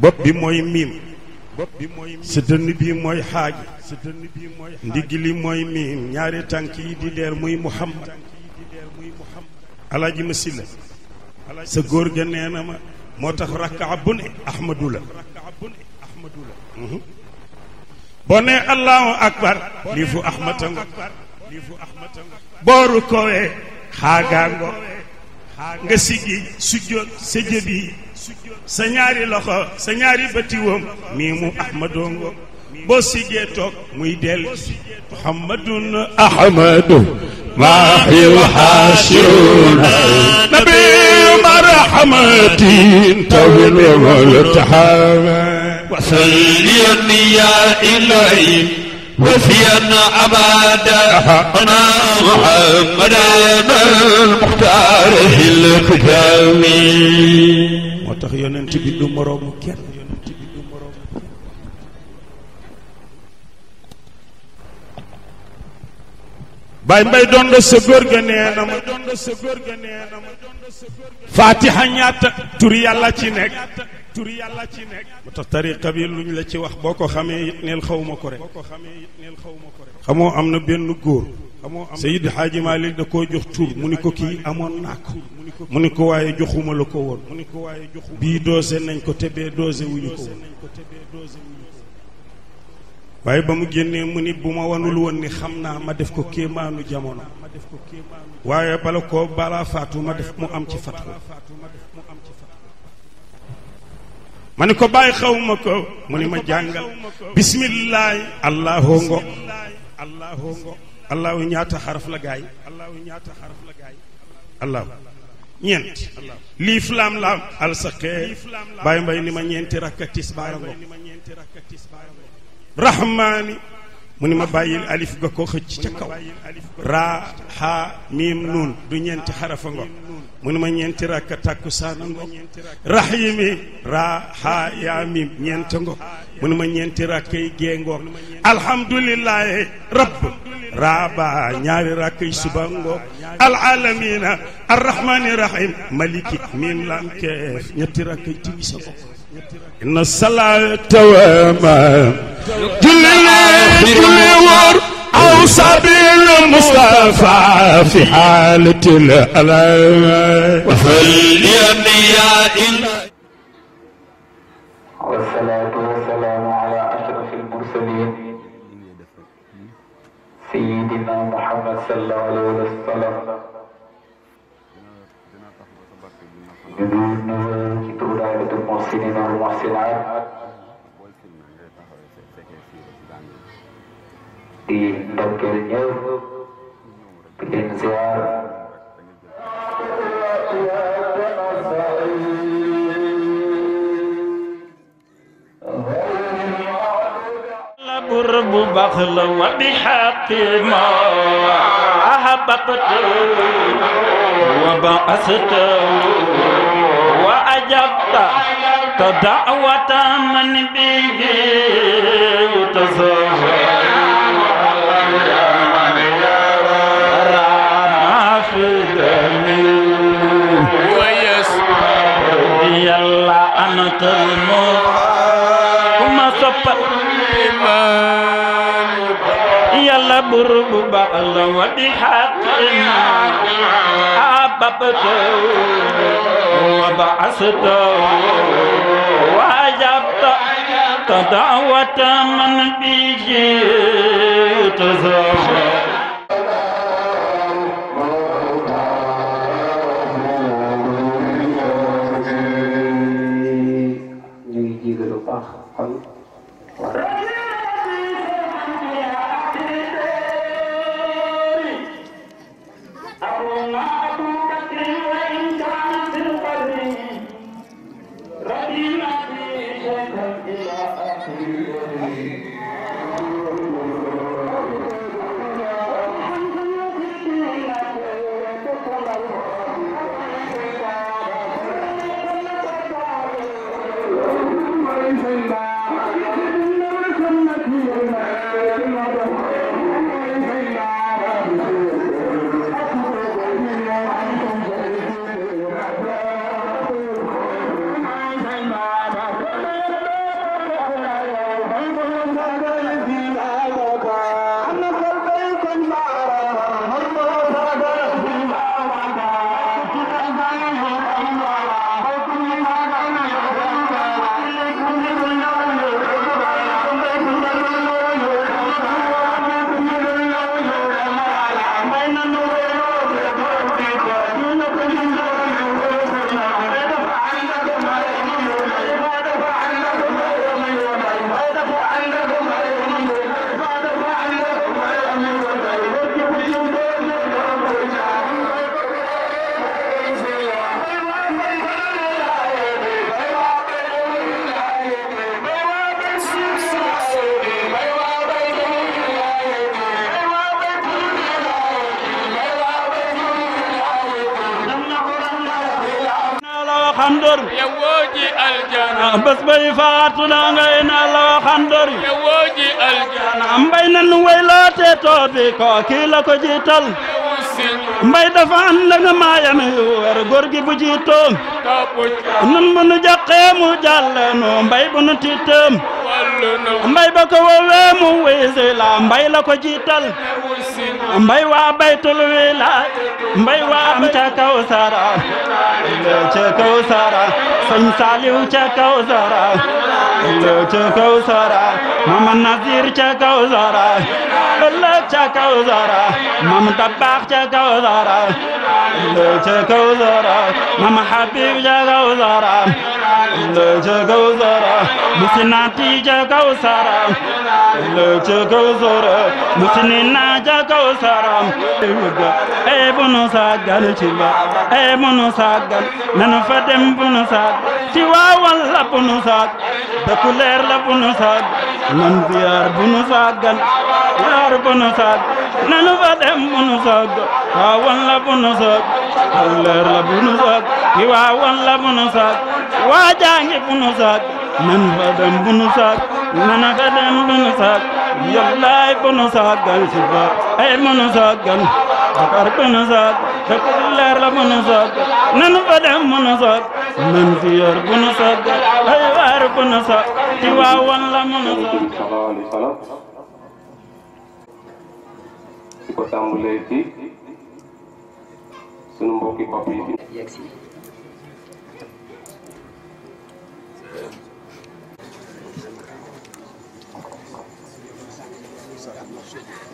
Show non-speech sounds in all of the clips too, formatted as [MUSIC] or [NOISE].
bopp bi mooy miim sëtën bi mooy xaaji ndigg li mooy miim ñaari tànk yi di leer muy muhammad alaaji ma silla sa góor ga na ma moo tax rakka bu ne ahmadu la mhm. boo allahu akbar lii fu ahmada ngo booru kowee xaagaa ngo nga siggi sujjóot sa jëbi sa ñaari loxo sa ñaari woom mii mu ahmadongo boo siggee toog muy del muhammadun ahmadu maaxi waxaasiruna nabi marhamatin tawil wal taxawa wasalliyan ya ilahi وفيا أبدا أنا محمد المختار الكتاب moo tax yonent bi du moroomu kenn bay mbay doon da sa góor ñaata tur ci nekk tur yàlla ci nekk. moo tax tariqa bi ñu la ci wax boo ko xamee it neel xaw ma ko rek. xamoo am na benn góor. Seydi Xaaji Maalik da koo jox tur mu ni ko kii amoon naa ko. mu ni ko waaye joxuma la ko woon. bii doose nañ ko te bee doose ñu ko woon. waaye ba mu génnee mu ni bu ma wanul woon ni xam naa ma def ko kéemaanu jamono. waaye bala koo balaa faatu ma def mu am ci fatu. ma ni ko bàyyi xaw ma ko mu ni ma jàngal bismillahi allahu ngo ñaata xaraf la gaay allahu ñaata xaraf la gaay liif laam laam alsaqee bàyyi mbay ni ma ñeenti rakka tisbaara ngo rahmaani mu ni ma bàyyil alif ga ko xëcc ca kaw raa xaa miim du ñeenti xarafa ngo mu ne ma ñeenti rakka takku saana ngo rahimi raha yaa mim ñeent mu ne ma ñeenti rakk yi gee ngo alhamdulillahi rabb raaba ñaari rakk yi suba ngo alalamina arrahmani rahim maliki min lam ñetti rakk yi tiwi sa inna salaata wa ma julli leen julli مصاب المصطفى في حالة الألم وفليم يا إله والصلاة والسلام على أشرف المرسلين سيدنا محمد صلى الله عليه وسلم بدون نور كتب المحسنين والمحسنات di ndokkeel ñëw di leen ziar قرب بخل وبحق ما أحببت وبعثت وأجبت تدعوة من به تزهر ku ma soppal yàlla burbu baal wa di xaqina ababto wa baasto wa ajabta tadawata man bi jiitazo bés bay faatu na nga ina loo xandori woji mbay nanu way loote ko kii la ko jiital mbay dafa ànd nga maayam yu wër góor gi bu jiitoo nun bu nu mbay bu nu mbay ba ko woowee mu mbay la ko jiital mbay waa baytul wilaay mbay waa am ca kaw sara ca kaw sëñ Saliw ca kaw sara ëllë ca kaw sara mama Nazir ca kaw sara ëllë ca kaw sara mama Tabax ca kaw sara ëllë ca kaw sara mama Habib ca kaw sara ëllë ca kaw sara musinati ca kaw sara ëllë ca kaw sara musinina ca kaw sara ee bu nu sàggal ci ba ee bu nu sàggal nanu fa dem bu nu sàggal ci waawan la bu nu saag dëkku leer la bu nu saag nan ziyaar bu nu saagan yaar bu nu saag nanu fa dem bu nu saag waawan la bu nu saag dëkku leer la bu nu saag ci waawan la bu nu saag waajaangi bu nu saag nan fa dem bu nu saag nana fa dem bu nu saag yàllaay bu nu saagan si fa ay bu nu saagan bakar bu nu saag dëkku leer la bu nu saag nanu fa dem bu nu saag yor bu nu sàggal ay waar bu nu sàgg ci waawoon la mu nu sàgg di ko tàmbalee ci sunu mbokki bopp yi Thank you.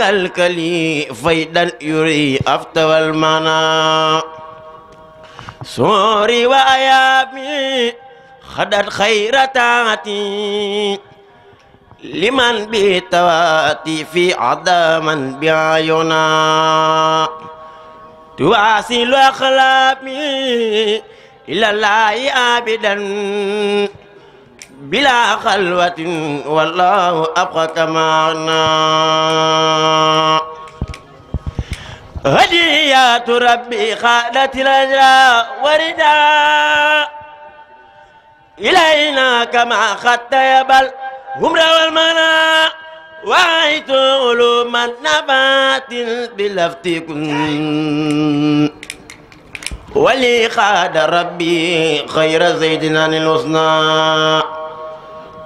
كالكلي فيدا يري أفتوى المنى سوري وأيامي خدت خير تاتي لمن بتواتي في عدما بعينا تواصل أخلاقي إلى الله أبدا bila xalwatin wallahu abxakamana hadiyatu rabbi xaadatil ajra warida ilayna kama xatta yabal hum rawal mana waaytu uluman nabatin bilaftikun wali xaada rabbi xayra zaydina lil husna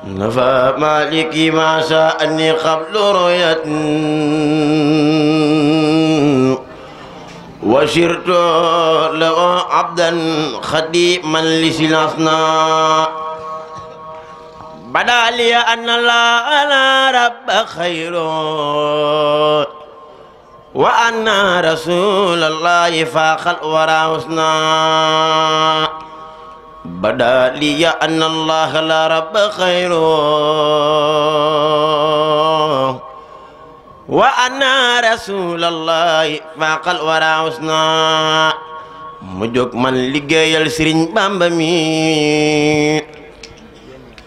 نفى مالكي ما شاء أني قبل رؤية وشرت له عبدا خديما لسلاسنا بدا لي أن لا أنا رب خير وأن رسول الله فاخ الورى حسنا بدا لي أن الله لا رب غيره وأنا رسول الله فاق الورى حسنا mu jóg man liggéeyal Sëriñ Bàmba mi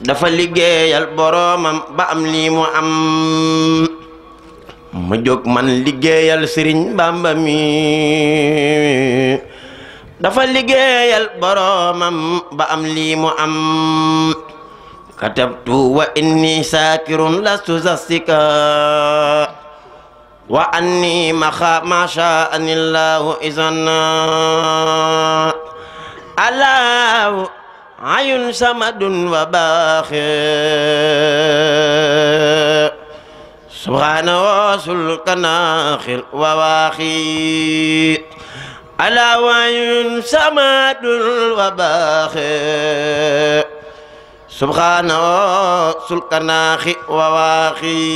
dafa liggéeyal boroomam ba am lii mu am mu man liggéeyal Sëriñ Bàmba mi dafa liggéeyal boroomam ba lii mu am wa inni saakirun lastu zastika wa anni maxa masha anillahu izana allahu ayun samadun wa baaxir subhaana wasul kanaaxir wa waaxir على وين سماد وباخي سبحانه سلكناخي وواخي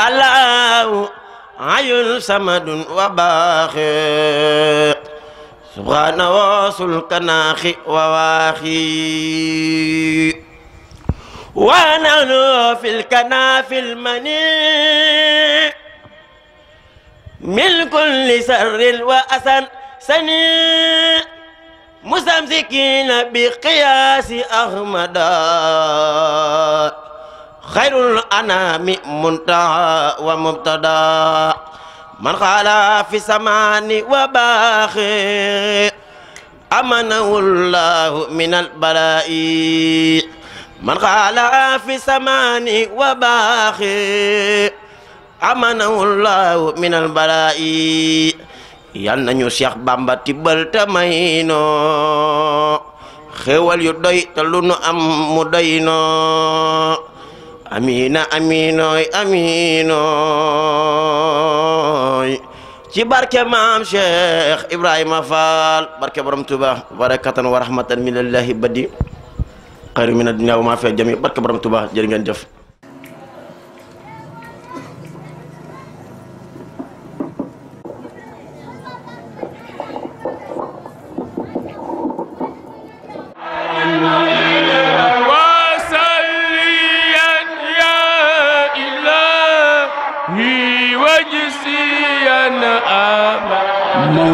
على عين سماد وباخي سبحانه سلكناخي وواخي ونحن في الكناف المني من كل سر وأسن سني مستمسكين بقياس أحمد خير الأنام منتهى ومبتدا من قال في سمان وباخر أمنه الله من البلاء من قال في سمان وباخر amanahullahu minal balaa'i yal nañu Seex Bamba tibbal te may noo yu doy te am mu doy noo amiina amiinooy amiinooy ci barke maam Cheikh Ibrahima Fall barke borom Tuuba barakatan wa rahmatan min lillahi badi xayru min ad-dunya wa ma fi jami barke borom Tuuba jërë ngeen jëf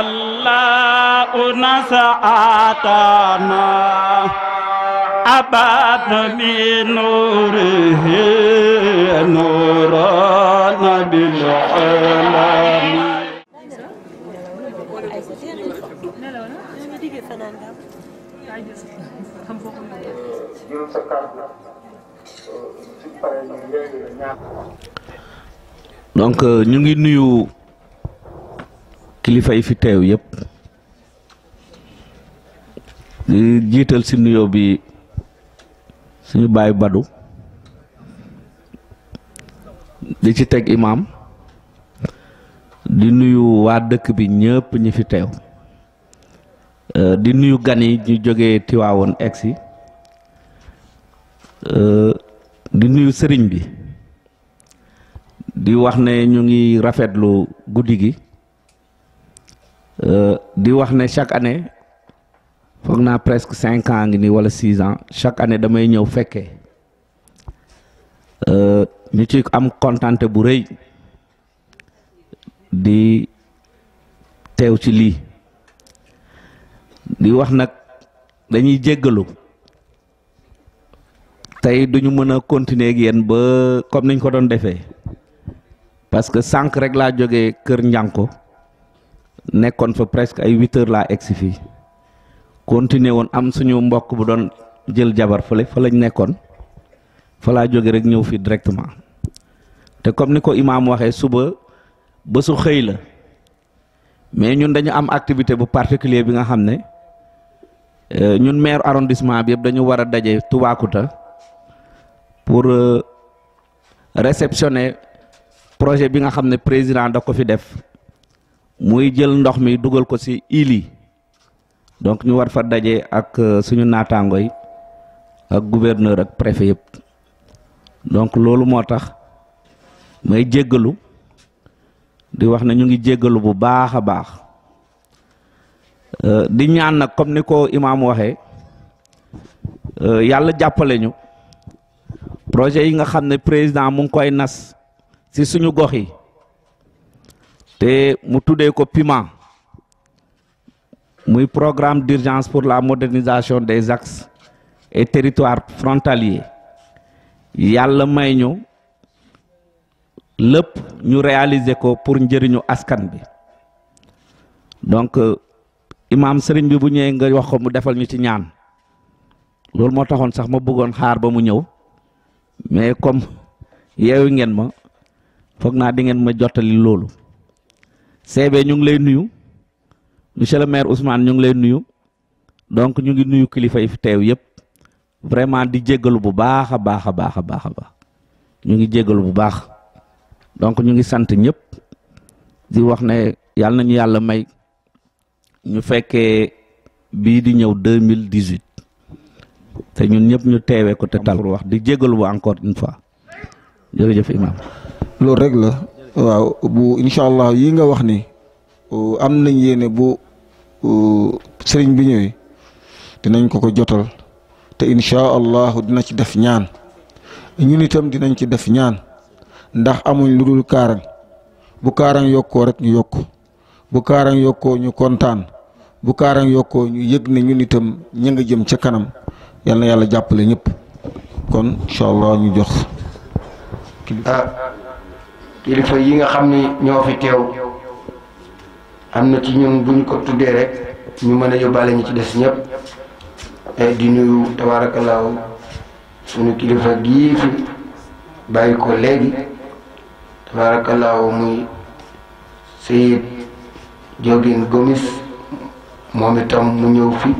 الله نسعتنا أبعد من نوره نورنا بالعلم donc ñu ngi nuyu kilifa yi fi teew yëpp di jiital si nuyoo bi suñu baay Badu di ci teg imaam di nuyu waa dëkk bi ñëpp ñi fi teew euh, di nuyu gan yi ñu jógee Tiwaawoon egsi euh, di nuyu sëriñ bi di wax ne ñu ngi rafetlu guddi gi Euh, di wax ne chaque année foog naa presque cinq ans ngi nii wala six ans chaque année damay ñëw fekkee euh, ñu ci am kontante bu rëy di teew ci lii di wax nag dañuy jéggalu tey duñu mën a continuer ak yéen ba comme niñ ko doon defee parce que sànq rek laa jóge kër Njànko nekkoon fa presque ay huit laa egsi fii continuer woon am suñu mbokk bu doon jël jabar fële fa lañ nekkoon fa laa jóge rek ñëw fii directement te comme ni ko imaam waxee suba ba su xëy la mais ñun dañu am activité bu particulier bi nga xam ne euh, ñun maire arrondissement bi yëpp dañu war a daje Toubacouta pour euh, réceptionner projet bi nga xam ne président da ko fi def muy jël ndox mi dugal ko ci île donc ñu war fa daje ak euh, suñu naataango ak gouverneur ak préfet yëpp donc loolu moo tax may jéggalu di wax na ñu ngi jéggalu bu baax a baax euh, di ñaan nag comme ni ko imaam waxee euh, yàlla jàppale ñu projet yi nga xam ne président mu ngi koy nas si suñu gox yi te mu tuddee ko PUMA muy programme d'urgence pour la modernisation des axes et territoires frontaliers yàlla may ñu lépp ñu réaliser ko pour njëriñu askan bi donc euh, imaam sëriñ bi bu ñëwee nga wax ko mu defal ñu ci ñaan loolu moo taxoon sax ma bëggoon xaar ba mu ñëw mais comme yeewu ngeen ma foog naa di ngeen ma jottali loolu CB ñu ngi lay nuyu monsieur le maire Ousmane ñu ngi lay nuyu donc ñu ngi nuyu kilifa yi fi teew yëpp vraiment di jéggalu bu baax a baax a baax a baax baax ñu ngi jéggalu bu baax donc ñu ngi sant ñëpp di wax ne yàlla nañu yàlla may ñu fekkee bii di ñëw deux mille dix huit te ñun ñëpp ñu teewee ko te tal wax di jéggalu bu encore une fois jërëjëf imam waaw bu incha allah yii nga wax ni am nañ yéene bu sëriñ bi ñëwee dinañ ko ko jotal te incha allahu dina ci def ñaan ñun itam dinañ ci def ñaan ndax amuñ lu dul kaarang bu kaarang yokkoo rek ñu yokk bu kaarang yokkoo ñu kontaan bu kaarang yokkoo ñu yëg ne ñun itam ña nga jëm ca kanam yal yàlla jàppale ñëpp kon incha allah ñu jox. Ah, kilifa yi nga xam ni ñoo fi teew am na ci ñun buñ ko tuddee rek ñu mën a yóbbaale ñu ci des ñëpp eh, di nuyu tabaarakallaahu suñu kilifa gii fi bàyyi ko léegi tabaarakallaahu muy Seyid Jogin Gomis moom itam mu ñëw fi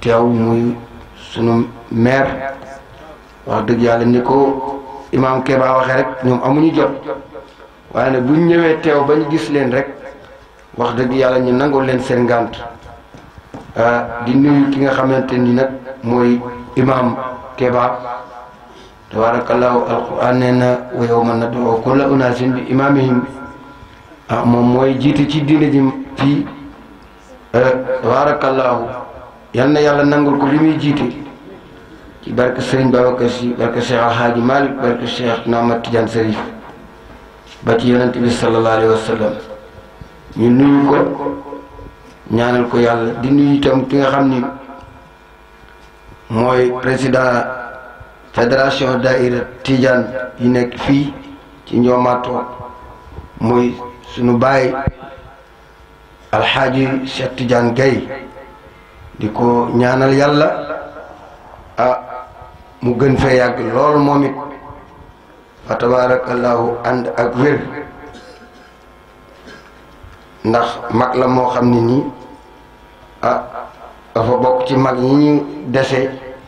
teew muy sunu maire wax dëgg yàlla ni ko imaam Keba waxee rek ñoom amuñu jot waaye nag buñ ñëwee teew ba ñu gis leen rek wax dëgg yàlla ñu nangul leen seen ngànt ah, di ki nga xamante ni nag mooy imaam Keba tabaarakallaahu alquran nee na wa yawma nad'u kulla unaasin bi imaamihim ah moom mooy jiite ci diine ji fii ah, tabaarakallaahu yàlla nangul ko li muy jiite. ci barke Serigne Babacar Sy barke Cheikh Alhaaji Malick barke Cheikh Namat Serif ba ci yonent bi sallallahu alayhi ñu nuyu ko ñaanal ko yàlla di nuyu itam ki nga xam ni mooy président fédération daïra Tidiane yi nekk fii ci Ndiomato muy sunu baay alxaaji Cheikh Tidiane Gaye di ko ñaanal yàlla ah, mu gën fee yàgg lool moom it fa tabaarakallaahu ànd ak wér ndax mag la moo xam ne nii ah dafa bokk ci mag ñi ñu dese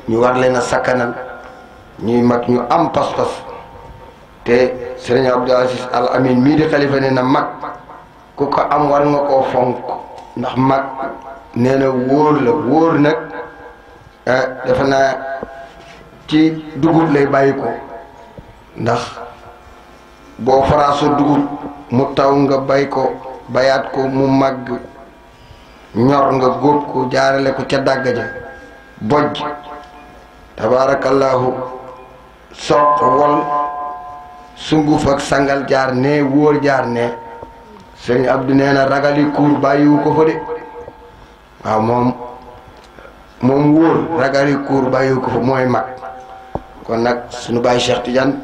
ñu war leen a sakkanal ñuy mag ñu am pas-pas te sëriñ Abdou Aziz Al mii di xalifa ne na mag ku ko am war nga koo fonk ndax mag nee na wóor la wóor nag ah, defe naa ci dugub lay bàyyi ko ndax boo faraasu dugub mu taw nga bay ko bayaat ko mu màgg ñor nga góob ko jaarale ko ca dàgg ja bojj tabaarakallaahu soq wol sunguf ak sangal jaar ne wóor jaar ne sëñ Abdou nee na ragali bàyyiwu ko fa de waaw moom moom wóor ragali bàyyiwu ko fa mooy mag kon nag suñu bàyyi Cheikh Tidiane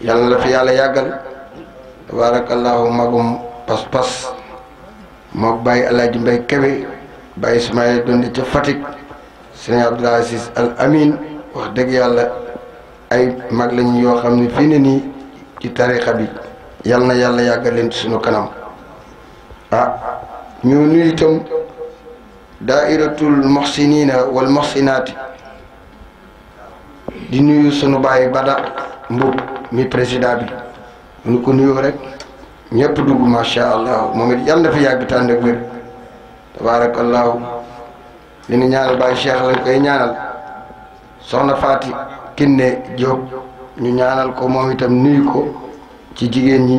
yàlla na la fi yàlla yàggal tabaarakallaahu magum pas-pas moog bàyyi alaaji mbay kebe bàyyi Ismaïla dunde ca Fatick sëñ Abdoul Al Amin wax dëgg yàlla ay mag lañu yoo xam ni fii ni nii ci tarixa bi yàlla na yàlla yàggal leen ci suñu kanam ah ñu nuyu itam daa'iratul muhsiniina wal muhsinaati di nuyu sunu bàyyi Bada mbub mi président bi nu ko nuyoo rek ñëpp dugg macha allah moom it yàlla na fi yàgg tànn ak wér tabaarakallaahu li ñu ñaanal bàyyi Cheikh lañ koy ñaanal soxna Faati Kiné Diop ñu ñaanal ko moom itam nuyu ko ci jigéen ñi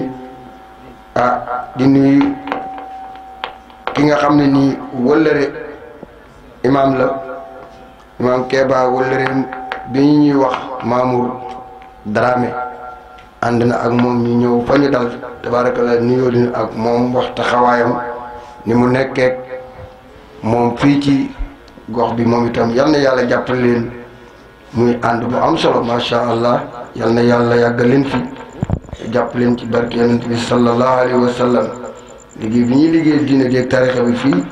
ah di nuyu ki nga xam ne nii wëllëre imaam la imaam Keba wëllëre. bi ñuy wax Mamour Dramé ànd na ak moom ñu ñëw fa ñu dal tabaarakalla nuyoo ñu ak moom wax taxawaayam ni mu nekkee moom fii ci gox bi moom itam yal na yàlla jàppale leen muy ànd bu am solo macha allah yal na yàlla yàggal leen fi jàpp leen ci barke yonent bi sallallahu alayhi wa liggéey bi ñuy liggéey diine jeeg tarixa bi fii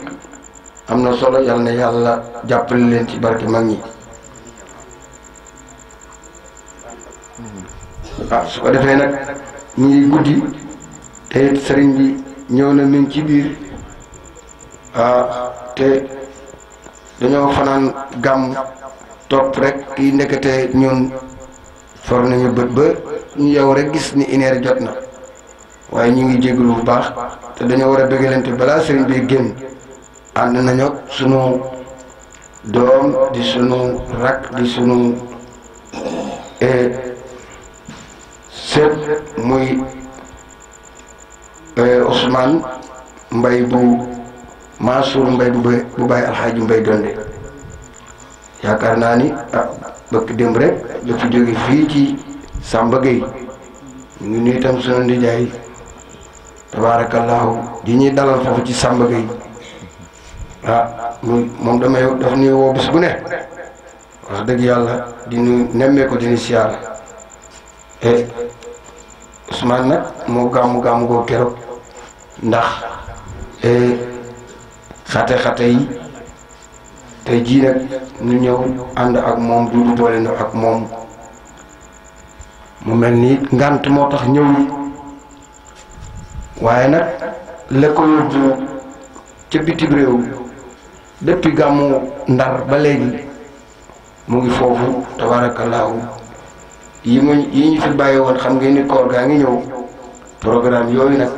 am na solo yal na yàlla jàppale leen ci barke mag ñi waaw su ko defee nag mu ngi guddi te sëriñ bi ñëw na mi ci biir ah, te dañoo fanaan gàmm topp rek kii ndekete ñun for nañu bët ba ñu yow rek gis ni ineer jot na waaye ñu ngi jégalu bu baax te dañoo war a bëggalante balaa sëriñ bi génn ànd nañu suñu doom di sunu rak di sunu. Eh, seet muy eh, Ousmane Mbay bu Mansour Mbay bu bay bu bàyyi alxaaji Mbay donde yaakaar naa ni ah bëkk dem rek la fi jóge fii ci Samba Gueye ñu ngi nuyu itam sunu ndijaay tabaarakallaahu di ñuy dalal foofu ci Samba Gueye ah, moom damay daf nuy woo bu ne wax dëgg yàlla di nu nemmee ko di siyaara eh, Ousmane nag moo gàmmu gàmmu ko keroog ndax eh, xate-xate yi tey jii nag ñu ñëw ànd ak moom duudu boole na ak moom mu mel ni ngant moo tax ñëw yi waaye nag la ko yóbbu ca bitim réew depuis gàmmu ndar ba léegi mu ngi foofu tabaarakallaahu yi mu yi ñu fi bàyyi woon xam nga ni koor gaa ngi ñëw programme yooyu nag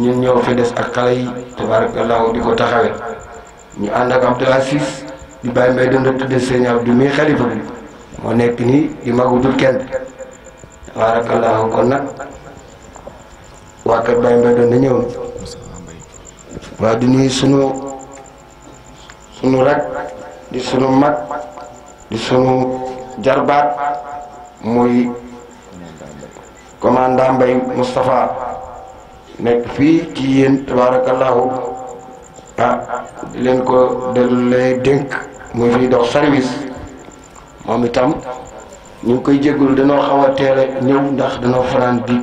ñun ñoo fi des ak xale yi tabaarakallaahu di ko taxawee ñu ànd ak Abdoulaye di bàyyi mbay doon tudde sëñ Abdou mi xalifa bi moo nekk nii di magutul kenn tabaarakallaahu kon nag waa kër bàyyi mbay doon na ñëw waa di nuyu sunu sunu rak di sunu mag di sunu jarbaat muy commandant Mbay Moustapha nekk fii ci yéen tabaarakallaahu ah leen ko del lay dénk muy fii dox service moom itam ñu ngi koy jégalu dañoo xaw a teel ñëw ndax dañoo fanaan di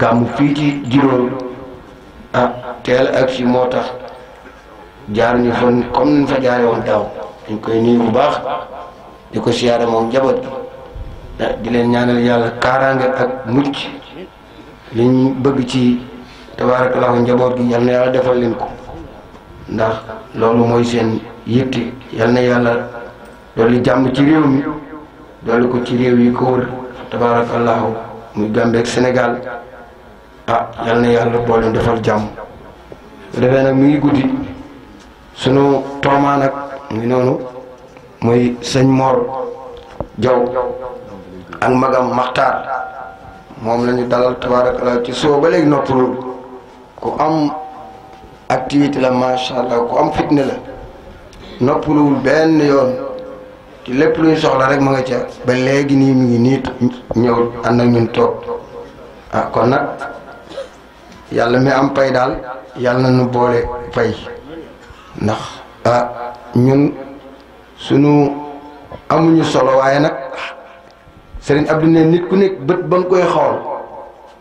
gàmm fii ci juróom ah teel ak si moo tax jaar ñu fan comme ni fa jaare woon daaw dañ koy nuyu bu baax di ko siyaare moom njaboot bi di leen yàlla kaaraange ak mucc li bëgg ci tabaarakallahu njaboot gi yal na yàlla defal leen ko ndax loolu mooy seen yitti yal na yàlla dolli jàmm ci réew mi dolli ko ci réew yi ko wër tabaarakallahu muy Gambie ak Sénégal ah yàlla boo leen defal jàmm su defee nag mi guddi sunu toomaa muy sëñ Mor Jaw ak magam maxtaar moom la ñu dalal tabaarakallaa ci soo ba léegi noppalul ku am activité la macha allah ku am fitne la noppaluwul benn yoon ci lépp lu ñu soxla rek ma nga ca ba léegi nii mu ngi nii ñëw am ak ñun toog ah kon nag yàlla mi am pay daal yàlla na ñu boole pay ndax ah ñun sunu amuñu solo waaye nag. sëriñ Abdou ne nit ku nekk bët ba nga koy xool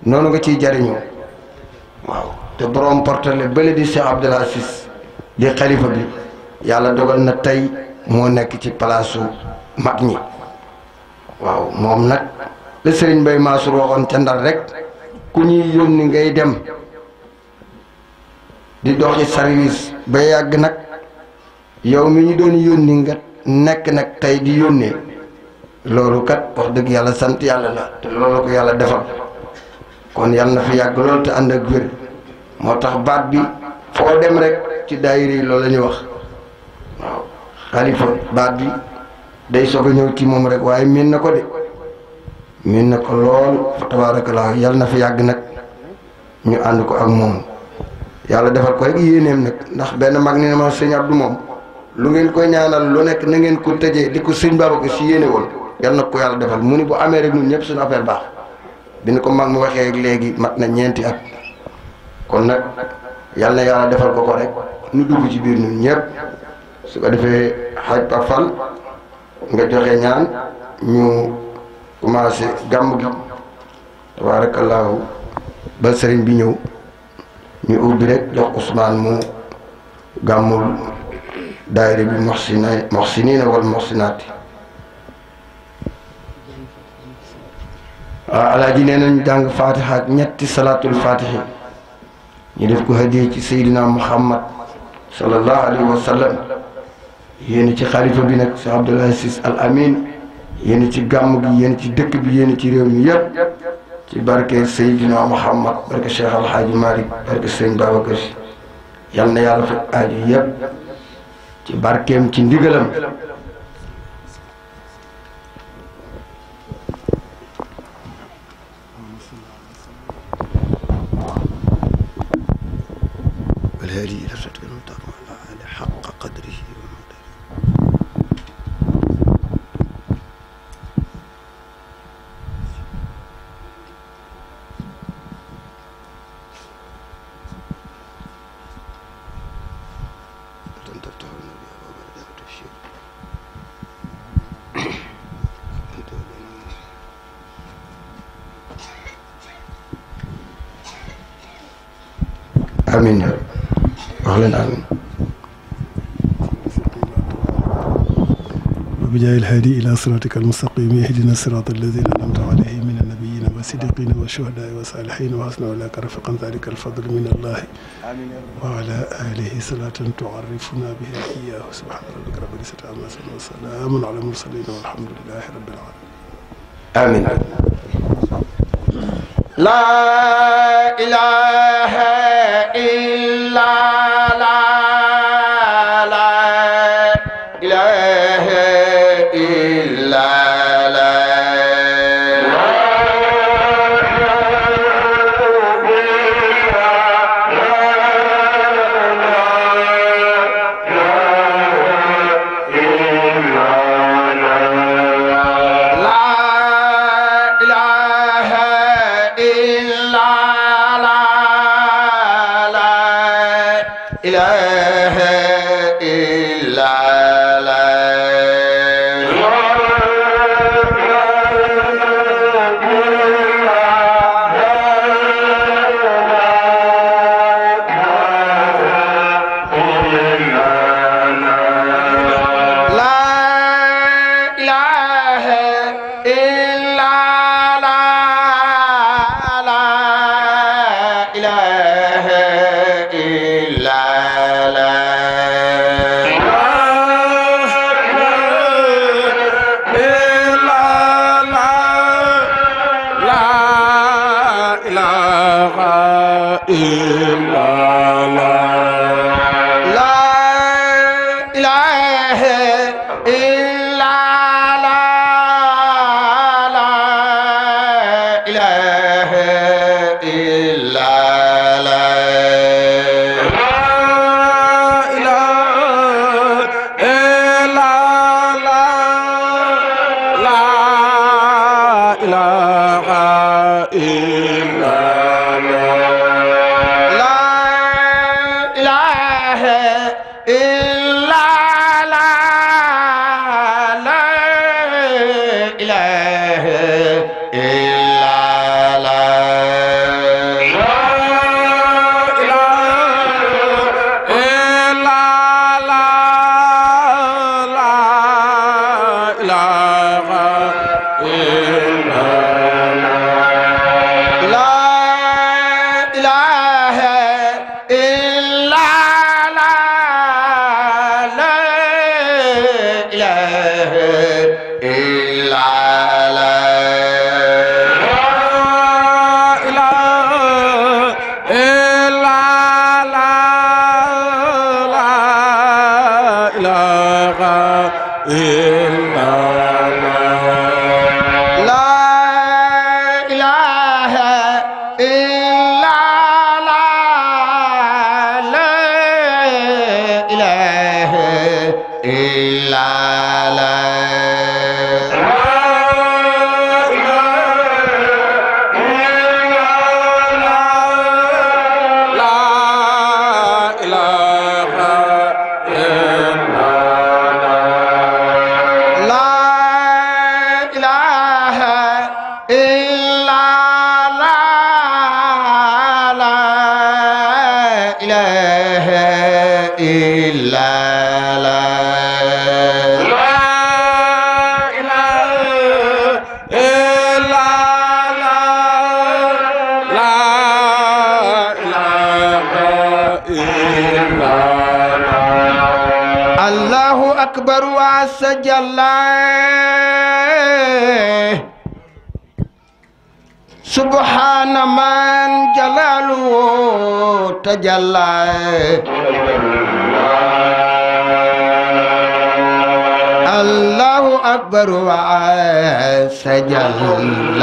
noonu nga ciy jariñoo waaw te borom portale bële di Cheikh Abdoul Aziz di xalifa bi yàlla dogal na tey moo nekk ci palaasu mag ñi waaw moom nag la sëriñ bay Maasur waxoon ca Ndar rek ku ñuy yónni ngay dem di doxi service ba yàgg nag yow mi ñu doon yónni nga nekk nag tey di yónnee loolu kat wax dëgg yàlla sant yàlla la te loolu ko yàlla defal kon yàlla na fi yàgg lool te ànd ak wér moo tax baat bi foo dem rek ci daayira yi loolu wax waaw baat bi day soog ñëw ci moom rek waaye miin na ko de miin ko lool fa tabaarakallaa na fi yàgg nag ñu ànd ko ak moom yàlla defal ko rek yéeneem ndax benn ma sëñ Abdou moom lu ngeen koy ñaanal lu nekk na ngeen ko tëjee di ko sëñ Babacar si yéene yal na ko yàlla defal mu ni bu amee rek ñun ñëpp suñu affaire baax bi ni ko man mu waxee léegi mat na ñeenti at kon nag yàlla na yàlla defal ko ko rek nu dugg ci biir ñun ñëpp su ko defee xaj Pape Fall nga joxe ñaan ñu commencé gàmm gi tabaarakallaahu ba sëriñ bi ñëw ñu ubbi rek jox Ousmane mu gàmmul daayira bi moxsina moxsinina wal moxsinaati waaw alaaji nee nañ jàng fatiha ñetti salaatul fatihi ñu def ko hadiya ci seydinaa muhammad sallallahu alayhi wa sallam ci xalifa bi nag si abdoulaye sis al amin yéen ci gàmm gi yéen ci dëkk bi yéen ci réew mi yépp ci barke seydina muhammad barke cheikh alhaaji malik barke sëñ babacar yal na yàlla faj aaju yépp ci barkeem ci ndigalam هذه درجة المتقوى على حق قدره Amiin amiin amiin وبجاه الهادي إلى صراطك المستقيم اهدنا الصراط الذين أنعمت عليهم من النبيين والصديقين والشهداء والصالحين وحسن أولئك رفيقا ذلك الفضل من الله وعلى آله صلاة تعرفنا بها إياه سبحان ربك رب العزة عما يصفون وسلام على المرسلين والحمد لله رب العالمين آمين لا إله إلا وجل الله أكبر وسجل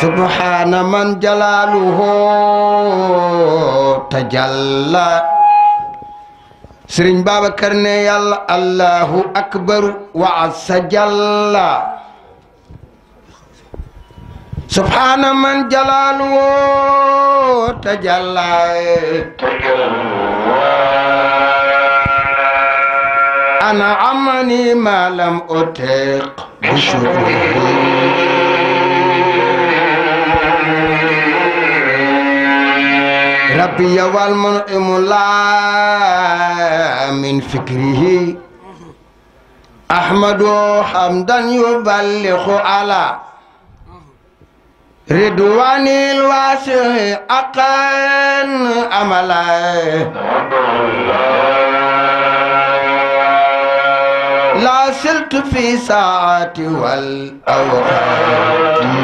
سبحان من جلاله تجلى سرين بابا كرني الله أكبر وعسى جلّا سبحان من جلاله تجلى أنا عمني ما لم أطيق بشكره ربي والمنعم لا من فكره أحمد حمدا يبلغ على ridwaan alwaasi aqan amalaay laa siltu fi saati wal awqaati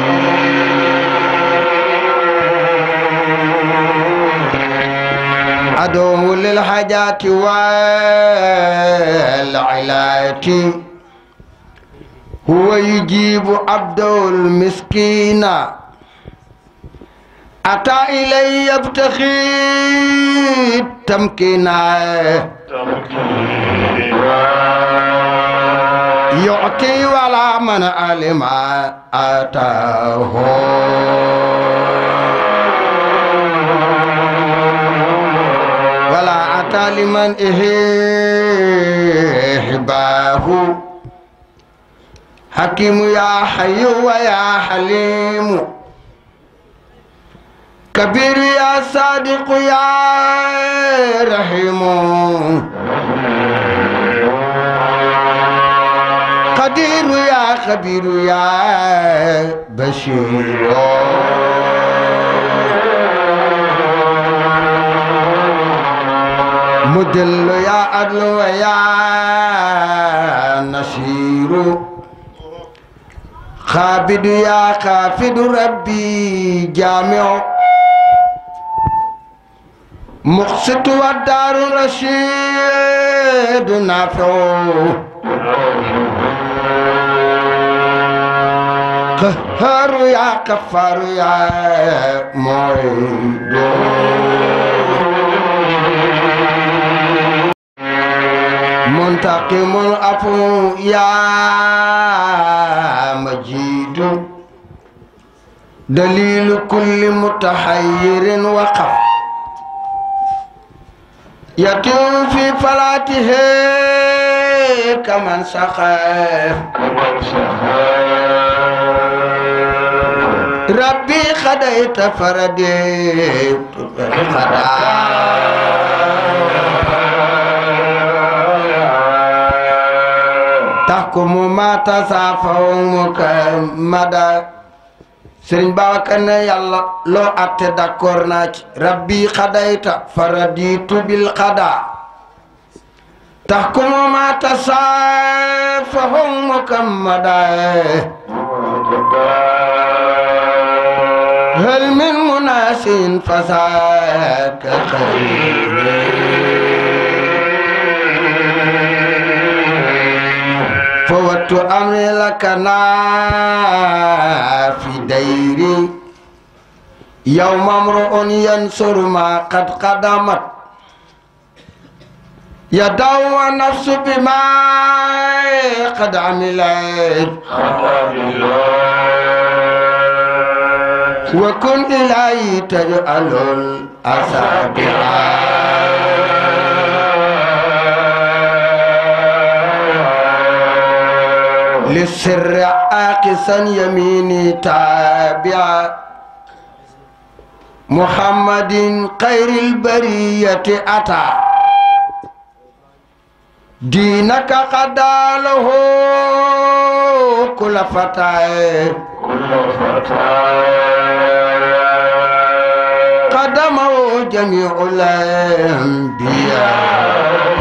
aduwu lil hajaati wal ilaati huwa yujibu abdul miskiina أتى إلي يبتغي تمكينا يعطي ولا من علم أتاه ولا أتى لمن إهباه حكيم يا حي ويا حليم كبير يا صادق يا رحيم قدير يا خبير يا بشير مدل يا عدل ويا نصير خابد يا خافد ربي جامع مقسط والدار رشيد نافعو قهر يا كفار يا معيد منتقم الأفو يا مجيد دليل كل متحير وقف يتوب في فلاته كمن سخر ربي خديت فردي خدا تحكم ما تسافه مكمدا sëriñ Babacar ne yàlla loo atte d'accord naa ci rabbi xadayta faraditu bil xada tahkumu ma tasafahum mukammada hal min munasin fasaka xayree وتؤملكنا في ديري يوم امرؤ ينصر ما قد قدمت يدعو النفس بما قد عملت وكن إلهي تجعل الأصابع للسر عاقسا يميني تابعا محمد خير البرية أتى دينك قد له كل فتى قدمه جميع الأنبياء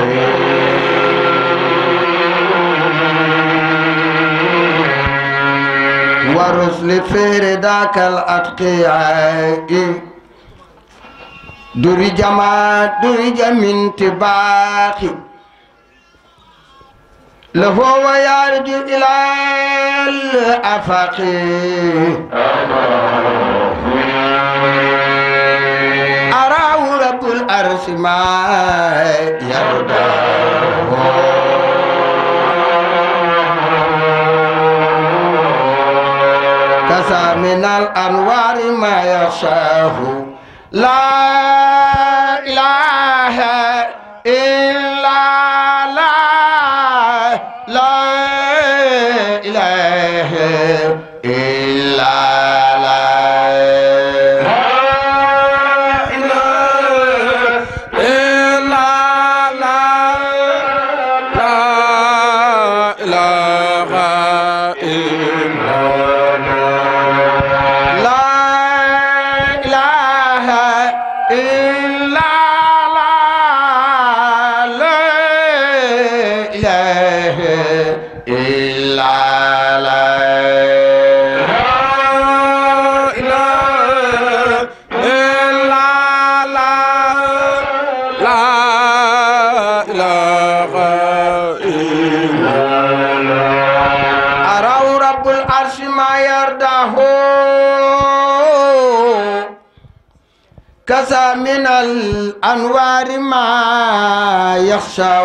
الوصل في رداك الأتقياء درج ما درج من تباخي له ويرج إلى الأفق أراه رب الأرض ما يرضى ليس من الأنوار ما يشاء لا إله الأنوار ما يخشون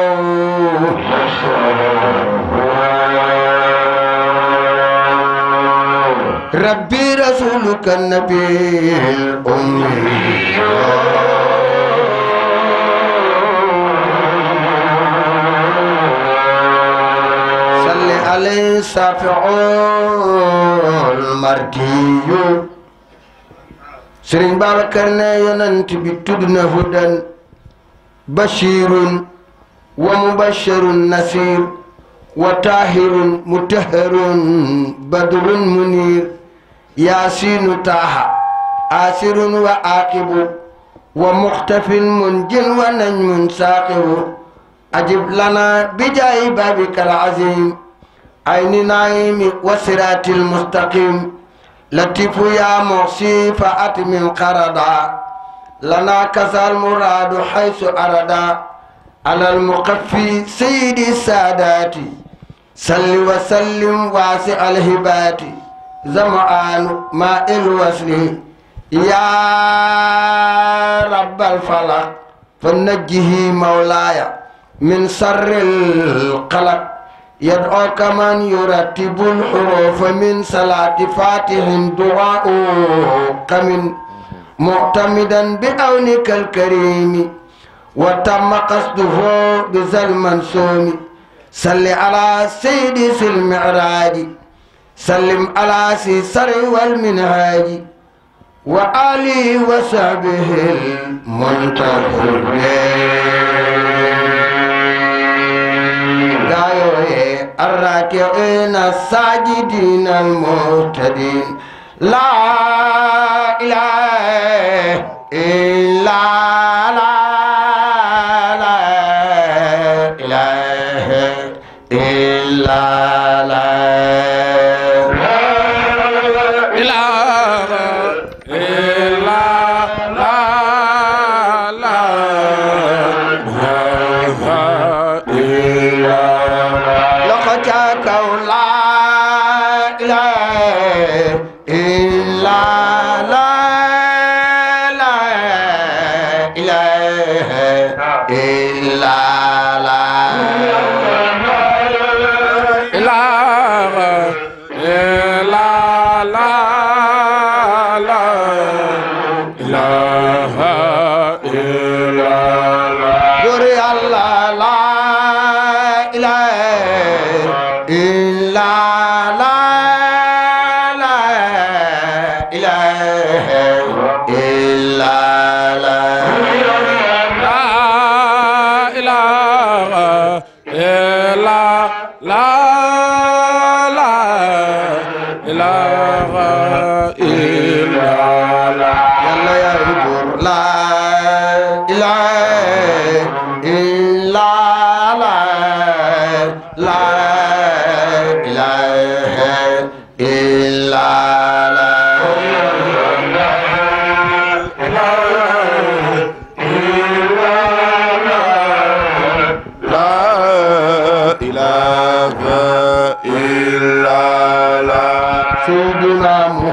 ربي رسولك النبي الأمي صل عليه الشافع المرجي sëriñ Babacar ne yonent bi tudd na hudan bashirun wa mubashirun nasir wa tahirun mutahharun badrun munir yaasinu taaha asirun wa aqibu wa muxtafin munjin wa najmun saaqibu ajib lana bijaayi baabikal azim ayni naimi wa siraatil mustaqim لطيف يا محصي فأتمم قردا لنا كسى المراد حيث أردا على المقفي سيد السادات سل وسلم واسع الهبات زمعان ماء الوصل يا رب الفلق فنجه مولاي من سر القلق يدعوك من يرتب الحروف من صلاة فاتح دعاؤك من معتمدا بعونك الكريم وتم قصده بذا المنسوم صل على سيدي في المعراج سلم على سيسر والمنهاج وآله وصحبه المنتظر الراكعين الساجدين المهتدين لا إله إلا الله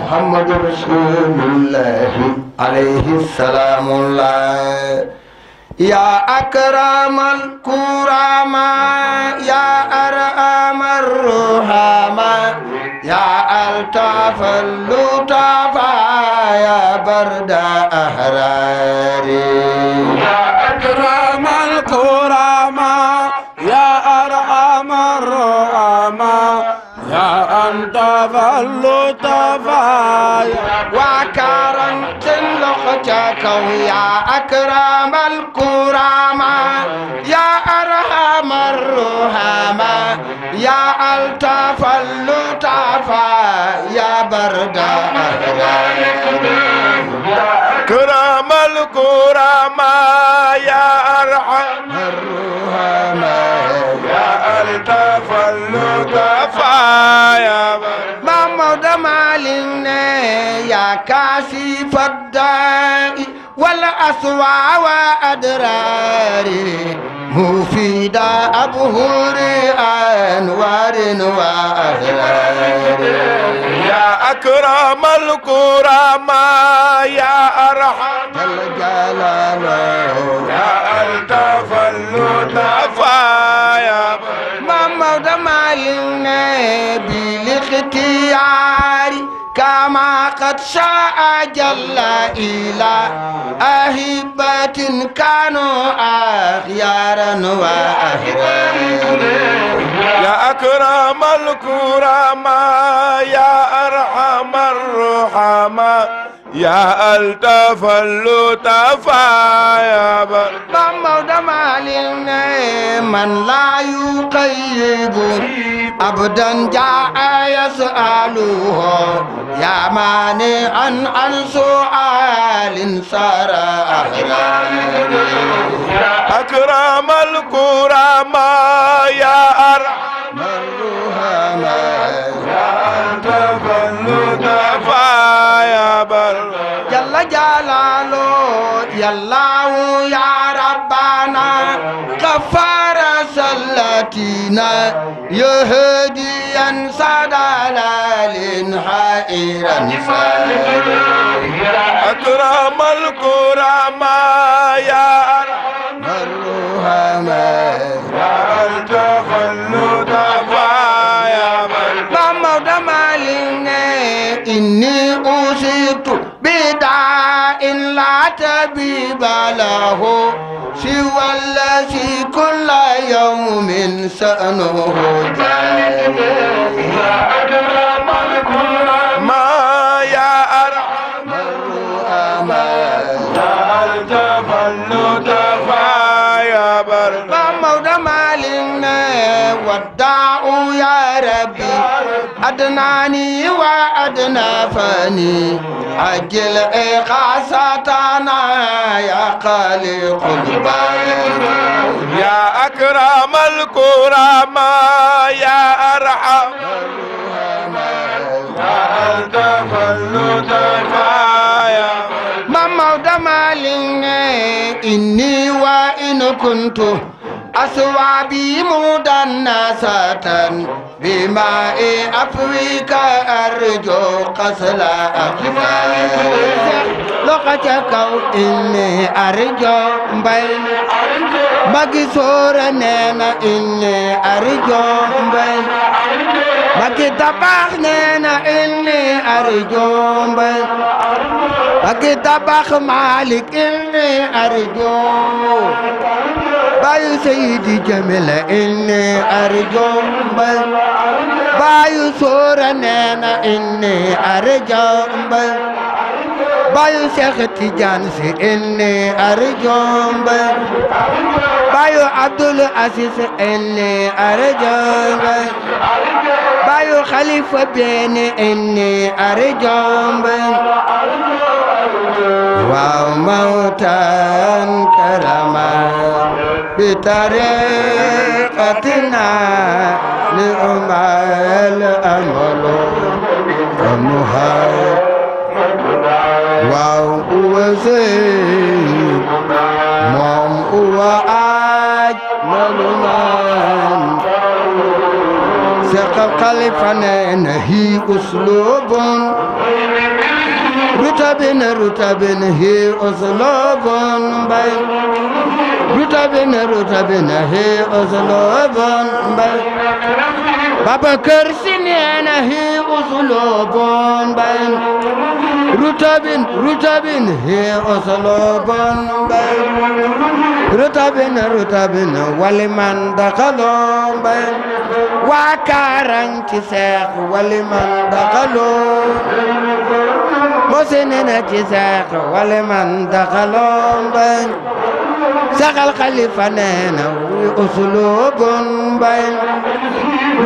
محمد رسول الله عليه السلام الله يا أكرم الكرام يا أرأم الرحام يا ألطف اللطف يا برد أحراري يا أكرم الكرام يا أرحم الرحام يا ألطف اللطف كو يا أكرم الكرامة يا أرحم الرحمة يا ألطف اللطافة يا برد كرام الكرامة يا أرحم الرحمة يا ألطف اللطافة يا برد محمود معلمنا يا كاسي والأسوى وأدراري مفيدا أبهر أنوار وأسرار يا أكرم الكرم يا أرحم الجلال يا ألطف اللطفا يا ما موضع مع النبي الاختياري كما قد شاء جل إلى أهبة كانوا أخيارا وأهبا يا أكرم الكرامة يا أرحم الرحمة يا ألطف اللطفاء يا بما ودمال من لا يقيد أبدا جاء يسأله يا مانعا عن سؤال سار أكرم الكرامة يا أرحم الرحمن الله يا ربنا غفار صلاتنا يهديا صدلال حائرا أكرم الكرامة يا بلاه سوى الذي كل يوم سأنه جاهل وأكرم الكرم ما يا أرحم الرؤماء يا ألتف اللطفاء يا برد مولى مالنا والداع يا ربي أدناني وأدنافني أجل إقاساتنا يا خالق البير يا أكرم الكرم يا أرحم يا ألطف اللطفاء يا من مولى مالي إني وإن كنت أثوابي مدنسة بماء أفريقا أرجو قصلا أقفال لقتك إني أرجو بين بقي سورة نانا إني أرجو بين بقي تباخ نانا إني أرجو بين بقي تباخ مالك إني أرجو بايو سيدي جميل إني أرجو بل بايو سورة نانا إني أرجو بل بايو شيخ تجانسي إني أرجو بل بايو عبد العزيز إني أرجو بل بايو خليفة بيني إني أرجو بل وموتا كرما بطريقتنا لأمة الأمل أمها وهو زين مام هو أجمل من سقى قلبنا نهي أسلوب rutabin rutabin he oslobon bay rutabin rutabin he Si nee na he bay rutabin rutabin he oslobon bay rutabin rutabin waliman dakalo bay waa kaarang ci seex waliman dakalo مسنين جزاق ولمن دخلهم بين سقل خليفة نينا أسلوب بين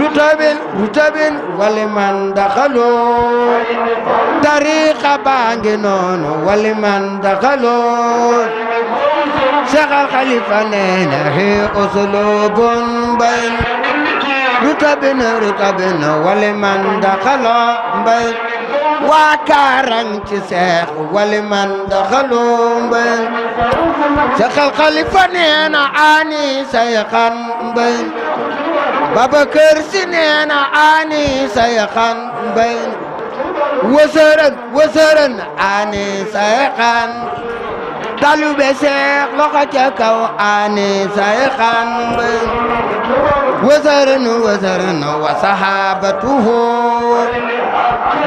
رتب رتب ولمن دخلوا طريق بانجنون ولمن دخلوا سقل خليفة نينا هي أسلوب بين رتب رتب ولمن دخلوا بين waa Kaarang ci seex wali man daxaloo mbay Seexal Xalifa aani sayxan mbay Babakar Si nee na aani sayxan mbay wasaran wasaran aani sayxan talube seex loxo ca kaw aani say xan wësërënu wësërënu wa saxaabatuhu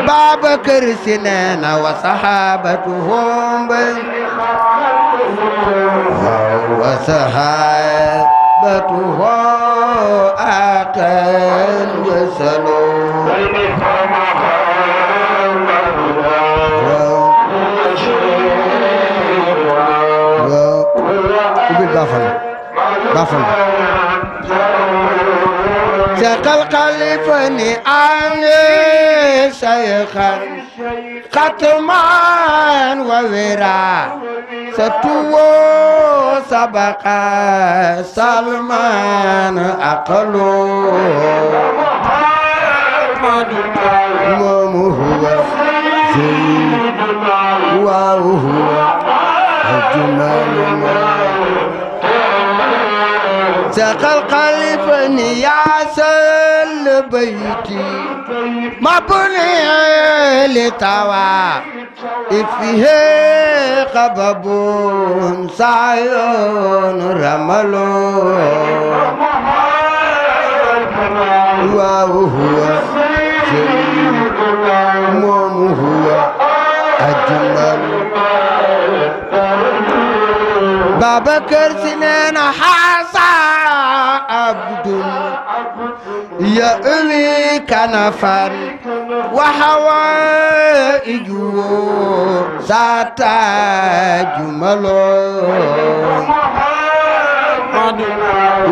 Babakar Si neena wa saxaabatuhu wa saxaabatuhu aqan wësëlu رفل سقى القلبني عني شيخا ختما وورا ستو سبق سلمان أقلو موم هو سيد وهو أجمل من سقى القلب نياس البيت ما بني لتوا فيه قبب سعي رمل وهو جميل وهو أجمل بابا كرسي لنا حق يأوي كنفا وحوائج ذات جمل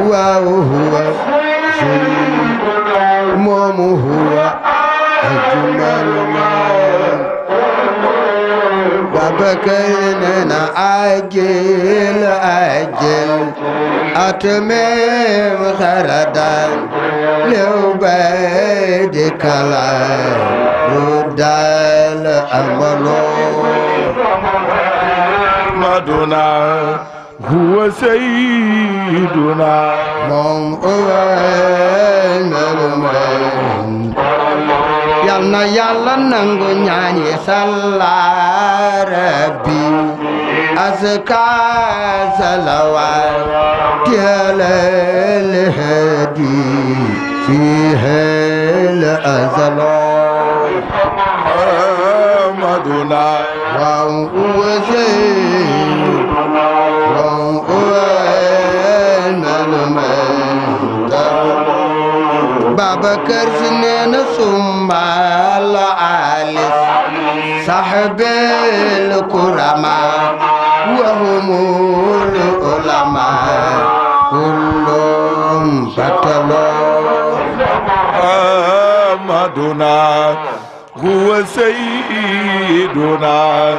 وهو موم هو أجمل ما وبكينا أجل أجل أتمم خردا لعبيدك لا رد الأمن محمدنا هو سيدنا موم أوين الموم يالنا يالنا نغنياني سلا ربي أزكى صلوات الهدي فيها الأزل محمدنا وزين وين المن بابا كرزنين ثم العالي صاحب الكرماء وهم العلماء كلهم فتلوا أحمدنا هو سيدنا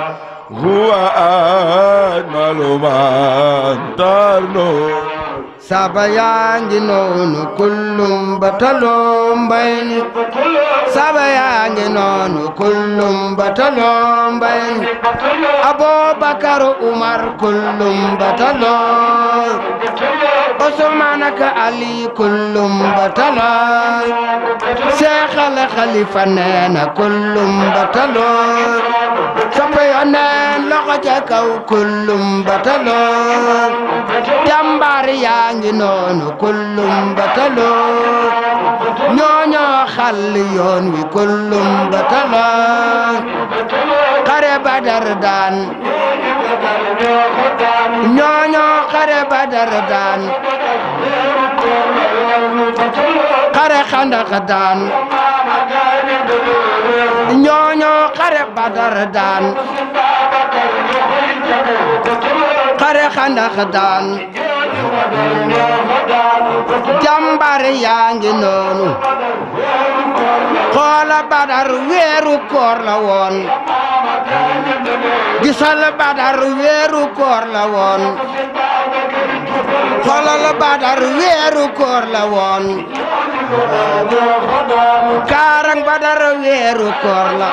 هو أجمل من ترنو saaba yaa ngi noonu kullum ba taloo ni saaba yaa Umar kullum ba وسمانك علي كل بطلا شيخ الخليفة نانا كل بطلا سبي نان لغتك كل بطلا جمبار يانجي نون كل بطلا ñoo ñoo xal yoon wi kullum batala xare badar daan ñooñu xare badar daan xare xandax badar daan xare yaa ngi noonu xoola badar weeru koor la woon gisal badar weeru koor la woon xoolal badar weeru koor la woon kaarang badar weeru koor la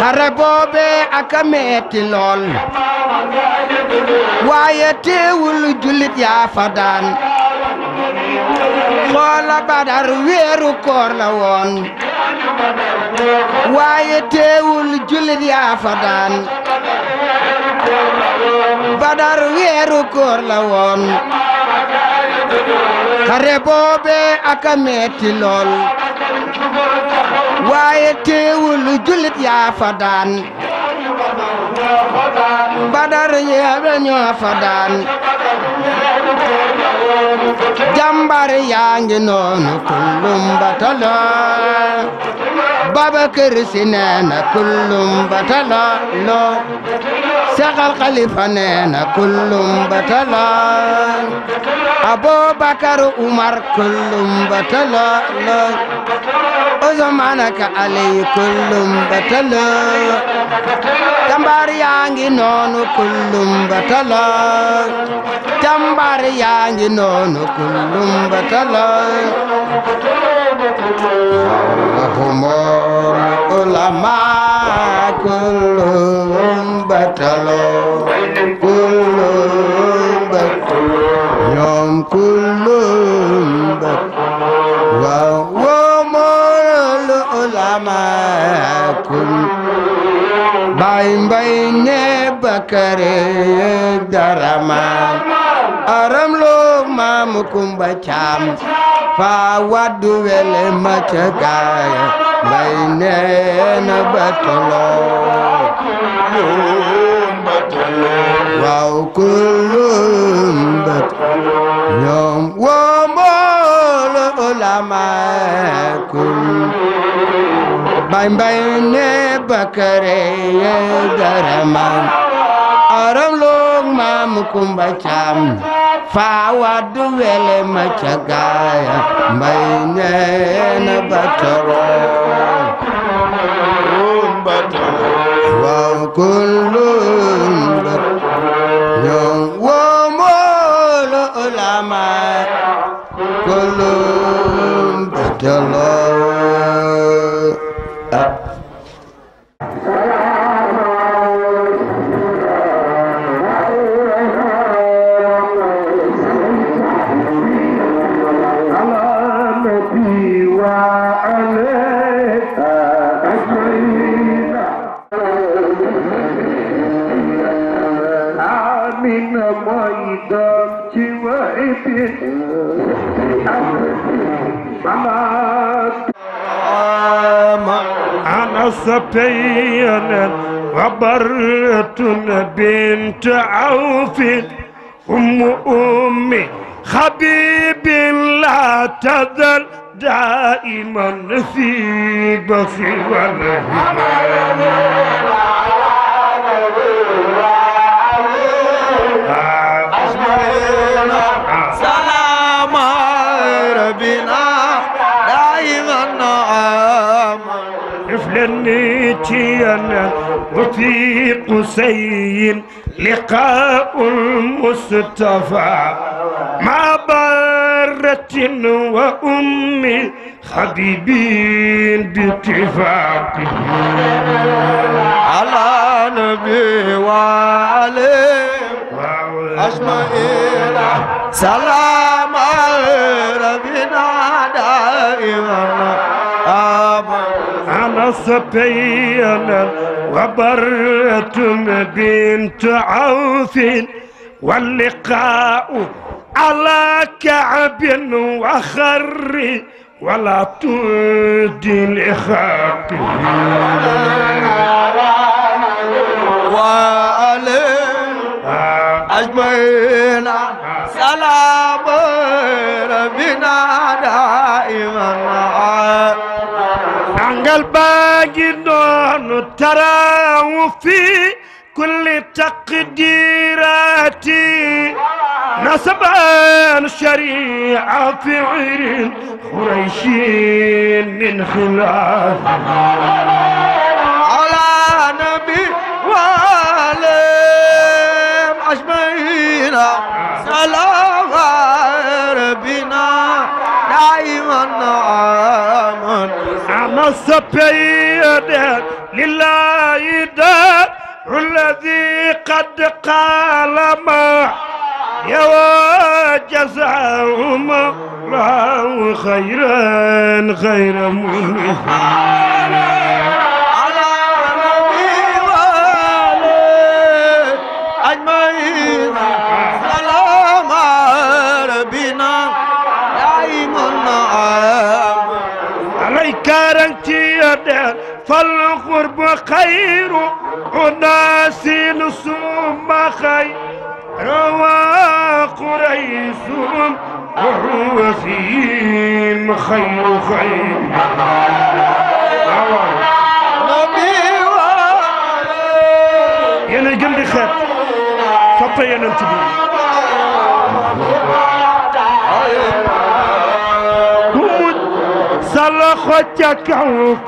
xare boobe aka metti lool waaye teewul jullit yaa fa xoola badar weeru koor la woon waaye teewul jullit yaa fa badar weeru koor la woon xare boobe aka metti waaye teewul jullit yaa fa badar yeeɓe ñoo fa daan jambar yaa ngi noonu kullum batalo Babacar Si nee na kullum batalaaloo Seexal Xalifa nee kullum batalaaloo Abubakar Umar kullum batalaaloo Usmaan ak Ali kullum batalaaloo Jàmbaar yaa ngi noonu kullum batalaaloo Jàmbaar yaa ngi noonu kullum batalaaloo هم العلماء كلهم بطلوا كلهم بطلوا يوم كلهم بطلوا وهم العلماء كلهم باين باين بكر درما أرملو maamu kumba caam faa waddu wele ma ca gaaya mbay neena ba toloo waaw kullum ba ñoom woo mboolo ulamaa kullum bay bay ne bakare ye daraman aram lo maam Kumba Caam faa waddu ma ca ba toroon ba toroon kullu أنا صبيا وبرة بنت عوف أم أمي حبيب لا تزل دائما في بصي ولهي سلام ربنا دائما نعم حفلني تيانا وفي قسين لقاء المصطفى مع برة وأمي حبيبين باتفاق على نبي وعلي أجمعين سلام ربنا دائما أنا صبينا وبرة بنت عوف واللقاء على كعب وخر ولا تودي لخاطه أجمعين سلام ربنا دائما سانغال باجي دون ترى في كل تقديراتي نسبا شريعة فعل قريشي من خلال على صلاة ربنا دائما آمن أما سبيد لله دار الذي قد قال ما يوجزهم الله خيرا خير منه بدر فالقرب خير أناس ثم خير وقريش وهو فيهم خير خير نبي يا نجم بخير صفي يا نتبي خجك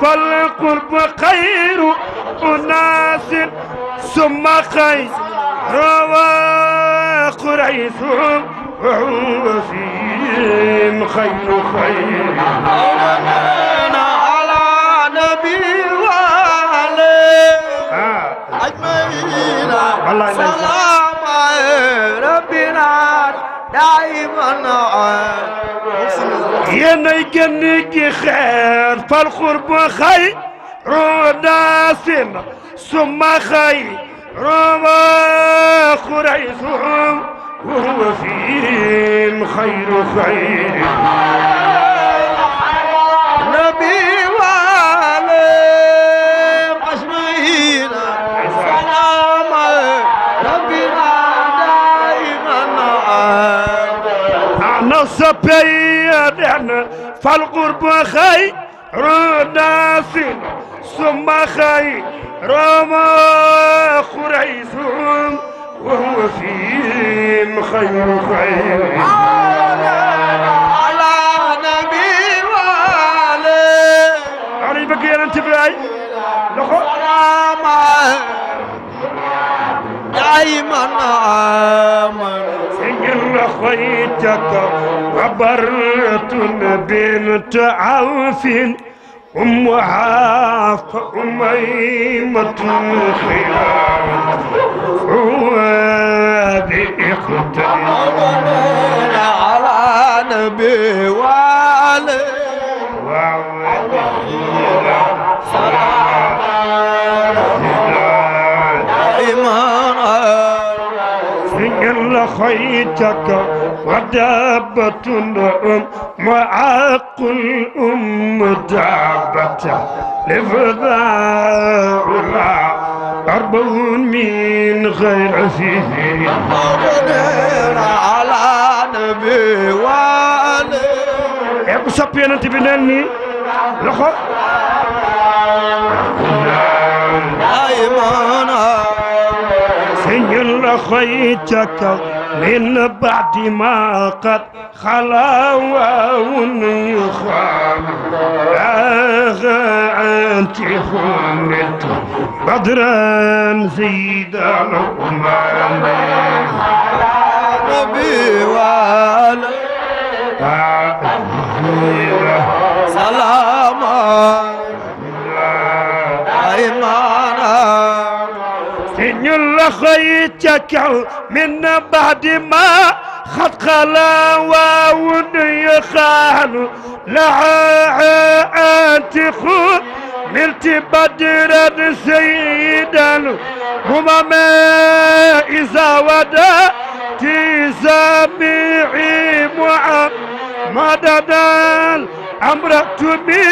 فالقرب خير أناس ثم خير روى قريش وهو فيهم خير خير أولنا على نبي وعليه أجمعين سلام ربنا yéenay génn gi xeer fal xurba xay ruudaasin summa xay ruuba xuraysum وهو فيهم خير خير نبي soppey den fal qurba xay rodasin summa xay roma quraysum wa huwa fihim xayru xayri bëgg yonent bi ay loxo salaama dayman aman singil loxo صبرت بنت عوف أمها فأميمة خيار عواب اختيار على نبي وعلي وعلي صلاة إيمان سجل خيتك ودابة أم وعاق الأم دابة لفضاء أربع من غير فيه على نبي وآله يا سبيا أنت بناني لخو دايما سنجل خيتك من بعد ما قد خلا وون يخام أنت خمت بدرا زيد الأمم نبي وعلى سلام أيمانا من لخيتك من بعد ما خد خلا ووني خال لعاءات خود ملت بدرا سيدا همما إذا ودا تزامعي معمدنا أمرت بي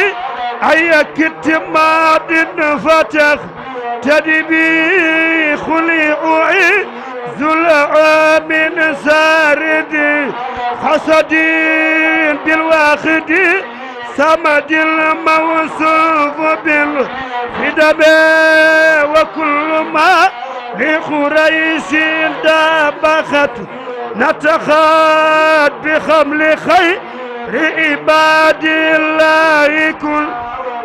أي كتماد فتح تدبي خلعي زلع من ساردي حسدي بالواخد سمد الموصوف بالخدم وكل ما لقريش دبخت نتخات بخمل خير لعباد الله كل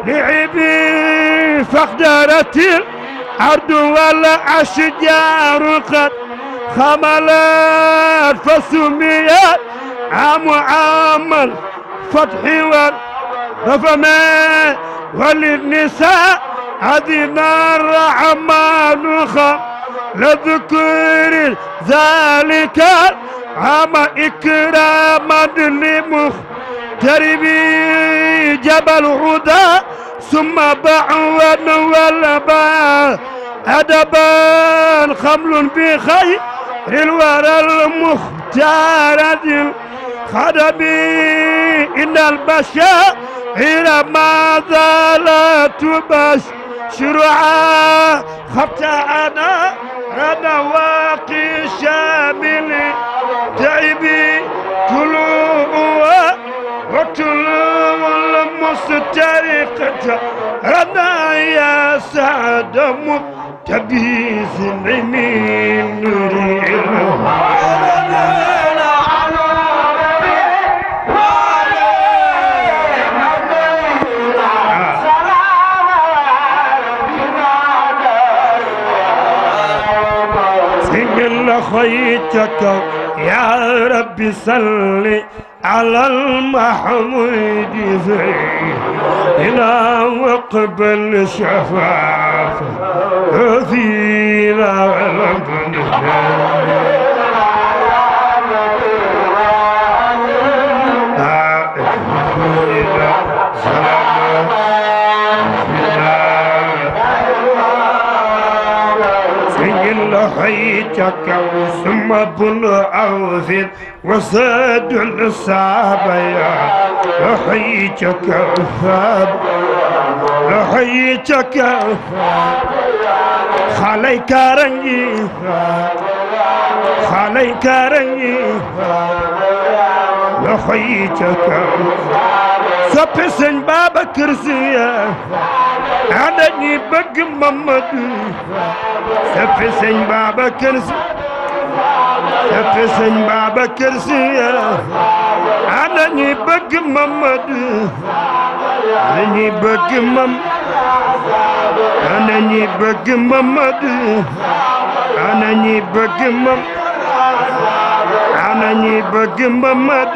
لعبي فاقدرت الأرض والأشجار قد خملت فسميت عام عام الفتح والرفمان وللنساء عظيم الرحمن خلق لذكر ذلك ama ikraman li muhtaribi jabal huda summa ba'wan walba adaban xamlun bi xayril waral muhtaratil xadabi innal bashira ma zala tubash شرعا خبت أنا رنواقي شامل تعبي قلوب وقلوب المسترقة رنا يا سعد متبيز عمين نريد خيتك يا رب صل على المحمود فينا وقبل شفاعته فينا ربنا رأيت كوس بن عوف وصد الصابية رأيت كوثاب رأيت كوثاب خليك رنجي خليك رنجي a yi ca bëgg Mamadou soppe sëñ Babacar Si bëgg Mamadou dañuy ana ñi bëgg Mamad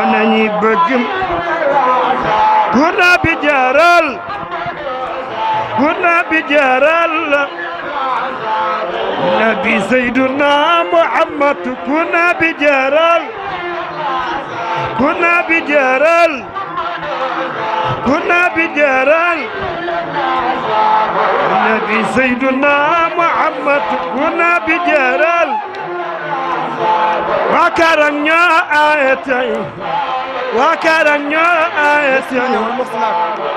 ana ñi bëgg guna bi jaral guna bi jaral nabi sayyiduna bi jaral guna bi bi jaral nabi sayyiduna bi jaral وكرم يا آيتي وكرم يا آيتي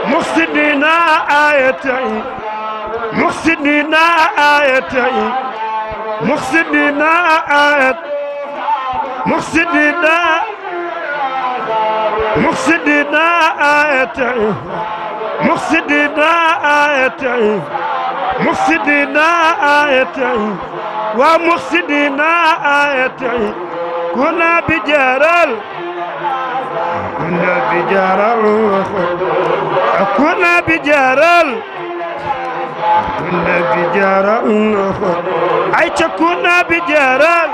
مفسدين آيتي مفسدين آيتي مفسدين آيت مفسدين مفسدين آيتي مفسدنا آيتين مفسدنا آيتين ومفسدنا آيتين كنا بجرال كنا بجرال كنا بجرال كنا بجرال أي كنا بجرال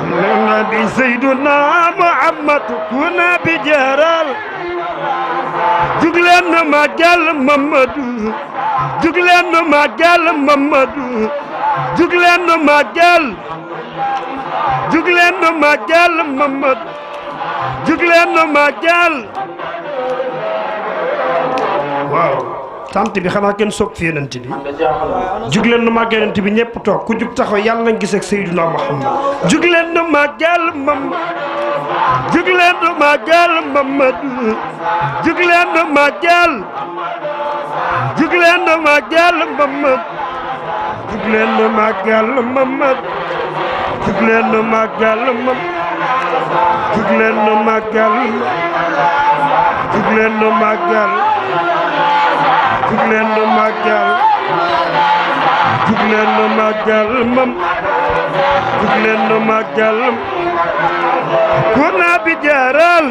النبي سيدنا محمد كنا بجرال jug leen nu màggal Mamadou jug leen nu màggal Mamadou jug leen nu màggal jug leen nu màggal Mamadou jug leen nu màggal waaw tant bi xanaa kenn soog fi yonent bi jug leen nu màgg yonent bi ñëpp toog ku jug taxaw yàlla na gis ak Seydina Muhammad jug leen nu màggal leen nu màggal Mamadou jug leen nu màggal jug leen leen nu màggal Mamadou jug leen nu màggal Mamadou jug leen nu màggal jug jug leen nu màggal jug leen nu màggal mam jug leen nu màggal ku nabi jaral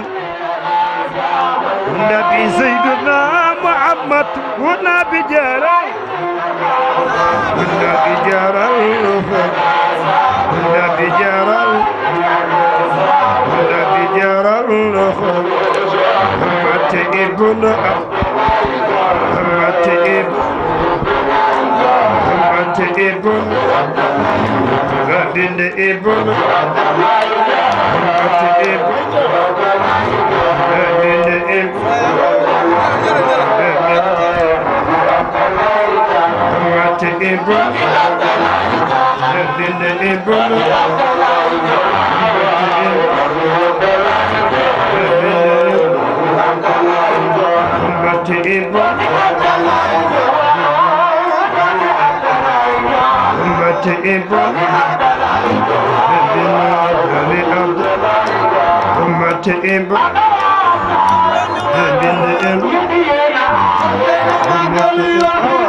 nabi Seydina Muhammad ku nabi jaral nabi jaral nabi jaral nabi jaral Muhammad ibn wante ebon gardinde ebon wante ebon gardinde ebon wante ebon gardinde ebon شيء بالأرض أمة إبراهيم بالأرض أمة إبراهيم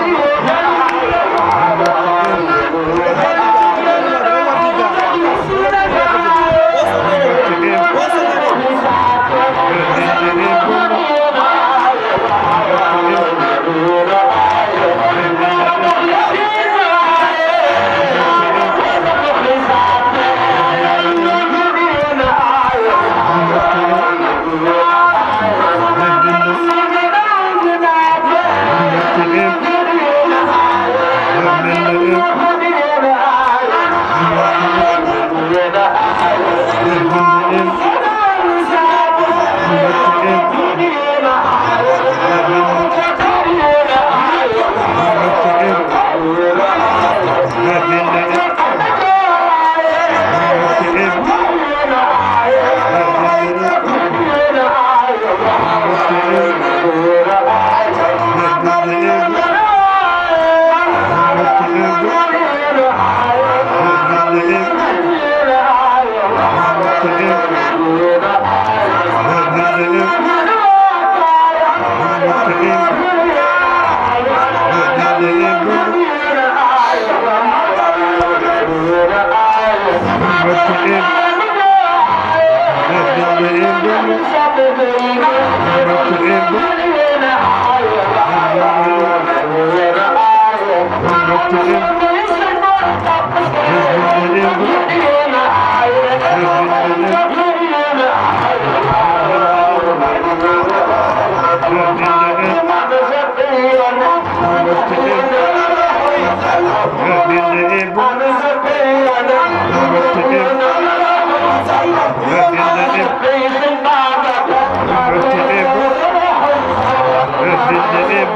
ko Yeah.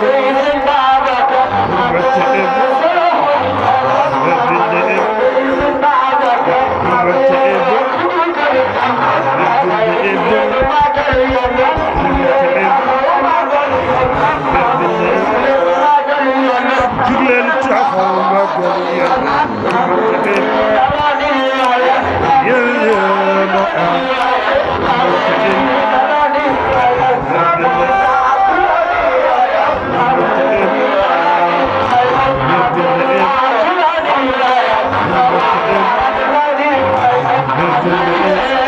Thank you.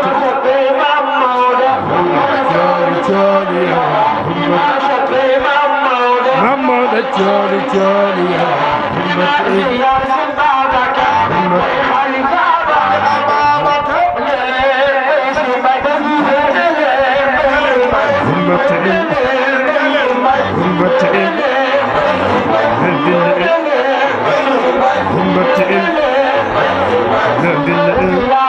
جولي جولي يا محمد هم بتعب هم بتعب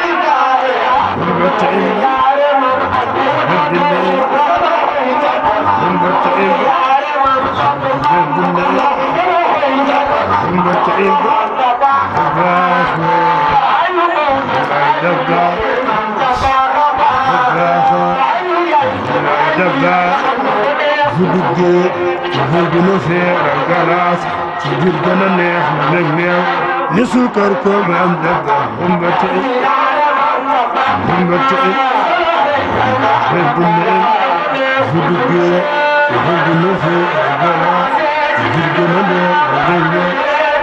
المتعب عبد الله المتعب عبد الله المتعب عباس دبا دبا فدد فدد نفير الجلاس جدا نيح نيح نسكر كمان دبا أمتي gumbatta'en rebbuna'en huduggere hoggo nofo goɗa jirgo nande rewne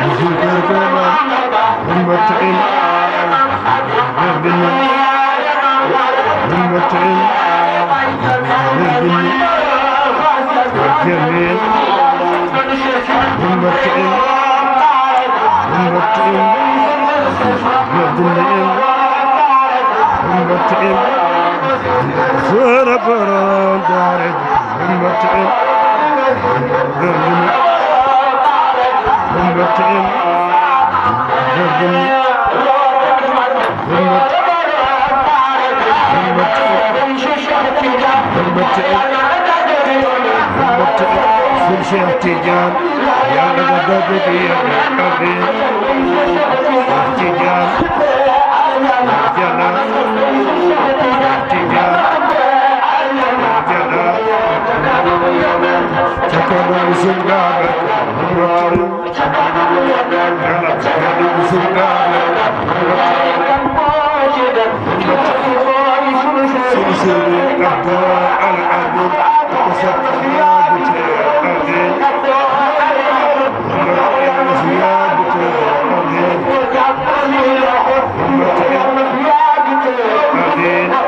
musinkoore koɗa gumbatta'en rebbinna gumbatta'en rebbinni jerneyen gumbatta'en gumbatta'en rebbinna en متعب زور برام دارد متعب ذرهم متعب ذرهم شيخ تجان يا غدا بدي يا غدا بدي تجان kanam sëñ Daara waaw kanam sëñ Daara waaw sëñ Daara al amin ko sax yaa bu te amin yaa bu te amin yaa bu te amin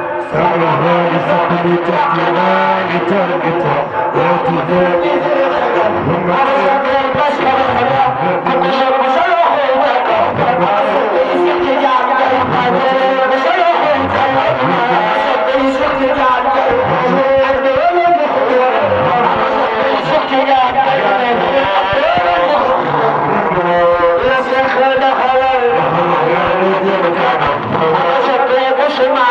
Shema.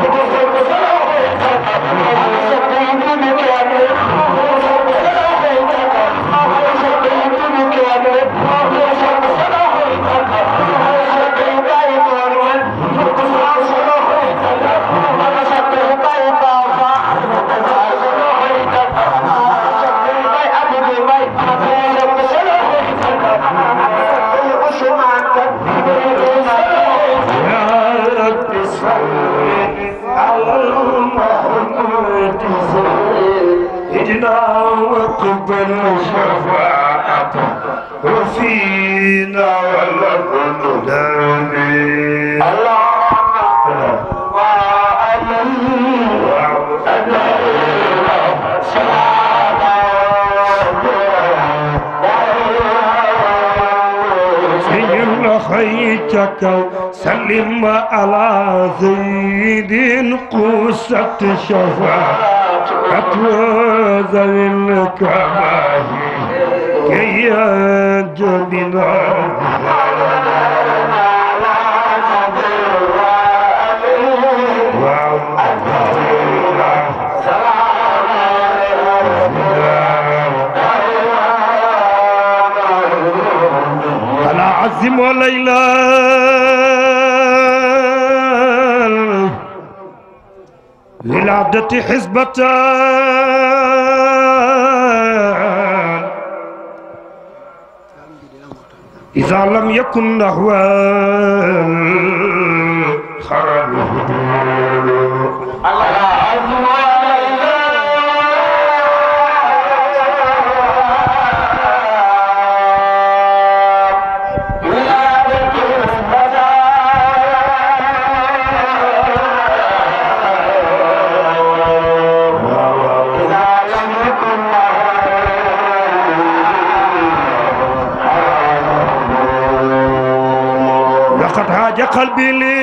تقبل شفاعته وفينا ولا ظلمنا اللهم وعلى الأدب خيتك سلم على زيد قوسة شفاعة حزن الكباه كي ينجو عزم وليلى للعبدة حزبتان إذا لم يكن نحو الخرج قلبي لي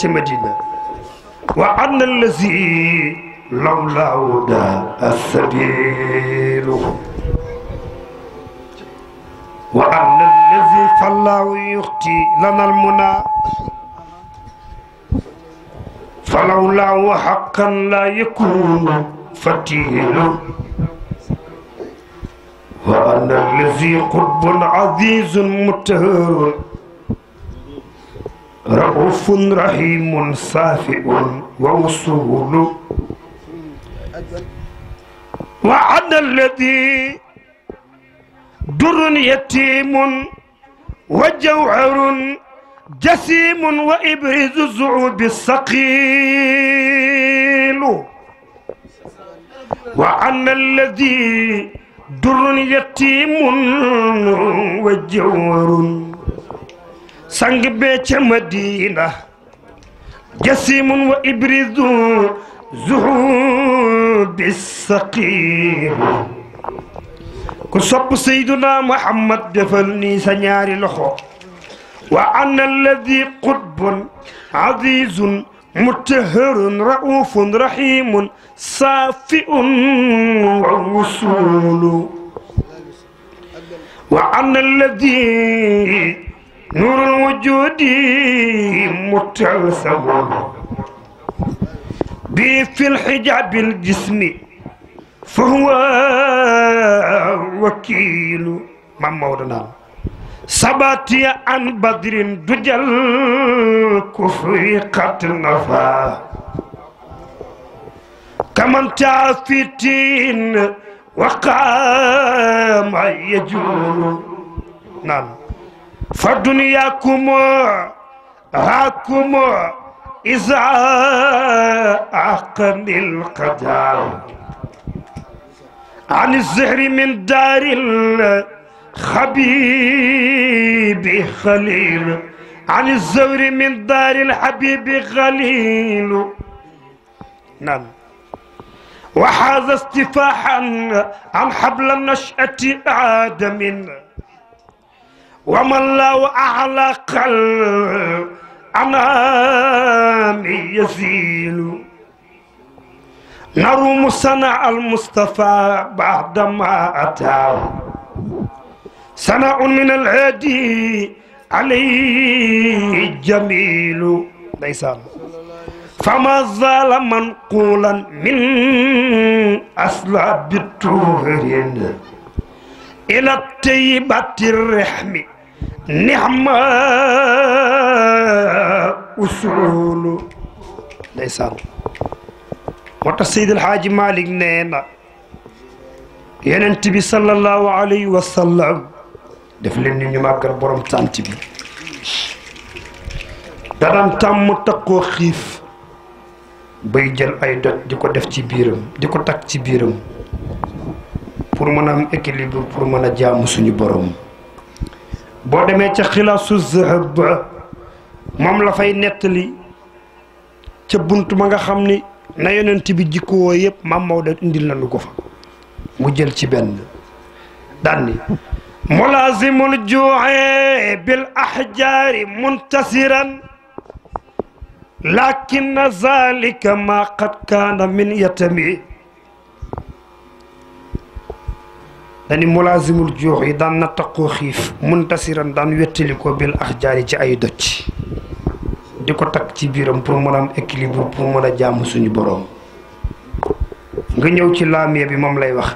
ca Medina wa ana allazi lawlaahu da asabilu wa ana allazi fallaahu yuxti lana almuna falawlaahu xaqan laa yakunu fatilu wa ana allazi qutbun azizun mutahharun رؤوف رحيم صافئ ووصول وعد الذي در يتيم وجوعر جسيم وإبرز الزعوب الثقيل وعن الذي در يتيم وجوعر sang bee ca madina jasimun wa ibrisu zuhubi saqim ku sopp sayduna muhammad defal nii sa ñaari loxo wa ana alladi qutbun azizun متهر رؤوف رحيم صافئ ووصول وعن الذي نور الوجود متلسم بي في الحجاب الجسم فهو وكيل ما مولانا سباتي عن بدر دجل كفر قتل نفا كمن تعفتين وقام يجور نعم fa duniyaakum haakum izaa aqnil qadaaw an zihri min daaril xabiibi xaliil an zawri min daaril xabiibi xaliil naam wa haaza istifaahan an habla nash'ati aadamin ومن لو أعلق الأنام يزيل نروم صنع المصطفى بعدما أتاه صنع من الهادي عليه جميل ليس فما زال منقولا من أسلاب التوهرين إلى الطيبة الرحم نعمة أصول ليس وقت السيد الحاج مالك نينا yenent bi sallallahu alayhi wa sallam def leen ni ñu màggal borom tànt bi danaan tàmm takkoo xiif bay jël ay doj di ko def ci biiram di ko takk ci biiram pour mën a am équilibre pour mën a jaamu suñu borom. boo demee ca xilaasu zahab moom la fay nettali ca bunt ma nga xam ni na yeneen bi jikkoo yëpp maam Maodo indil nañu ko fa mu jël ci benn daan ni mulazimul juuxe bil ahjaari muntasiran lakin zalika ma qad kaana min yatami dani mulaasimul joox yi daan na taqoo xiif muntasiran daan wettali ko bil jaari ci ay doj di ko takk ci biiram pour mën a am pour mën a jaamu suñu boroom nga ñëw ci laamiya bi moom lay wax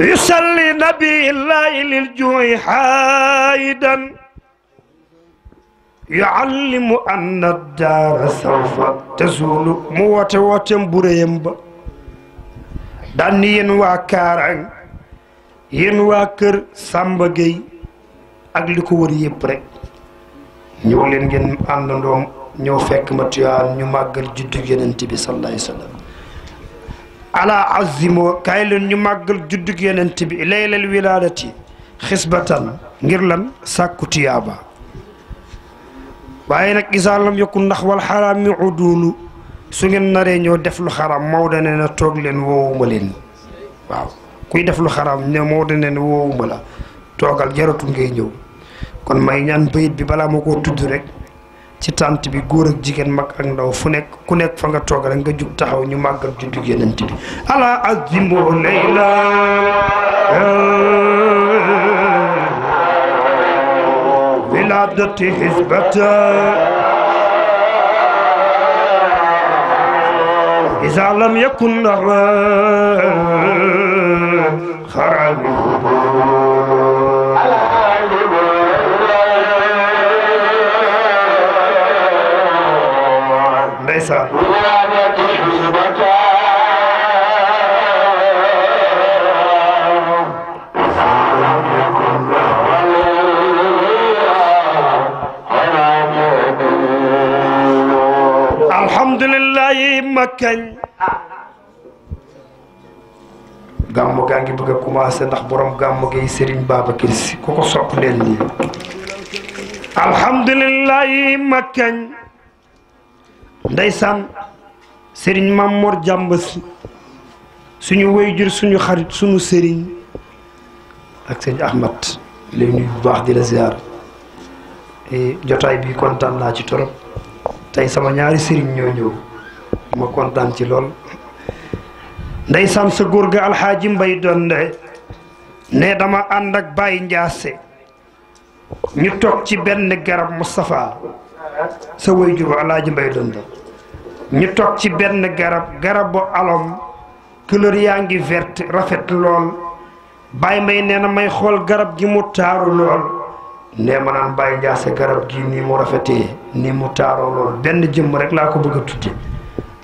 yusalli nabillahi lil juu'i haayidan yuallimu anna daara sawfa tazulu mu woote wooteem bu réyam ba daan ni waa kaarang yéen waa kër sàmba Gueye ak li ko wër yépp rekk ñëw leen ngeen àndandoom ñëw fekk ma tuyaan ñu màggal juddu yenent bi sallallahu leen ñu màggal juddug yenent bi laylal wilaadati xisbatan ngir lan sàkku tiyaaba waaye nag isaalam yokku ndax wal xaraam mi uduunu su ngeen naree ñoo def lu xaraam Maodo nee na toog leen woowuma leen waaw kuy def lu xaraam ne moo de woo woowuma la toogal jaratul ngay ñëw kon may ñaan bayit bi balaa ma ko tudd rek ci tànt bi góor ak jigéen mag ak ndaw fu nekk ku nekk fa nga toog rek nga jug taxaw ñu màgg juddu yonent bi ala azimu layla wiladati xisbata إذا لم يكن له خرج ليس rasulillahi makkañ gàmmu ngi bëgg ndax borom gàmmu gi Serigne Babacar Sy ku ko sopp leen ndeysaan Serigne Mamour Jàmb si suñu wayjur suñu xarit suñu sëriñ ak sëñ Ahmad léegi nuyu bu baax di la ziar eh, jotaay bi kontaan ci torop tey sama ñaari sëriñ ñoo ñëw ma kontaan ci lool ndeysaan sa góor ga alxaaji mbay donde ne dama ànd ak Baye Ndiasse ñu toog ci benn garab Moustapha sa way juru alxaaji mbay donde ñu toog ci benn garab garab bu alom yaa ngi verte rafet lool Baye mbay nee na may xool garab gi mu taaru lool ne ma naan bàyyi njaase garab gi nii mu rafetee nii mu taaroo lool benn jëmm rek laa ko bëgg a tudde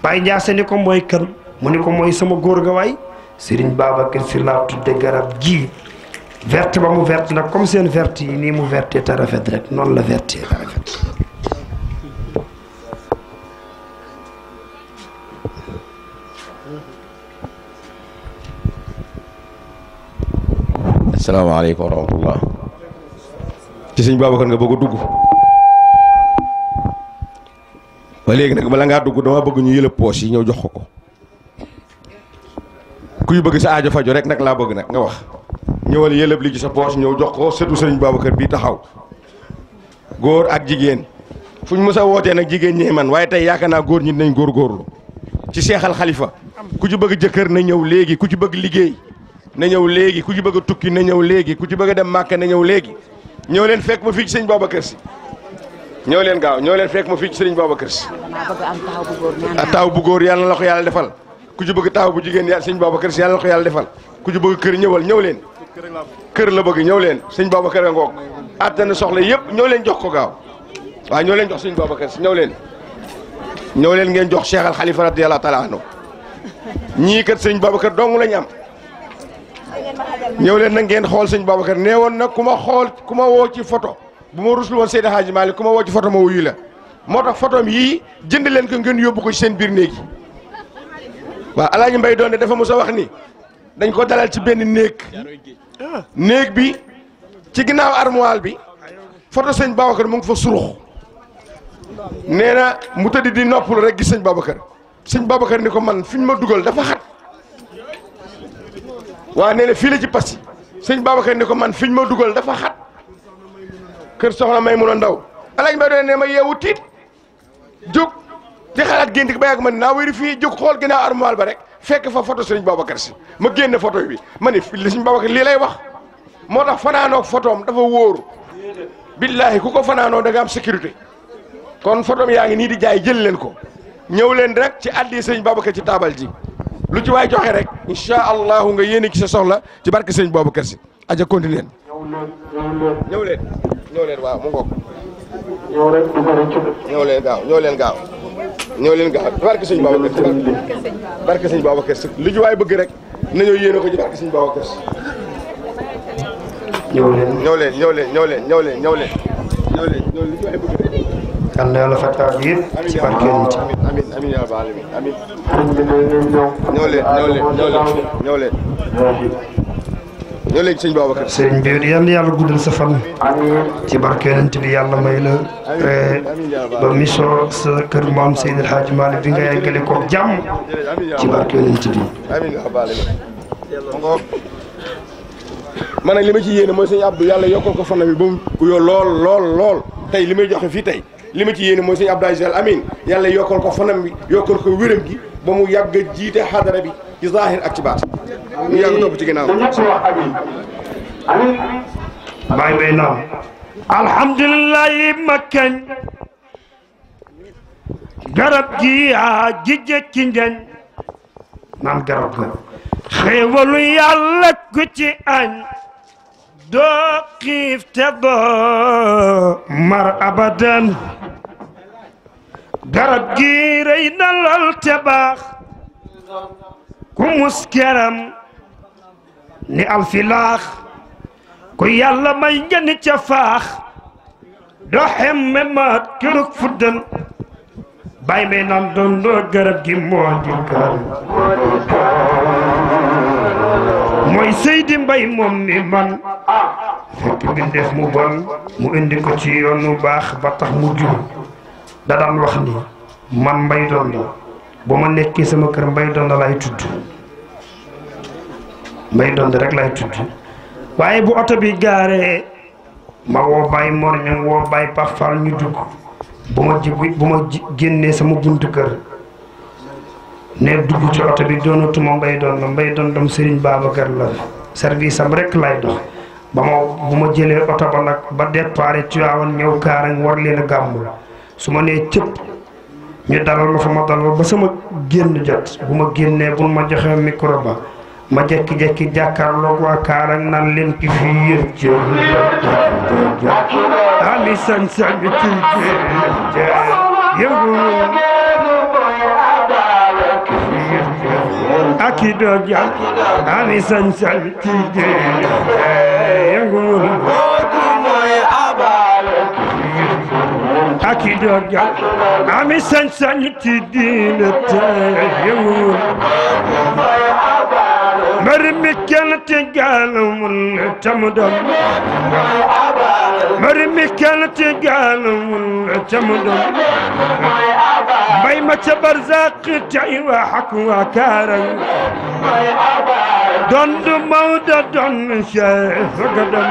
bàyyi njaase ni ko mooy kan mu ni ko mooy sama góor ga waay Serigne Babacar Sy laa tudde garab gi vert ba mu vert nag comme seen vert yi nii mu vertee te rafet rek noonu la vertee te rafet asalaamaaleykum wa rahmatullah ci sëñ Babacar nga bëgg a dugg ba léegi nag bala ngaa dugg dama bëgg ñu yëlëb poos yi ñëw jox ko ko kuy bëgg sa aajo fajo rek nag laa bëgg nag nga wax ñëwal yëlëb li ci sa poos ñëw jox ko sëtu sëñ Babacar bii taxaw góor ak jigéen fu ñu mës a wootee nag jigéen ñee man waaye tey yaakaar naa góor nañ góor góorgóorlu ci seexal xalifa ku ci bëgg jëkkër na ñëw léegi ku ci bëgg liggéey na ñëw léegi ku ci bëgg tukki na ñëw léegi ku ci bëgg dem màkka na ñëw léegi ñëw leen fekk ma fii ci sëñ Babacar si ñëw leen gaaw ñëw leen fekk ma fii ci sëñ Babacar si ah, taaw bu góor yàlla na la ko yàlla defal ku ci bëgg taaw bu jigéen yàlla sëñ Babacar si yàlla na ko yàlla defal ku ci bëgg kër ñëwal ñëw leen kër la bëgg ñëw leen sëñ Babacar a ngoog àttana soxla yëpp ñëw leen jox ko gaaw waaw ñëw leen jox sëñ Babacar si ñëw leen ñëw leen ngeen jox Cheikh al Khalifa radiyallahu taala ñii kat sëñ kër dong lañ am ñëw leen na ngeen xool sëñ Babacar nee woon nag ku ma xool ku ma woo ci photo bu ma rusul woon Seydi Hadji ku ma woo ci photo ma wuyu la moo tax photo yii jënd leen ko ngeen yóbbu ko ci seen biir néeg yi Alaaji Mbay doon dafa mos a wax ni dañ ko dalal ci benn néeg néeg bi ci ginnaaw armoire bi photo sëñ Babacar mu ngi fa surux nee na mu tëdd di noppalu rek gis sëñ Babacar sëñ Babacar ni ko man fi ma dugal dafa xat waa nee na fii la ci Passy sëñ Babacar ni ko man fiñ ma dugal dafa xat kër soxna may mun a ndaw alañ ba doon ne ma yeewu tiit jóg di xalaat gént ba yàgg ma ne naa wéri fii jóg xool ginnaaw armoire ba rek fekk fa foto sëñ Babacar si ma génne photo bi ma ne sëñ Babacar lii lay wax moo tax fanaanoog photoom dafa wóoru billaahi ku ko fanaanoo danga am sécurité kon photoom yaa ngi nii di jaay jël leen ko ñëw leen rek ci addi sëñ Babacar ci taabal ji lu ci waay joxe rek incha allahu nga yéene ci sa soxla ci barke sëñ boobu kër si aja continuer ñëw leen ñëw leen waaw mu ngoog ñëw leen ñëw leen gaaw ñëw leen gaaw ñëw leen gaaw barke sëñ boobu kër si barke sëñ boobu kër si lu waay bëgg rek nañoo yéene ko ci barke sëñ ñëw leen ñëw leen ñëw leen ñëw leen ñëw leen yal na yàlla faj aaj yëpp ci barkeel nit yi. amiin bi yal na yàlla guddal sa fan. ci barkeelante bi yàlla may la. ba mission sa kër maam Seydil Hadji Malick bi nga yeggale ko jàmm. ci barkeelante bi. mana li ma ci yéene mooy sëñ Abdou yàlla yokkal ko fan bi ba mu. lool lool lool tey li may joxe fii tey. li ma ci yéene mooy sëñ Abdoulaye Sall amin yàlla yokkal ko fanam bi yokkal ko wéram gi ba mu yàgg a jiite xadara bi ci zaahir ak ci baat ñu yàgg topp ci ginnaaw bay bay naam alhamdulillahi makkañ garab gi a jijje ci njañ naam garab la xéewalu yàlla ku ci doo xiif te doo mar abadan garab gi rëy na te baax ku mus keram ni alfilaax ku yàlla may njani ca faax doo xemme maat kiruk fuddan bay may naan doon doo garab gi moo di kan mooy Seydi Mbaye moom mi man foppi bi def mu bon mu indi ko ci yoonu baax ba tax mu jur da daan wax ni man Mbaye Donde bu ma nekkee sama kër Mbaye Donde laay tudd Mbaye Donde rek laay tudd waaye bu oto bi gaaree ma woo Baye Mor ñoom woo Baye Pafal ñu dugg bu ma ji bu ma génnee sama buntu kër ne dugg ci oto bi doonatuma mbay doon dom mbay doon dom Serigne Babacar la service am rek lay dox ba ma bu ma jëlee oto ba nag ba ci Tiwaawan ñëw Kaarang war leen a su ma nee cëpp ñu dalal ma fa ma dalal ba sama génn jot bu ma génnee bu ma joxee micro ba ma jekki-jekki jàkkaarloog waa Kaarang nan leen ki fi yëf jë ami sañ-sañ yëngu ak i dogal ami sañ sañ ci dee yëngul bootu mooy abale ak i dogal ami sañ sañ ci diine tey yëngul bootu mooy مرمي كانت قالوا تمدم مرمي كانت قالوا تمدم باي ما تبرزاق تعيوا حكوا كارا دند مودا دند شيخ قدم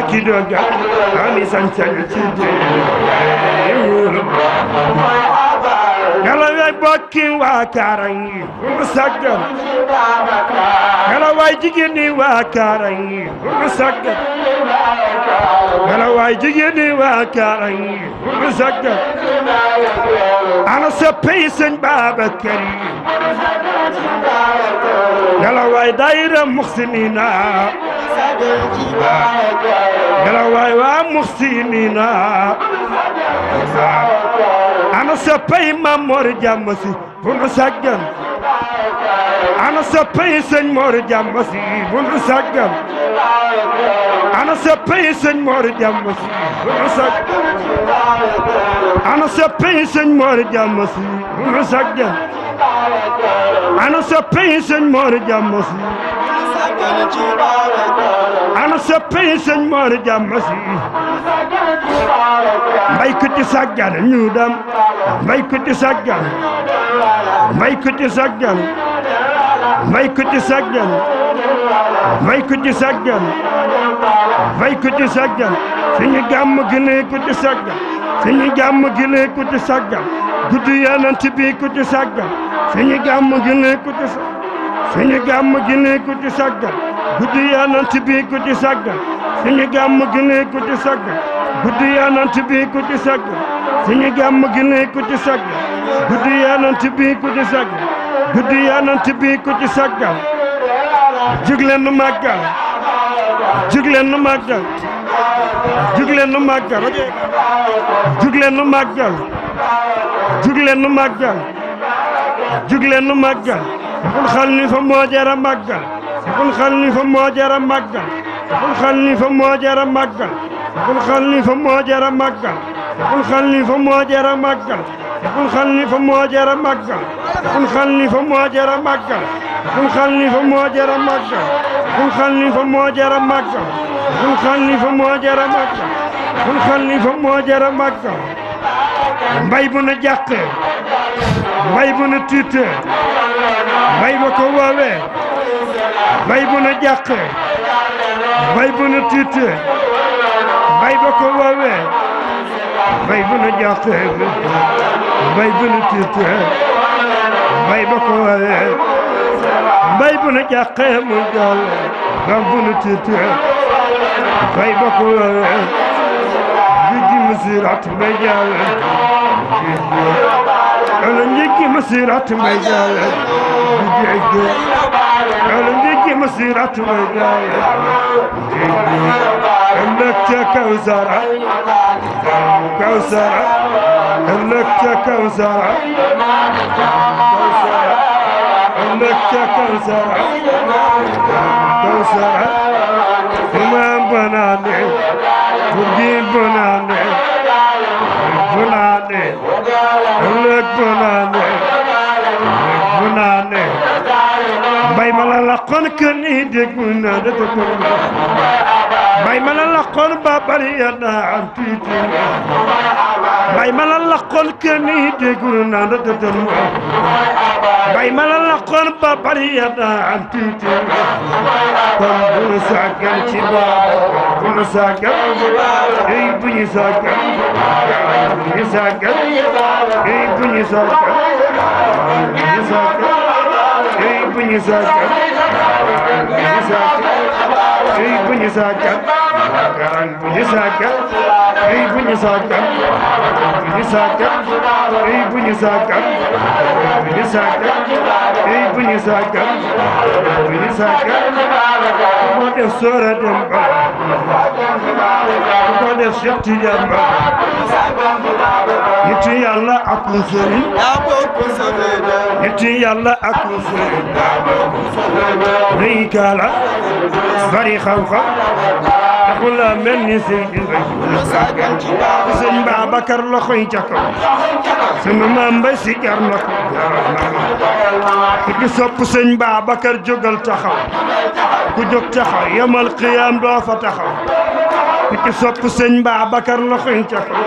أكيد أنا سنتين تدي ana bokki waa Kaaràngi mu saggan ana waay jigéen ñi waa Kaaràngi mu saggan ana waay jigéen ñi waa Kaaràngi mu saggan ana soppey Sëñ Babacar yi ana waay daayira Muxsinina ana waay waa Muxsinina ana soppay Maam Mor Jàmm Si bu nu sàggan ana soppay sëñ Mor Jàmm Si bu nu sàggan ana soppay sëñ Mor Jàmm Si bu nu sàggan ana soppay sëñ Mor Jàmm Si bu nu sàggan ana soppay sëñ Mor Jàmm Si ana soppeeku sëñ Mor jàmm si mbaykat yi saggan ñu dem mbaykat yi saggan mbaykat yi saggan mbaykat yi saggan mbaykat yi saggan mbaykat yi saggan suñu ci saggan suñu gàmm gi ne ku ci saggan guddi yonent bi saggan suñu gàmm gi ne saggan suñu gàmm gi ne ku ci sàggan guddi yonent bi ku ci sàggan suñu gàmm gi ne ku ci sàggan guddi yonent bi ku ci sàggan suñu gàmm gi ne ku ci sàggan guddi yonent bi ku ci sàggan guddi yonent bi ku ci sàggan jug leen nu màggal jug leen nu màggal jug leen nu màggal jug leen nu màggal jug leen nu màggal jug leen nu màggal sexul xalifa moo jara màggal sexul xalifa moo jara màggal sexul xalifa moo jara màggal sexul xalifa moo jara màggal sexul xalifa moo jara màggal sexul xalifa moo jara màggal sexul xalifa moo jara màggal sexul xalifa moo jara màggal sexul xalifa moo jara màggal sexul xalifa moo jara màggal sexul xalifa moo jara màggal mbay bu na jàqe mbay bu na tiite mbay ba ko woowee mbay bu na jàqe mbay bu na tiite mbay ba ko woowee mbay bu na jàqe mbay bu na tiite mbay ba ko woowee mbay bu na jàqe mu jàll mbay bu na tiite mbay ba ko woowee مسيرة مجال علميك مسيرة مجال علميك مسيرة مجال انك يا كوثر كوثر انك يا كوثر انك يا كوثر كوثر امام بناني وجيب بناني bunane bunane bay mala la kon ken ni deg bunane to ko bay ma la laqoon ba bari yàlla am tuuti bay ma la laqoon kenn yi déggul naan la dëddalu bay ma la laqoon ba bari yàlla am tuuti kon bu ñu sàggan ci baal bu ñu sàggan ey bu ñu sàggan bu ñu sàggan ey bu ñu sàggan bu ñu sàggan ey bu ñu sàggan bu ñu sàggan ay bu ñu sàggan bu bu ñu sàggan bu bu ñu sàggan bu bu ñu sàggan ko def Soora Dem Ba ku ko def Cheikh Tidiane Ba nitu yàlla ak sëriñ nitu yàlla ak sëriñ rëy kaala bari xam-xam taxul a mel ni sëñ bi sëñ Babacar loxoy ca kaw sunu maam mbay si jar na ko ku sopp sëñ Babacar jógal taxaw ku jóg taxaw yamal qiyaam doo fa taxaw ku sopp sëñ Babacar loxoy ca kaw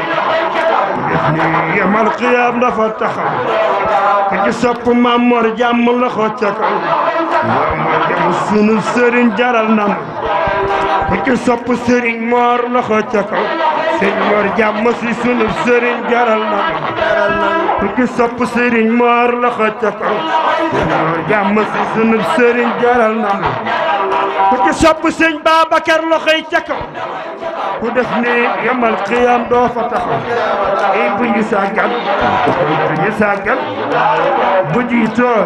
yamal qiyaam doo fa taxaw ku sopp maam Mor jàmm loxo ca kaw sunu sëriñ jaral na ma ku ci sopp sëriñ moor loxo ca kaw moor jàmm si sunub sëriñ jaral na ku ci sopp sëriñ moor loxo ca kaw moor jàmm si sunub sëriñ jaral na ku ci sopp sëriñ Babacar loxoy ca kaw ku def ni yamal xiyam doo fa taxaw bu ñu sàggal bu ñu sàggal bu jiitoo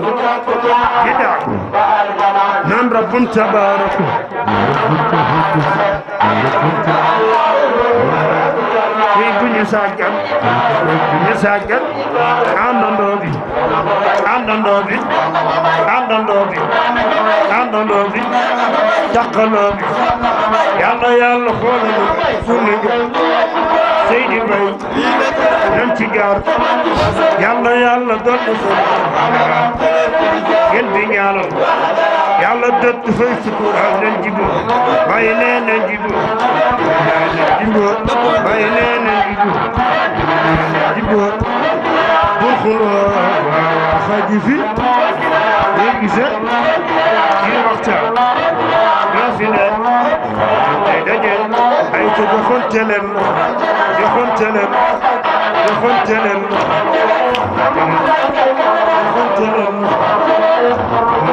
gidaak nan rabbum tabaaraka fii duñu sàggan duñu sàggan àndandoo bi àndandoo bi àndandoo bi àndandoo bi takkaloo bi yàlla yàlla xoolal fu ñu Seydi Mbaye ci gaar yàlla yàlla doon na soo bi ñaanal yàlla dëkk fay sukuraal leen jibbo bàyyi leen leen jibbo bàyyi leen leen jibbo bul xuloo xaji fi yéen gise ci waxtaan ñoo fi ne ay daje ay ko joxonte leen joxonte leen joxonte leen joxonte leen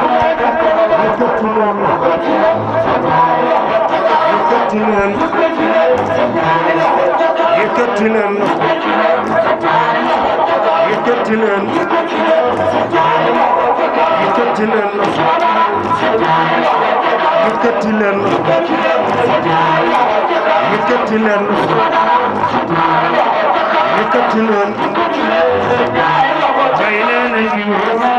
yëkkati leen yëkkati leen yëkkati leen yëkkati leen yëkkati leen yëkkati leen yëkkati leen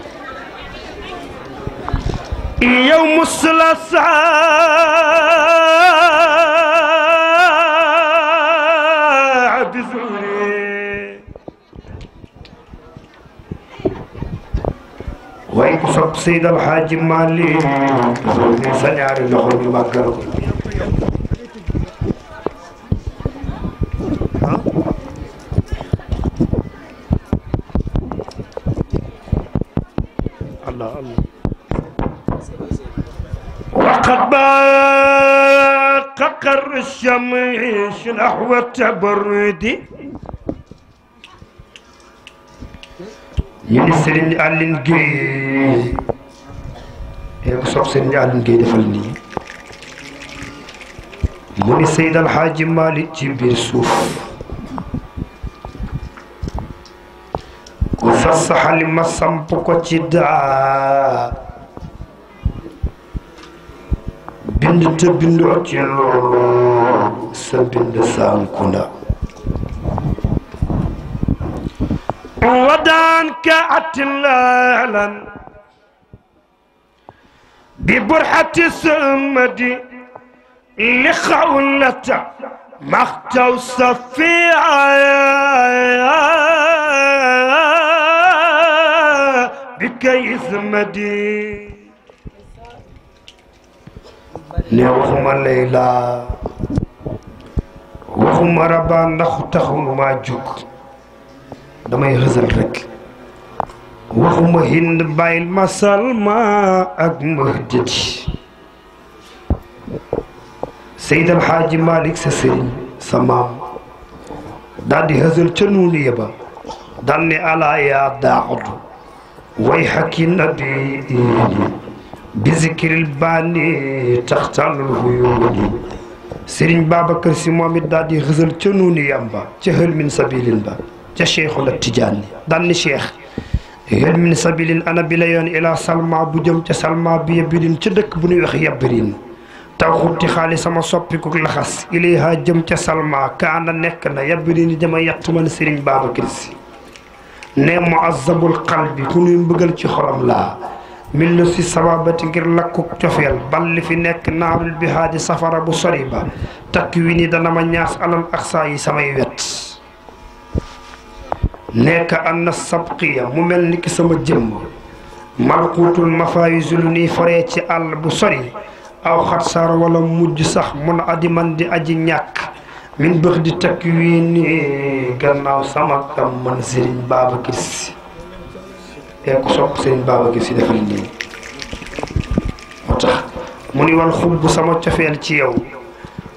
يوم الثلاثاء بزوري ويك سب سيد الحاج مالي سنعري لخرج مكرم الله الله وقد باق قر الشمس نحو التبرد yéen Serigne Aline Gueye yéen ko soog Serigne Aline Gueye defal nii mu ni Seydi Alxaaji Malick ci biir suuf ku sasaxali ma ko ci daa bind te bindoo ci loolu sa bind sànku na ودان كأتلالا ببرحة السمدي لخولة مختو صفيعة بكيث مدي ne waxuma Layla waxuma Raba ndax taxul maa jóg damay xësal rek waxuma Hind bàyyil ma Salma ak Mahdati Seyd El Hadji sa sëriñ sa maam daal di xësal ca nuuni yeba daan ne way xakki di بذكر الباني تختال الغيوم سيرين بابكر سي موميت دادي غزل تي نوني يامبا تي هل من سبيل با تي شيخ التجاني دان شيخ hel min sabilin ana bi la ilaa salma bu jëm ca salma bi yebbirin ca dëkk bu ñuy wax yebbirin taw xutti xaali sama soppiku laxas ilayha jëm ca salma kaana nekk na yebbirin dama yett man Serigne Babacar Sy ne muazzabul qalbi ku ñuy mbëggal ci xolam laa millu si sababati ngir lakkuk cofeel bal li fi nekk naarul bihaadi safara bu sori ba takk wi ni dana ma ñaas alal ak saa yi samay wet nekk anna sabqiya mu mel ni ki sama jëmm malkuutul mafaayisul nii faree ci àll bu sori aw xatsaar wala mujj sax mun a adi man di aji ñàkk min bëx di takk wi ni gannaaw sama kam man sëriñ baaba gis te sopp sëriñ Babacar Sy defal nii moo tax mu ni wan xub sama cofeel ci yow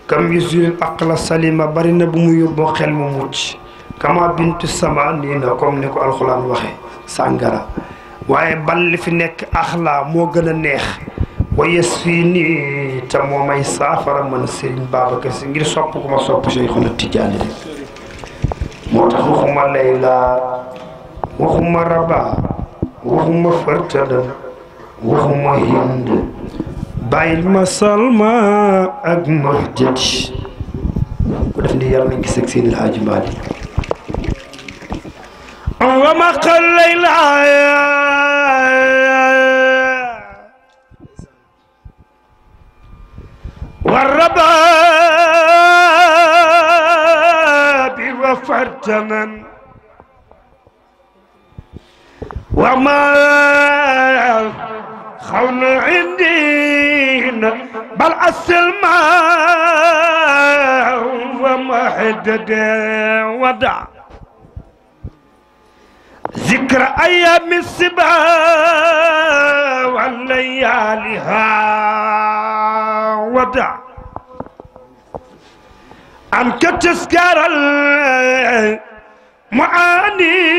kam yusul aqla salima bari na bu mu yóbboo xel mu mucc kama bintu sama nii na comme ni ko alxuraan waxe sàngara waaye bal li fi nekk axla moo gën a neex wa yes fii saafara man sëriñ Babacar Sy ngir sopp ku waxuma layla waxuma fartada waxuma hind bàyyil ma salma ak mahjat ku def ndi yàlla nañ gis ak seen alxaaji mbaali wama xallay laaya warraba bi wa fartanan وما خون عندينا بل السلم ومحدد وضع ذكر أيام السبا وليالها وضع أنك تسكر معاني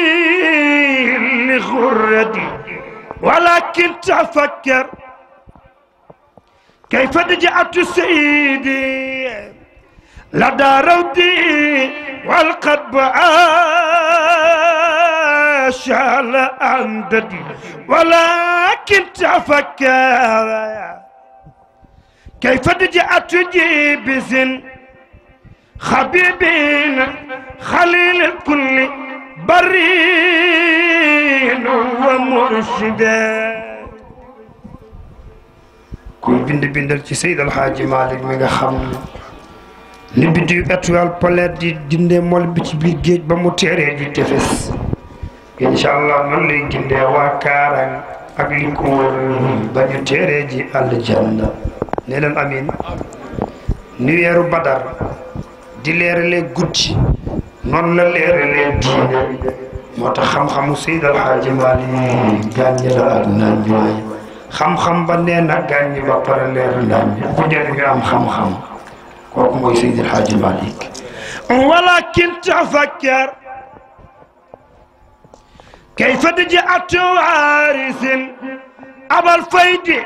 لغرتي ولكن تفكر كيف نجعت سيدي لدى روضي والقد شال أنددي ولكن تفكر كيف نجعت جيبزن حبيبين خليل الكل برين ومرشدا kuy bind bindal ci Seydi El Hadji Malick mi nga xam ni bind yu étoile polaire di dindee mol bi ci biir géej ba mu teeree di tefes incha allah lay gindee waa Kaarang ak li ko wër ba ñu teeree ji àll janna leen amin ni weeru Badar di leeralee guddi noonu la leeralee diine moo tax xam-xamu Seydou El Hadj Malick gàññi la àdduna ñooy xam ba nee na gàññi ba pare leer ndaan ku jëriñu am xam-xam kooku mooy Seydou El Hadj Malick. walakin tafakkar kayfa dija'at waarisin abal faydi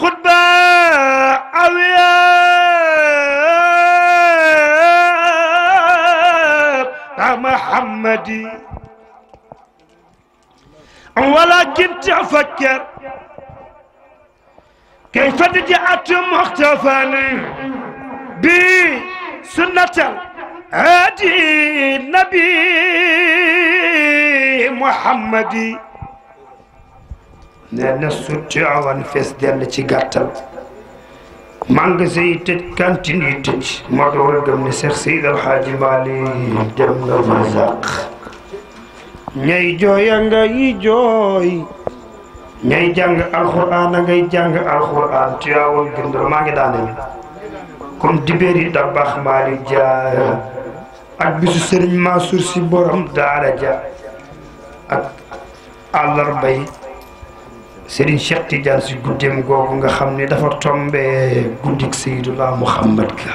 xutba awiya محمد ولكن تفكر كيف رجعت مختفى بسنة هادي النبي محمد nee na sutti awan fees dell ci gàttal magasin yi tëj cantine yi tëj moo doon gëm ne Seex Seydi El Hadji Malick dem nga barzaq ñay jooy a ngay jooy ñay jàng alxuraan a ngay jàng alxuraan tuyaawal gëndal maa ngi daane comme dibéer yi da baax Malick ak bisu Sëriñ Mansour si borom daara ja ak àllarba Serigne Cheikh Tidiane si guddeem googu nga xam ne dafa tombe guddik Seydulaa Muhammad ga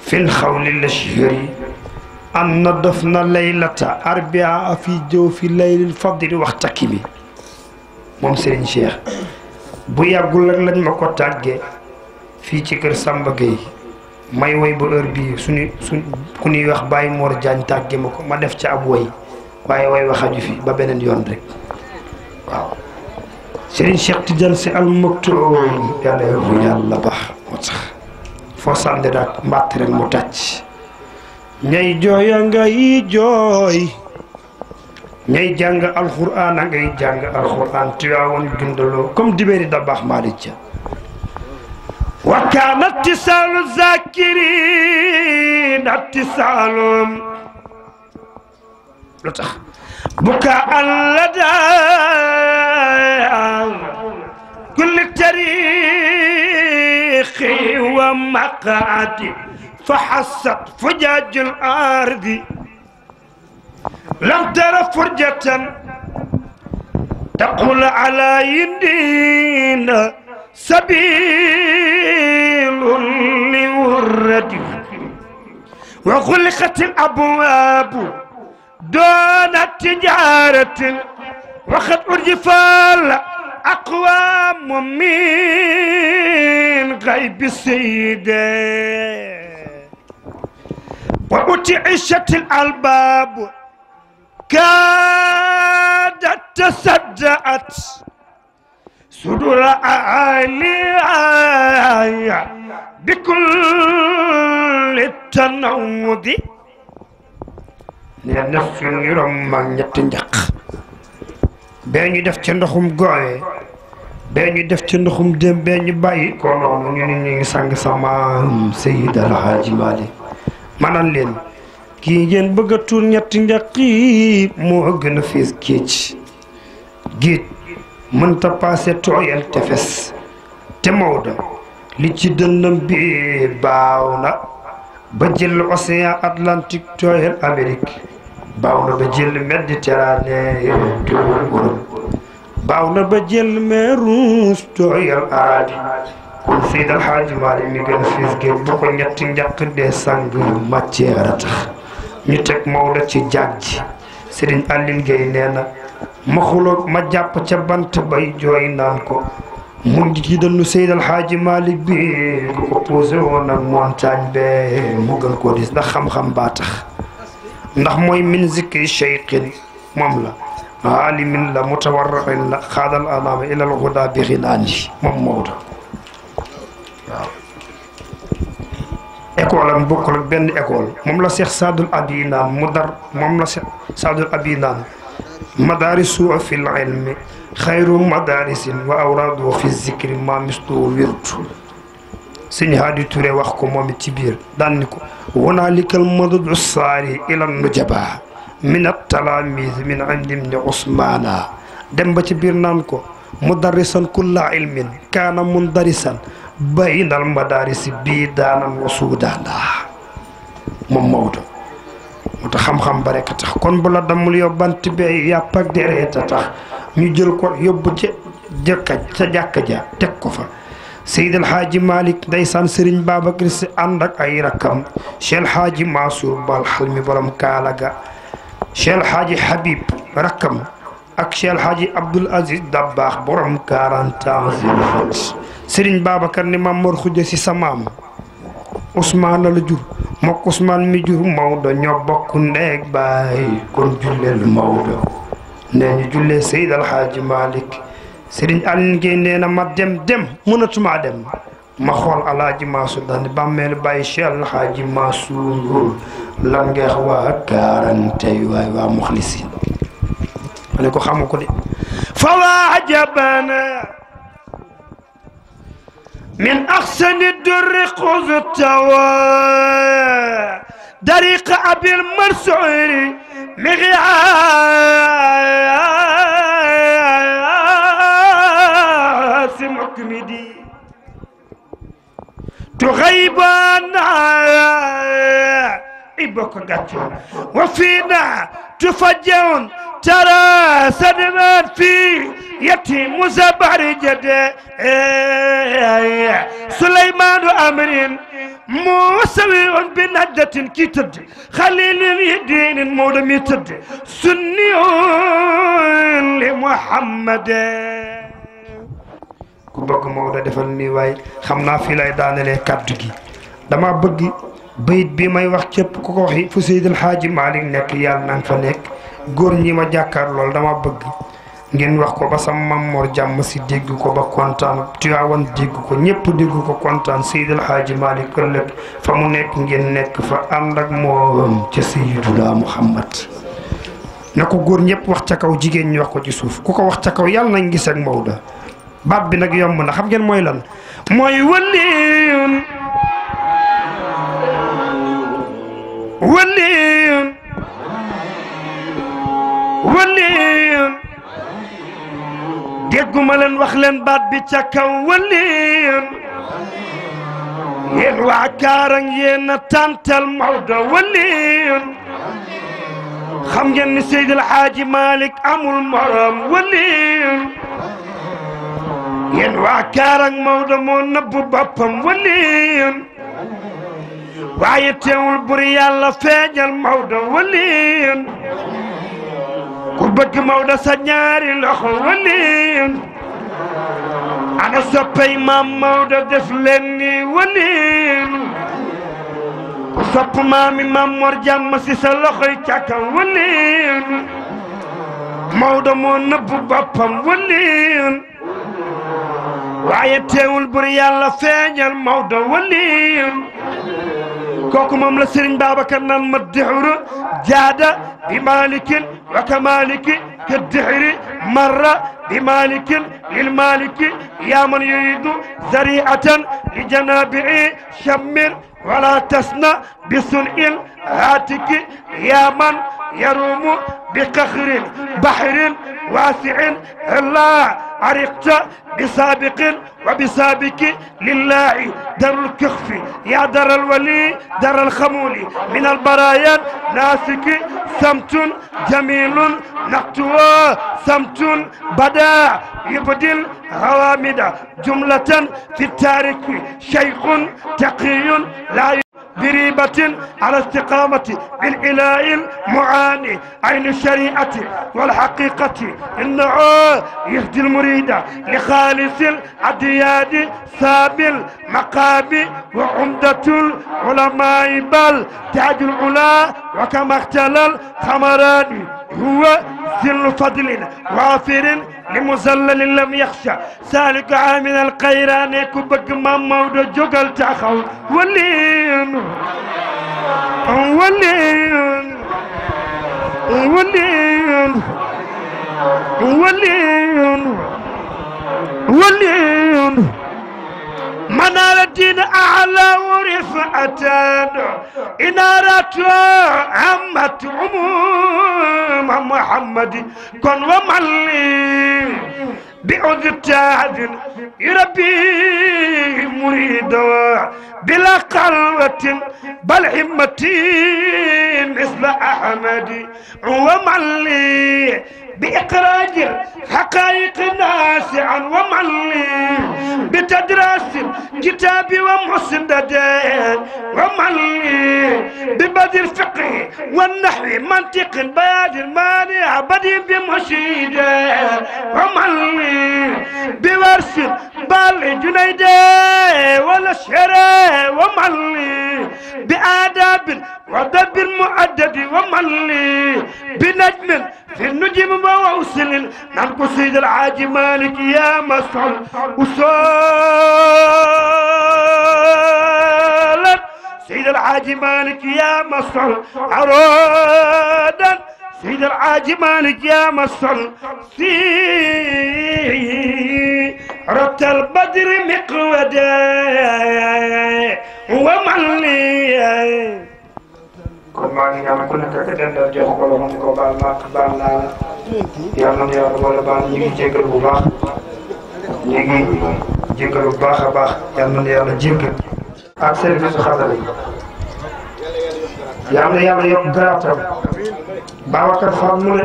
fil xawli la shihri an na def na laylata arbia fi wax takki bi moom Serigne Cheikh bu yàggul rek lañ ma ko tàggee fii ci kër Samba Gueye may woy ba heure bii suñu suñ ku ñuy wax Baye Mor Diagne tàggee ma ko ma def ca ab woy waaye woy waxaju fi ba beneen yoon rek waaw Sëriñ Cheikh Tidiane si al maktoum yàlla yor yàlla baax moo tax foo sànni daal mbàtt rek mu tàcc ñay jooy a ngay jooy ñay jàng alxuraan a ngay jàng alxuraan tuyaawoon dundaloo comme dibéeri da baax wa kaana tisaalu zakirin tisaalum بكاء لدى كل التاريخ ومقعد فحست فجاج الارض لم تر فرجة تقول على يدينا سبيل لورد وغلقت الابواب دون تجارة وقد أرجف الأقوام من غيب السيد وأتعشت الألباب كادت تصدأت صدور عالية بكل التنود nee na suñu romb ñetti njaq bee ñu def ca ndoxum gooyee bee ñu def ca ndoxum déem bee ñu bàyyi ko noonu ñu ni ñu ngi samaam Seyid Alhaaji Maali leen kii ngeen bëgg a tuur ñetti njaq moo gën a fees géej géej mënta paase tooyal tefes te Maodo li ci dënnam bi baaw na ba jël océan atlantique tooyal amérique baaw na ba jël méditerranée tooyal europe baaw na ba jël mer rouge tooyal arabi kon Seydi El mi gën fiis gën bu ko ñetti njaq dee sang matière a tax ñu teg Maodo ci jaag ji Serigne Aline Gueye ma xuloog ma jàpp ca bant bay jooy naan ko mu ngi ci dënnu Seydi El Hadji Malick bi lu montagne be mu gën koo dis ndax xam-xam baa tax ndax mooy min zikri cheikhin moom la aalimin la mutawarraxin la xaadal alaama ilal huda bi xinaani moom Maodo waaw la Cheikh Sadul Abi mu dar moom la Cheikh Sadul Abi madaarisu fi lilmi xayru madaarisin wa awraadu fi zikri ma mislu wirtu sëñ Haadi Touré wax ko moom it ci biir daan ni ko wanaalikal madadu saari ila nujaba min attalamis min indi ibni usmaana dem ba ci biir naan ko mudarrisan kulla ilmin kaana mundarisan bayna almadarisi bii daanan wa suudaana moom Maodo moo tax xam-xam ba rek tax kon bu la damul yóbbante bi ay yàpp ak a tax ñu jël ko yóbbu ca jëkka ca jàkka ja teg ko fa Seyd El Hadji Malick ndeysaan Serigne Babacar ànd ak ay rakkam Cheikh El Hadji Bal Xalmi borom Kaalaga Cheikh El Hadji Habib rakkam ak Cheikh El Hadji Abdoul Aziz Dabbaax borom 40 ans Serigne ni Maam Mor Khoudia Sy sa maam Ousmane la la jur mook Ousmane mi jur Maodo ñoo bokk ndeeg baay kon julleel Maodo nee ñu jullee Seyd Alxaaji Malick Sëriñ Alioune Guèye nee na ma dem dem mënatumaa dem ma xool alaaji Mansour daal di bàyyi Cheikh Alxaaji Mansour lan waa kaarantey waay waa muxlisin ma ko xamu ko de fa waa ajabana من أحسن الدر قذ التوى طريق أبي المرسول مغياس مكمدي تغيب عنا عبك وفينا تفجعون ترى سدمت في يتيم زبرجد سليمان أمر موسوي بنجدة كي تد خليل يدين مولم يتد سني لمحمد ku bëgg Maodo defal nii waaye xam naa fii lay daanelee kàddu gi dama bëgg bayit bi may wax képp ku ko waxi fu Seydil Xaaji Maalik nekk yàlla na nga fa góor ñi ma jàkkaar lool dama bëgg ngeen wax ko ba sa mammoor jàmm si dégg ko ba kontaan Tiwaawan dégg ko ñëpp dégg ko kontaan Seydil Xaaji Maalik ëllëg fa mu nekk ngeen nekk fa ànd ak moom ca Seydina Muhammad na ko góor ñëpp wax ca kaw jigéen ñi wax ko ci suuf ku ko wax ca kaw yàlla nañ gis ak Maodo baat bi nag yomb na xam ngeen mooy lan mooy wëlliin ولي ولي dégguma leen wax leen baat bi ca kaw waliin yéen waa Kaarang yéen a tàntal Maodo waliin xam ngeen ni Seydi El Hadji Malick amul morom waliin yéen waa Kaarang Maodo moo nëbbu boppam waliin waaye teewul bur yàlla feeñal Maodo waliin ku bëgg Maodo sa ñaari loxo waliin ana soppay maam Maodo def leen ni ku sopp maami maam Mor jàmm si sa loxoy càkka waliin Maodo moo nëbbu boppam waliin waaye teewul bur yàlla feeñal Maodo waliin kooku moom la Serigne Babacar naan ma dixru jaada bi malikin wa ka maliki ka dixri marra bi malikin lil maliki yaa man yuridu zariatan li janabii shammir wala tasna bi sun in haatiki yaa man yarumu بقخر بحر واسع هلا عرقت بسابق وبسابق لله در الكخف يا در الولي در الخمول من البرايا ناسك سمت جميل نقتوى سمت بدا يبدل غوامد جملة في التارك شيخ تقي لا بريبة على استقامة بالإله المعاني عين بالشريعة والحقيقة إنه يهدي المريد لخالص الأديان سابل مقام وعمدة العلماء بل تاج العلا وكما اختل الخمران هو ذل فضل وافر لمزلل لم يخشى سالك عامل القيران كبك مام مودو جوغل تاخو ولين ولين ولي ولي ولي منال الدين أعلى ورفعة إنارة عمة عموم محمد كن ومعلم بعد التاج يربي مريدا بلا قلوة بل همتي مثل أحمد ومن لي بإخراج حقائق ناسعا ومن لي بتدرس كتاب ومسندد ومن لي ببدر الفقه والنحو منطق بياد المانع بدي بمشيد ومن لي بورس بال جنيدي ولا شرى وملي بآداب ودب مؤدد وملي بنجم في النجم ووصل نلقو سيد العاج مالك يا مسعود وصالت سيد العاج مالك يا مسعود عرادا سيد العاج مالك يا مصن ربط البدر مقودة ومن لي kon maa ngi ñaan ku nekk ak dendal jot wala mu ko baal maak baal naa la yàlla na yàlla wala baal ñu ngi jéggal bu baax ñu ngi jéggal bu baax a baax yàlla na yàlla jéggal ak service xasal yi yàlla na yàlla yokk garaatam Babacar Fall mu ne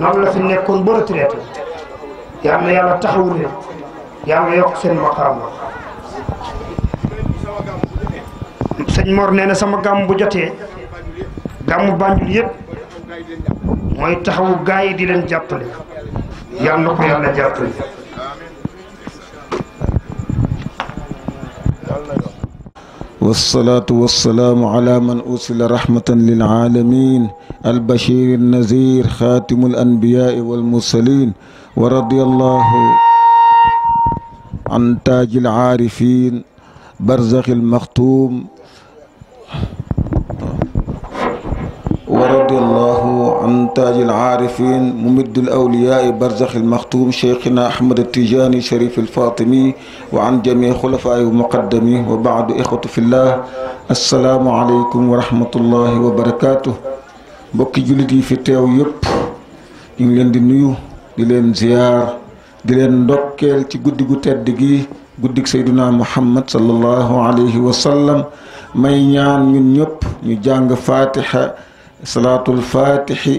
noonu la fi nekkoon ba retraité yàlla na yàlla taxawu leen yàlla na yokk seen maqaama sëñ Mor nee na sama gàmm bu jotee gàmmu Banjul yëpp mooy taxawu gaa yi di leen jàppale yàlla na ko yàlla jàppale والصلاة والسلام على من أرسل رحمة للعالمين البشير النذير خاتم الأنبياء والمرسلين ورضي الله عن تاج العارفين برزخ المختوم ورضي الله an taajil aarifin mumiddil awliyaai barzaxil maxtuum cheikhina ahmad tijaani sharif alfatimi wa an jamii xulafaai muqaddami wa baadu ixwatu fillah assalaamu aleykum wa rahmatullahi wa barakaatu mbokki jullit yi fi teew yëpp ñu ngi leen di nuyu di leen ziyaar di leen ndokkeel ci guddi gu tedd gi guddik sayduna muhammad sallallahu alayhi wa sallam may ñaan ñun ñëpp ñu jàng fatiha salaatul faatixi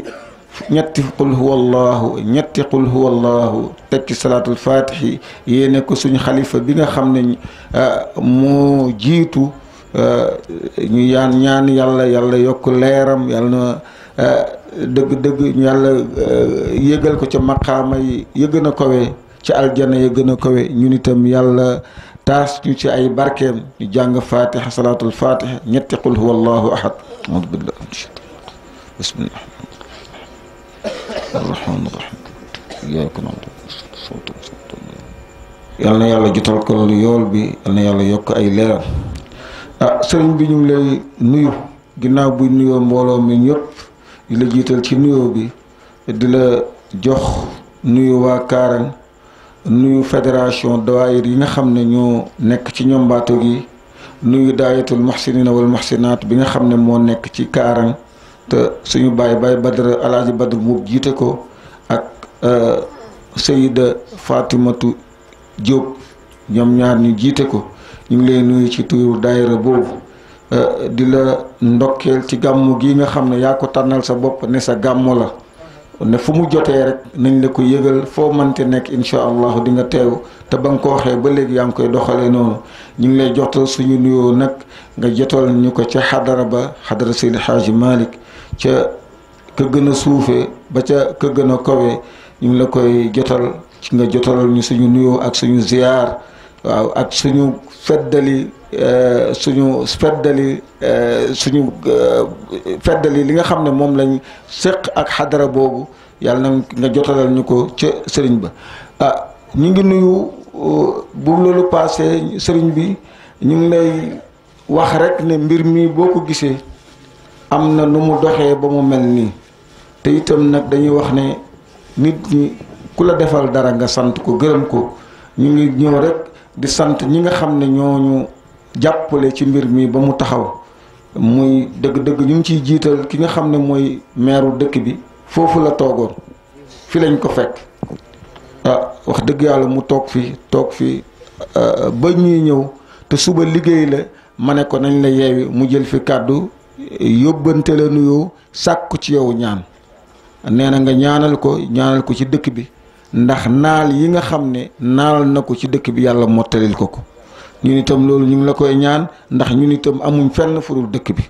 ñetti qul huwa allahu ñetti qul huwa allahu teg ci salaatul faatixi yéene ko suñu xalifa bi nga xam ne ah, moo jiitu ah, ñu yaan ñaan yàlla yàlla yokk leeram yàlla na ah, dëgg-dëgg yàlla yëgal ko ca maqaama yi yëg na kowe ci aljana ya gën a kawe ñun itam yàlla taas ñu ci ay barkeem ñu jàng fatiha salaatul fatiha ñetti qul huwa allahu ahad bismillah arrahmaan yal na yàlla jotal ko yool bi yal na yàlla yokk ay leeral a ah, sëriñ bi ñu ngi lay nuyu ginnaaw bu nuyoo mbooloo mi ñëpp di la jiital ci nuyoo bi di la jox nuyu waa Karang nuyu fédération dawaayir yi nga xam ne ñoo nekk ci ñombaato gi nuyu daayatul muhsinina wal muhsinaat bi nga xam ne moo nekk ci Karang te suñu baay baay badara alaaji badru moom jiite ko ak euh, sayida faatimatu Diop ñoom ñaar ñu jiite ko ñu ngi lay nuyu ci tuuru daayira boobu euh, di la ndokkeel ci gàmmu gi nga xam ne yaa ko tànnal sa bopp ne sa gàmmu la ne fu mu jotee rek nañ la ko yëgal foo mënte nekk incha allahu di nga teew te ba nga ko waxee ba léegi yaa ngi koy doxale noonu ñu ngi lay jotal suñu nuyoo nag nga jotal ñu ko ca xadara ba xadara Seydi Xaaji Malick ca ka gën a suufe ba ca ka gën a ñu ngi la koy jotal ci nga jotalal ñu suñu nuyoo ak suñu ziyaar waaw ak suñu feddali eh, suñu feddali eh, suñu eh, feddali li nga xam ne moom lañ séq ak xadara boobu yàlla na nga jotalal ñu ko ca sëriñ ba ah ñu ngi nuyu bu loolu paasee sëriñ bi ñu ngi lay wax rek ne mbir mi boo ko gisee am na nu mu doxee ba mu mel nii te itam nag dañuy wax ni nit ñi ku la defal dara nga sant ko gërëm ko ñu ngi ñëw rekk di sant ñi nga xam ne ñooñu jàppale ci mbir mi ba mu taxaw muy dëgg-dëgg ñu ngi ciy jiital ki nga xam ne mooy meeru dëkk bi foofu la toogoon fi lañ ko fekk ah, wax dëgg yàlla mu toog fi toog fi ah, ba ñuy ñëw te suba liggéey la ma ne ko nañ la yeewi mu jël fi kàddu yóbbante la nuyoo sàkku ci yow ñaan nee na nga ñaanal ko ñaanal ko ci dëkk bi ndax naal yi nga xam ne naalal na ko ci dëkk bi yàlla mottalil ko ko ñun itam loolu ñu ngi la koy ñaan ndax ñun itam amuñ fenn furul dëkk bi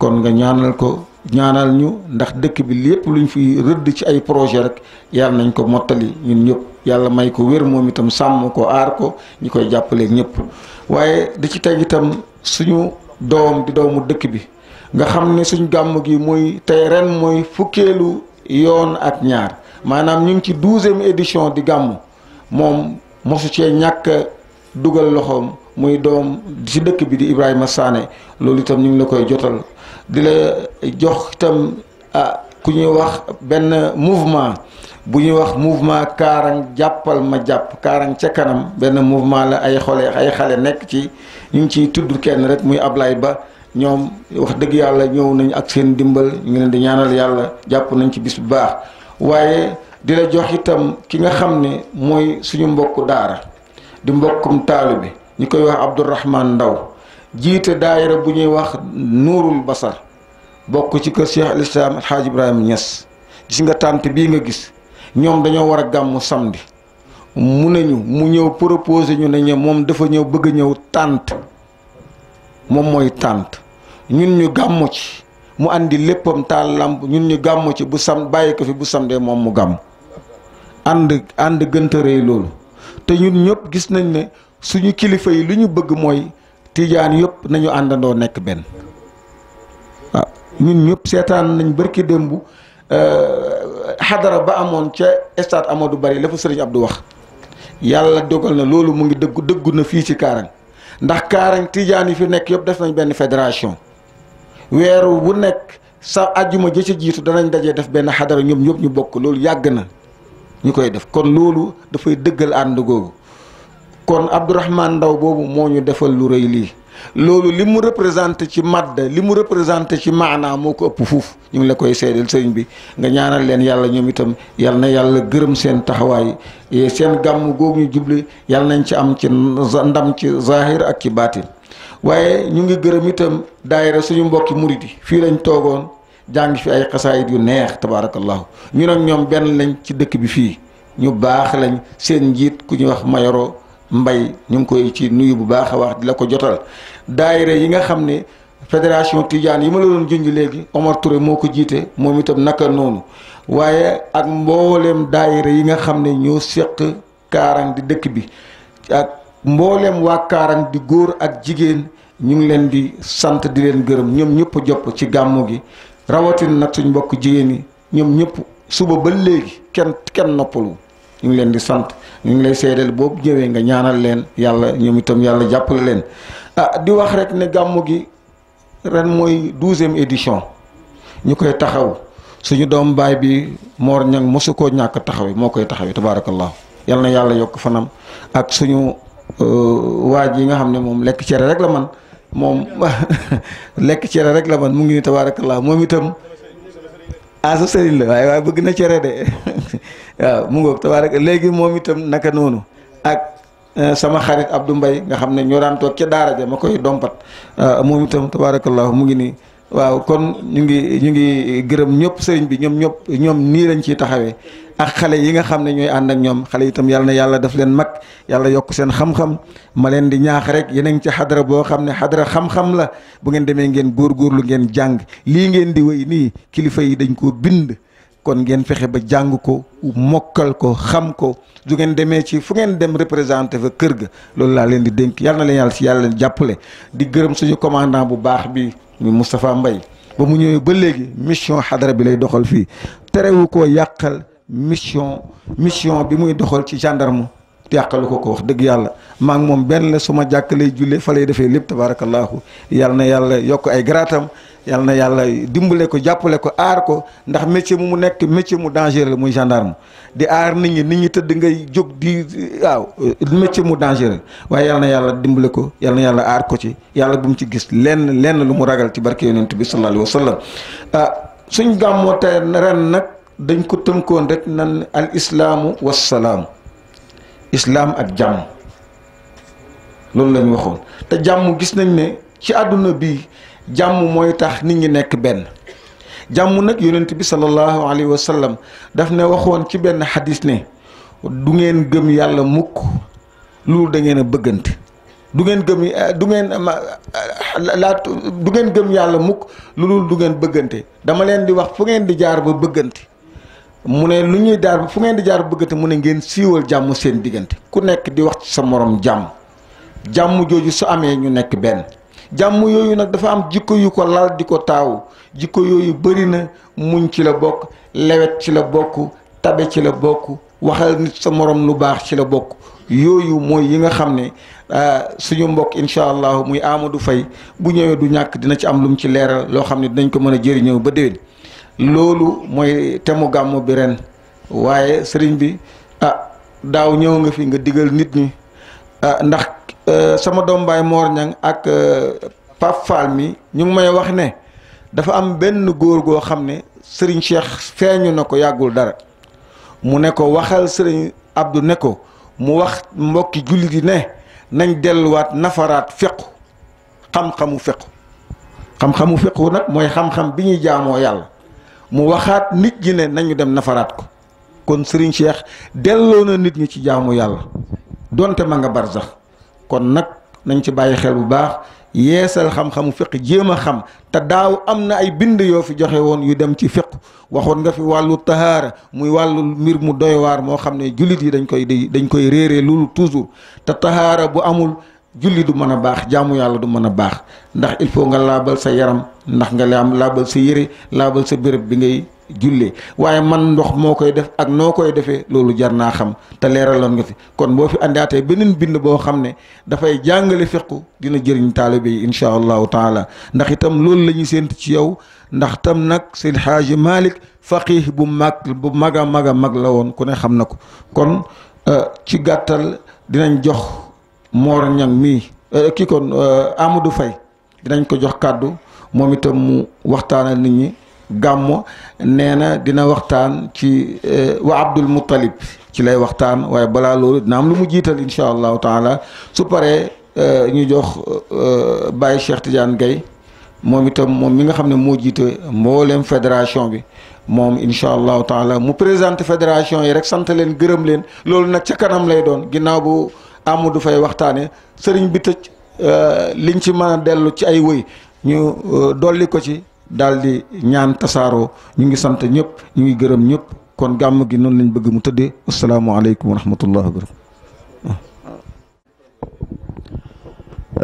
kon nga ñaanal ko ñaanal ñu ndax dëkk bi lépp luñ fi rëdd ci ay projet rek yàlla nañ ko mottali ñun ñëpp yàlla may ko wér moom itam sàmm ko aar ko ñu koy jàppaleeg ñëpp waaye di ci teg itam suñu doom di doomu dëkk bi nga xam ni suñ gàmm gi muy tey ren mooy fukkeelu yoon ak ñaar maanaam ñu ngi ci douzième édition di gàmm moom mosu ci ñàkk dugal loxoom muy doom ci dëkk bi di Ibrahima saane loolu itam ñu ngi la koy jotal di la jox itam ah ku ñuy wax benn mouvement bu ñuy wax mouvement kaarang jàppal ma jàpp kaarang ca kanam benn mouvement la ay xole ay xale nekk ci ñu ngi ciy tudd kenn rek muy Ablaye Ba ñoom wax dëgg yàlla ñëw nañ ak seen dimbal ñu ngi leen di ñaanal yàlla jàpp nañ ci bis bu baax waaye di la jox itam ki nga xam ne mooy suñu mbokk daara di mbokkum taalu bi ñu koy wax Abdourahman Ndaw jiite daayira bu ñuy wax Nuurul Basar bokk ci kër Cheikh al Islam El Hadj Ibrahima Niass nga tànt bii nga gis ñoom dañoo war a gàmmu samedi mu nañu mu ñëw proposé ñu ne moom dafa ñëw bëgg ñëw tànt moom mooy tànt ñun ñu gàmmu ci mu andi léppam taal làmp ñun ñu gàmmu ci bu sam bàyyi ko fi bu samdee moom mu gàmm ànd ànd gënta loolu te ñun ñëpp gis nañ ne suñu kilifa yi lu ñu bëgg mooy tiijaan yëpp nañu àndandoo nekk benn waaw ñun ñëpp seetaan nañ bërki démb euh, xadara ba amoon ca stade Amadou Barry la fa sëriñ du wax yàlla dogal na loolu mu ngi dëggu dëggu na fii ci Karang ndax kaarañ tijaan yi fi nekk yëpp def nañ benn fédération weeru bu nekk sa ajjuma jë ci jiitu danañ dajee def benn xadara ñoom ñëpp ñu bokk loolu yàgg na ñu koy def kon loolu dafay dëggal ànd googu kon Abdourahman Ndaw boobu moo ñu defal lu rëy lii loolu li mu représenté ci madda li mu représenté ci maanaa moo ko ëpp fuuf ñu ngi la koy seedeel sëriñ bi nga ñaanal leen yàlla ñoom itam yal na yàlla gërëm seen taxawaay seen gàmm googu ñu jubli yal nañ ci am ci ndam ci zahir ak ci baatin waaye ñu ngi gërëm itam daayira suñu mbokki murid yi fii lañ toogoon jàng fi ay xasaayit yu neex tabaarakallahu ñu nag ñoom benn lañ ci dëkk bi fii ñu baax lañ seen njiit ku ñuy wax mayoro mbay ñu ngi koy ci nuyu bu baax a wax di la ko jotal daayira yi nga xam ne fédération Tidiane yi ma la doon junj léegi Omar Touré moo ko jiite moom itam naka noonu waaye ak mbooleem daayire yi nga xam ne ñoo seq kaarang di dëkk bi ak mbooleem waa kaarang di góor ak jigéen ñu ngi leen di sant di leen gërëm ñoom ñëpp jopp ci gàmmu gi rawatin nag suñ mbokk jigéen yi ñoom ñëpp suba ba léegi kenn kenn noppalu ñu ngi leen di sant ñu ngi lay seedeel boobu ñëwee nga ñaanal leen yàlla ñoom itam yàlla jàppale leen ah di wax rek ne gàmmu gi ren mooy douzième édition ñu koy taxaw suñu doom baay bi Mor Ñang mosu koo ñàkk taxawe moo koy taxawe tabaarakallahu yal na yàlla yokk fanam ak suñu euh, waaj yi nga xam ne moom lekk cere rek la man moom [LAUGHS] lekk rek la man mu ngi ni tabaarakallahu moom itam asu ah, waaye waaye bëgg na cere de [LAUGHS] waaw mu ngoog tabaarak léegi moom itam naka noonu ak Eh, sama xarit ab du mbay nga xam ne ñoo daan toog ca daara ja ma koy dompat eh, moom itam tabaarakallaahu mu ngi nii waaw kon ñu ngi ñu ngi gërëm ñëpp sëriñ bi ñoom ñëpp ñoom nii lañ ciy taxawee ak xale yi nga xam ne ñooy ànd ak ñoom xale itam yàlla na yàlla daf leen mag yàlla yokk seen xam-xam ma leen di ñaax rek yeneen ci xadara boo xam ne xadara xam-xam la bu ngeen demee ngeen góor góorgóorlu ngeen jàng lii ngeen di wéy nii kilifa yi dañ koo bind kon ngeen fexe ba jàng ko mokkal ko xam ko du ngeen demee ci fu ngeen dem représenté fa kër ga loolu laa leen di dénk yàlla na leen yàlla si yàlla jàppale di gërëm suñu commandant bu baax bi mu Moustapha Mbaye ba mu ñëwee ba léegi mission xadara bi lay doxal fii terewu ko yàqal mission mission bi muy doxal ci gendarme yàqalu ko ko wax dëgg yàlla maa moom benn la suma jàkk lay jullee fa lay defee lépp tabaarakallaahu yàlla na yàlla yokk ay garaatam yal na yàlla dimbale ko jàppale ko aar ko ndax métier mu mu nekk métier mu dangereux muy gendarme di aar nit ñi nit ñi tëdd ngay jóg di waaw métier mu dangereux waaye yal yàlla dimbale ko yal yàlla aar ko ci yàlla bu mu ci gis lenn lenn lu mu ragal ci barke yonent bi sallallahu alayhi wa sallam ah, suñ gàmmoo te ren nag dañ ko tënkoon rek nan al islaamu wassalaam islaam ak jàmm loolu la waxoon te jàmm gis nañ ne ci àdduna bi jàmm mooy tax nit ñi nekk benn jàmm nag yonent bi sallallahu alayhi wa sallam daf ne waxoon ci benn xadis ne du ngeen gëm yàlla mukk loolu da bëggante du ngeen gëm yàlla mukk loolu du ngeen bëggante dama leen di wax fu ngeen di jaar ba bëggante mu ne lu ñuy daar fu ngeen di jaar ba bëggante mu ne ngeen siiwal jàmm seen diggante ku nekk di wax ci sa morom jàmm jàmm jooju su amee ñu nekk benn jàmm yooyu nag dafa am jikko yu ko lal di ko taawu jikko yooyu bëri na muñ ci la bokk lewet ci la bokk tabe ci la bokk waxal nit sa morom lu baax ci la bokk yooyu mooy yi nga xam ne euh, suñu mbokk incha allah muy Amadou fay bu ñëwee du ñàkk dina ci am lu mu ci leeral loo xam ne dinañ ko mën a jëriñoo ba déwén loolu mooy temu gàmmu bi ren waaye sëriñ bi ah daaw ñëw nga fi nga digal nit ñi ah, ndax Euh, sama doom baay Mor Niang ak euh, Pape Fall mi ñu may wax ne dafa am benn góor goo xam ne Serigne Cheikh feeñu na ko yàggul dara mu ne ko waxal sëriñ Abdou ne ko mu wax mbokki jullit yi ne nañ delluwaat nafaraat fiqu xam-xamu fiqu xam-xamu fiqu nag mooy xam-xam bi ñuy jaamoo yàlla mu waxaat nit ñi ne nañu dem nafaraat ko kon Serigne Cheikh delloo na nit ñi ci jaamu yàlla donte ma nga barzax kon nag nañ ci bàyyi xel bu baax yeesal xam-xamu fiq jéem a xam te daaw am na ay bind yoo fi joxe woon yu dem ci féq waxoon nga fi wàllu tahaara muy wàllu mbir mu doy waar moo xam ne jullit yi dañ koy di dañ koy réeree lu toujours te tahaara bu amul julli du mën a baax jaamu yàlla du mën a baax ndax il faut nga laabal sa yaram ndax nga am laabal sa yére laabal sa béréb bi ngay jullee waaye man ndox moo koy def ak noo koy defee loolu jar naa xam te leeraloon nga fi kon boo fi àndaatee beneen bind boo xam ne dafay jàngale fiqu dina jëriñ taalibe yi incha allahu taala ndax itam loolu la ñuy sént ci yow ndax tam nag seen xaaji malik faqih bu mag bu mag a mag a mag la woon ku ne xam na ko kon euh, ci gàttal dinañ jox Mor Ñang mii euh, kii kon euh, Amadou Faye dinañ ko jox kàddu moom itam mu waxtaanal nit ñi gàmmo nee na dina waxtaan ci eh, wa Abdul Muttalib ci lay waxtaan waaye balaa loolu dina am lu mu jiital incha allahu taala su paree eh, ñu jox eh, bàyyi Cheikh Tidiane Gueye moom itam moom mi nga xam ne moo jiite mboolem fédération bi moom incha allahu taala mu présenté fédération yi rek sant leen gërëm leen loolu nag ca kanam lay doon ginnaaw bu du fay waxtaane sëriñ bi tëj liñ ci mën a dellu ci ay woy ñu dolli ko ci. daldi ñaan tasaaroo ñu ngi sant ñëpp ñu ngi gërëm ñëpp kon gàmm gi noonu lañ bëgg mu tëddee asalaamaaleykum wa rahmatullah wa barakatu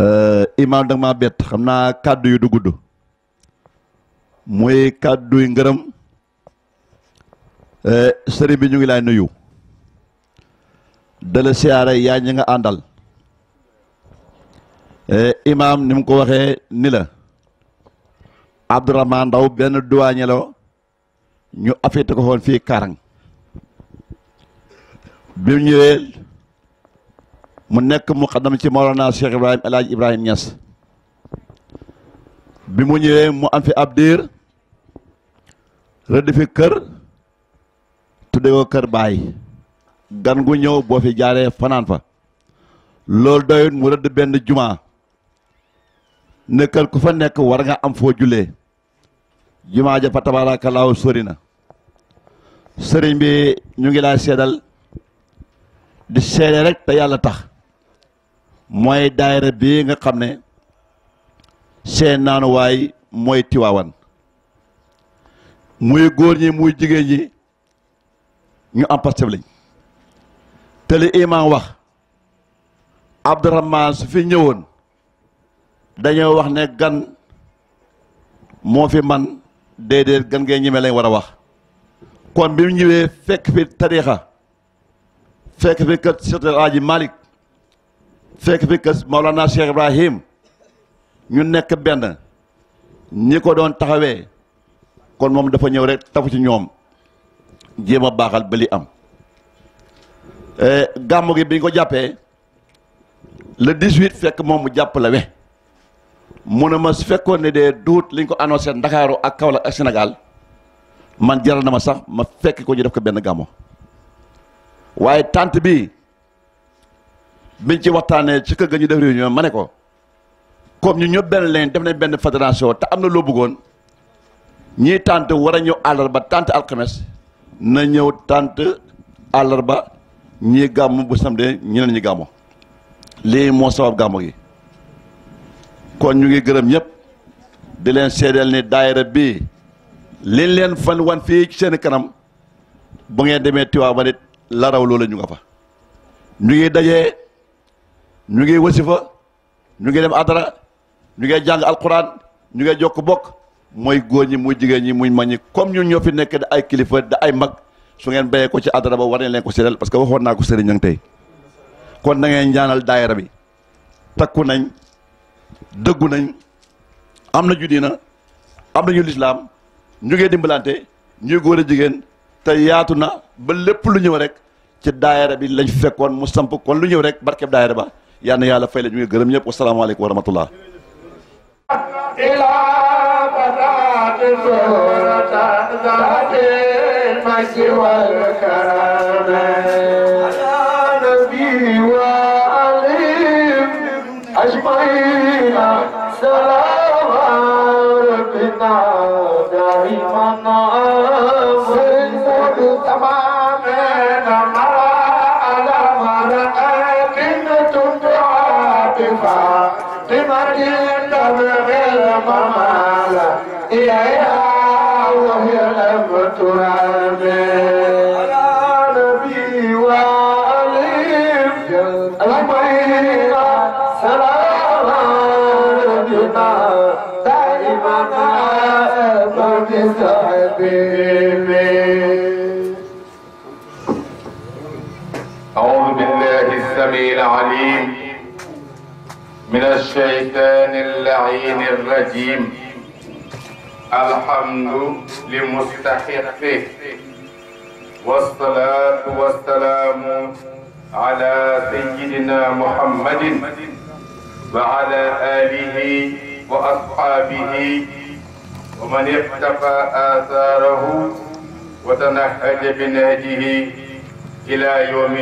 euh, imaam danga maa bett xam naa kàddu yu du gudd muy kàddu yu ngërëm euh, sëriñ bi ñu ngi laay nuyu dala siyaare yaa ñi nga àndal euh, imaam ni mu ko waxee ni la Abdourahmane Ndaw benn douanier la ñu affecté ko woon fii Karang bi mu ñëwee mu nekk mu xaddam ci Mawlana Cheikh Ibrahim El Hadj Ibrahim bi mu ñëwee mu am fi ab diir rëdd fi kër tudde ko kër baay gan gu ñëw boo fi jaaree fanaan fa loolu doyut mu rëdd benn jumaa nekkal ku fa nekk war nga am foo jullee jumaa ja fa tabaarakallaahu sori na sëriñ bi ñu ngi laa seedal di seede rek te yàlla tax mooy daayira bi nga xam ne seen naanuwaay mooy tiwaawan muy góor ñi muy jigéen ñi ñu am pastef lañ te li imaam wax Abdourahman su fi ñëwoon dañoo wax ne gan moo fi man déedéet gan ngay ñeme lañ war a wax kon bi mu ñëwee fekk fi tariixa fekk fi kat Seex Alaaji Malick fekk fi kat Maolana Cheikh Ibrahim ñu nekk benn ñi ko doon taxawee kon moom dafa ñëw rek tafu ci ñoom jéem a baaxal ba li am eh, gàmmu gi bi ñu ko jàppee le 18 fekk moom mu jàpp la we mu ne ma su fekkoon ne de duut liñ ko annoncé Ndakaaru ak Kaolack ak Sénégal man jaral na ma sax ma fekk ko ñu def ko benn gàmmo waaye tànt bi biñ ci waxtaanee ci kër ga ñu def réunion ma ne ko comme ñu ñëpp benn leen def nañ benn fédération te am na loo bëggoon ñii tànt war a ñëw àllarba tante alxames na ñëw tànt àllarba ñii gàmmu bu samedi ñeneen ñi gàmmo lii moo sabab gàmmo gi. kon ñu ngi gërëm ñëpp di leen seedeel ni daayira bii liñ leen fan wan fii ci seen kanam bu ngeen demee Tiwaawan it la raw loola ñu nga fa ñu ngi dajee ñu ngi wasifa ñu ngi dem adara ñu ngi jàng alxuraan ñu ngi jokk bokk mooy góor ñi muy jigéen ñi muy mag ñi comme ñun ñoo fi nekk da ay kilifa da ay mag su ngeen béyee ko ci adara ba war nañ leen ko seedeel parce que waxoon naa ko sëriñ ñang tey kon na ngeen ñaanal daayira bi takku nañ dëggu nañ am na ñu na am na ñu lislaam ñu ngee dimbalante ñuy góor a jigéen te yaatu na ba lépp lu ñëw rek ci daayira bi lañ fi fekkoon mu samp kon lu ñëw rek barkeb daayira ba yal yàlla fay la ñu ngi gërëm ñëpp wasalaamaaleykum wa rahmatullah من الشيطان اللعين الرجيم الحمد لمستحقه والصلاة والسلام على سيدنا محمد وعلى آله وأصحابه ومن اقتفى آثاره وتنهج بنهجه إلى يوم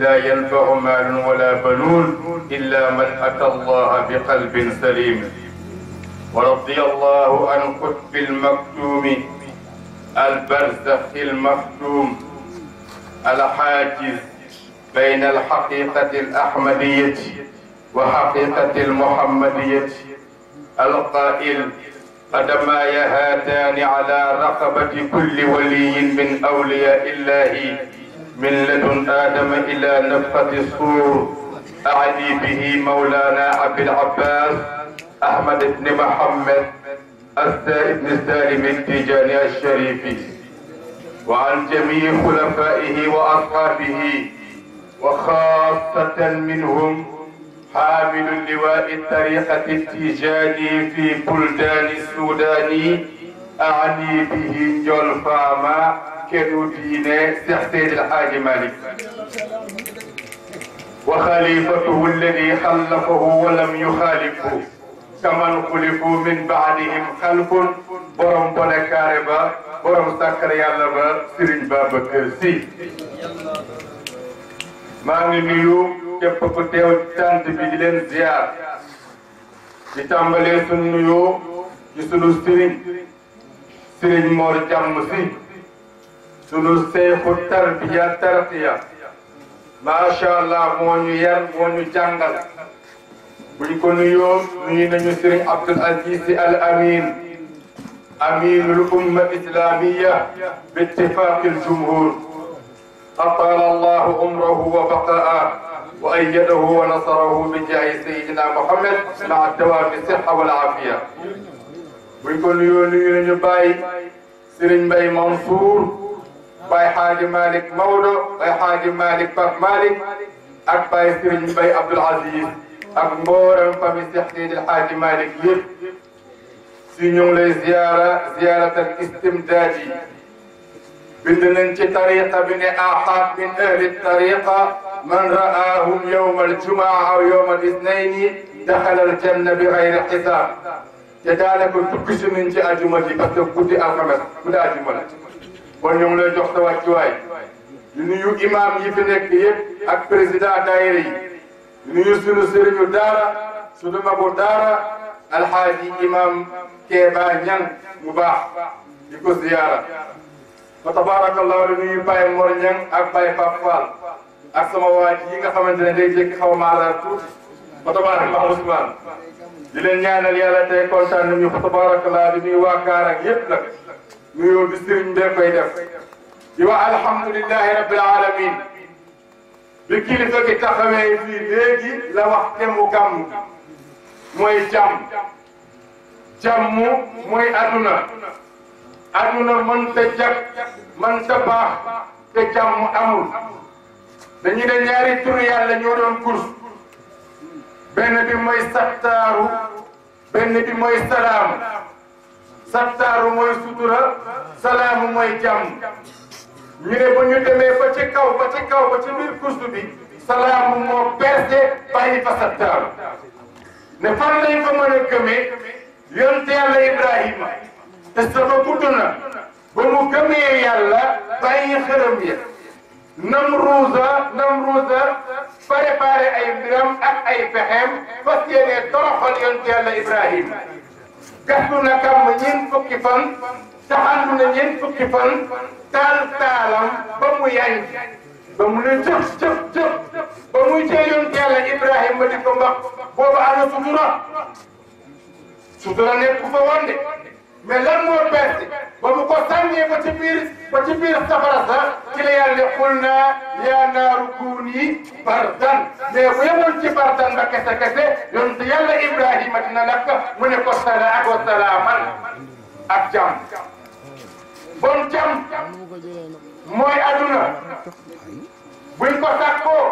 لا ينفع مال ولا بنون إلا من أتى الله بقلب سليم ورضي الله عن قطب المكتوم البرزخ المفتوم الحاجز بين الحقيقة الأحمدية وحقيقة المحمدية القائل قدماي هاتان على رقبة كل ولي من أولياء الله من لدن آدم إلى نفخة الصور أعني به مولانا أبي العباس أحمد بن محمد السائب بن سالم التجاني الشريفي وعن جميع خلفائه وأصحابه وخاصة منهم حامل لواء الطريقة التجاني في بلدان السودان أعني به جول فاما kennu diine Seex Seydi El Hadji Malick وخليفته الذي خلفه ولم يخالفه كمن خلفوا من بعدهم خلف borom bonekaare ba borom sàkkar yàlla ba Serigne Babacar Sy maa ngi nuyu képp ku teew tant bi di leen ziar di tàmbalee sunu nuyoo ci sunu Serigne Serigne Mor Jàmm Sy sunu seexu tarbiya tarqiya macha allah moo ñu yar moo ñu jàngal buñ ko nuyoo nuyu nañu sëriñ Abdul Aziz Sy Al Amin aminul umma islamiya bi ittifaqil jumhur atala allahu umrahu wa baqaa wa ayyadahu wa nasarahu bi jaahi sayidina Muhammad maa dawaami sixa wal aafiya buñ ko nuyoo nuyu nañu bàyyi sëriñ Mbay Mansour Baye Hadj Malick Maodo Baye Hadj Malick Pape Malick ak Baye Serigne Baye Abdoul Aziz ak mbooram famille Cheikh Seydi El Hadj Malick yëpp si ñu ngi lay ziara ziaratan istimdaadi bind nañ ci tariqa bi ne axaat min ahli tariqa man raahum yowma aljumaa aw yowma alisnayni daxala aljanna bi gayri xisaab te daanaka tukki si nañ ci ajuma ji parce que guddi alxames guddi ajuma la kon ñoo ngi lay jox sa wàccuwaay di nuyu imam yi fi nekk yëpp ak président daayira yi di nuyu sunu sëriñu daara sunu magu daara alxaaji imam Keeba Ñang mu baax di ko ziyaara fa tabarakallahu di nuyu Baye Mor Ñang ak Baye Pape ak sama yi nga xamante ne day jékki xaw maa laal tuuti fa tabarakallahu Ousmane di leen ñaanal yàlla tey kontaan nañu fa tabarakallahu di nuyu waa Kaarang nuyoo bi sëriñ bee koy def di wax alhamdulilahi rabbil alamin bi kilifa gi taxawee fii léegi la wax temu gàmm mooy jàmm jàmm mooy aduna aduna mën ta jag mën ta baax te jàmm amul dañu ne ñaari tur yàlla ñoo doon course benn bi mooy sattaaru benn bi mooy salaam sattaaru mooy sutura salaamu mooy jàmm ñu ne bu ñu demee ba ci kaw ba ci kaw ba ci biir kursu bi salaamu moo perte bàyyi fa sattaaru ne fan lañ ko mën a gëmee yonte yàlla Ibrahima te sama gudd ba mu gëmee yàlla bàyyi xërëm ya Namruuza Namruuza préparé ay mbiram ak ay pexeem fas yéene toroxal yonte yàlla Ibrahima gaxtu na kàmm ñeent fukki fan taxandu na ñeent fukki fan taalam ba mu yañ ba mu ne jëf jëf jëf ba muy jeeyoon yàlla Ibrahima di ko mbax boobu ana sutura sutura ku fa woon mais lan moo bees ba mu ko sànnee ba ci biir ba ci biir safara sax ci la yàlla xul naa yaa naaru kuuni bardan mais bu yemoon ci bardan ba kese kese yonent yàlla Ibrahima dina nag mu ne ko salaa wa salaaman ak jàmm bon jàmm mooy aduna buñ ko sàkkoo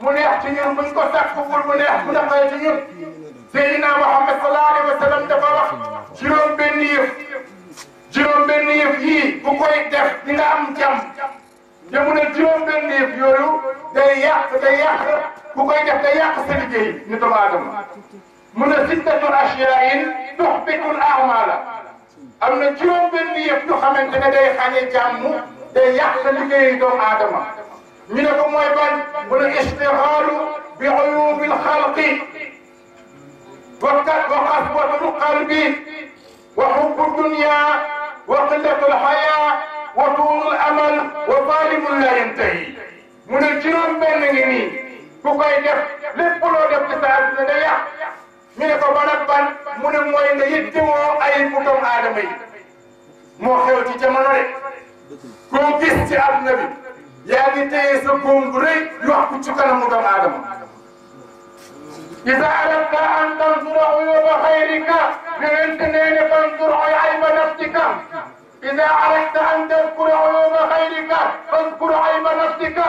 mu neex ci mu neex bu Seydina Muhammad sallallahu alayhi wa sallam dafa wax juróom benn yëf juróom benn yëf yii bu koy def di nga am jàmm te mu ne juróom benn bu koy def day yàq liggéey ni doomu aadama mu ne sittatu ashyaa'in tuhbitul a'maala am na juróom benn yëf yu ne day xañe jàmm day yàq liggéey doomu aadama ñu ne ko mooy ban mu ne istixaalu bi uyubil xalqi وقت وقسوة القلب وحب الدنيا وقلة الحياة وطول الأمل وطالب لا ينتهي من الجنون بين نيني ku koy def lépp loo def ci sa àdduna day yàq ñu ne ko ban ak ban mu ne mooy nga yittewoo ay bu doomu aadama yi moo xew ci jamono rek koo gis ci àdduna bi yaa ngi téye sa góom bu rëy yokku ci kanamu doomu aadama إذا أردت أن تنظر عيوب غيرك فأنت نين فانظر عيب نفسك إذا أردت أن تذكر عيوب غيرك فاذكر عيب نفسك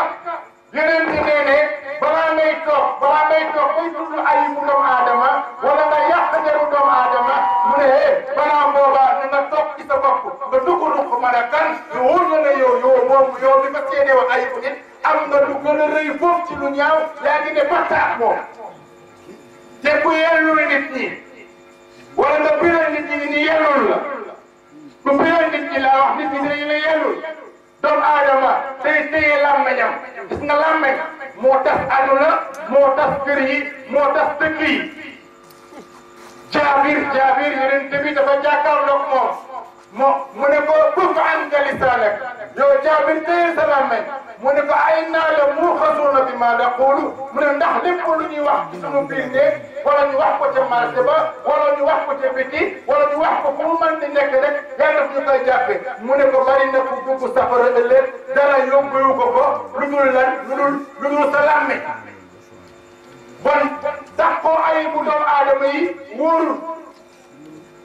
yeneen ñi nee ne balaa ngay toog balaa ngay toog bay tudd ayibu doomu aadama wala nga yàq deru doomu aadama mu ne eh balaa boobaa na nga toog ci sa bopp nga dugg ruq mën a kan lu wóor la ne yow yow moom yow li ma séenee wax ayibu nit am nga lu gën a rëy foofu ci lu ñaaw yaa ngi ne bàttaat moom. te ku yellul nit ñi wala nga biral nit ñi ni yellul la nit ñi laa nit ñi dañu la yellul doomu aadama day téye làmmeñam gis nga làmmeñ moo tas àdduna moo tas kër moo tas dëkk yi jaabir jaabir yonent bi dafa jàkkaarloog moom moo mu ne ko kuf anka lisaanak yow jaabir téye sa làmmeñ mu ne ko ay naa la muuxasuuna bi maa daqulu mu ne ndax lu ñuy wax ci sunu biir néeg wala ñu wax ko ca ba wala ñu wax ko ca biti wala ñu wax ko fu mu mën di nekk rek yaa def ñu mu ne ko bari na ku dugg safara ëllëg dara yóbbuwu ko ko lu dul lan lu dul lu dul sa làmme ko ay bu doomu aadama yi wóorul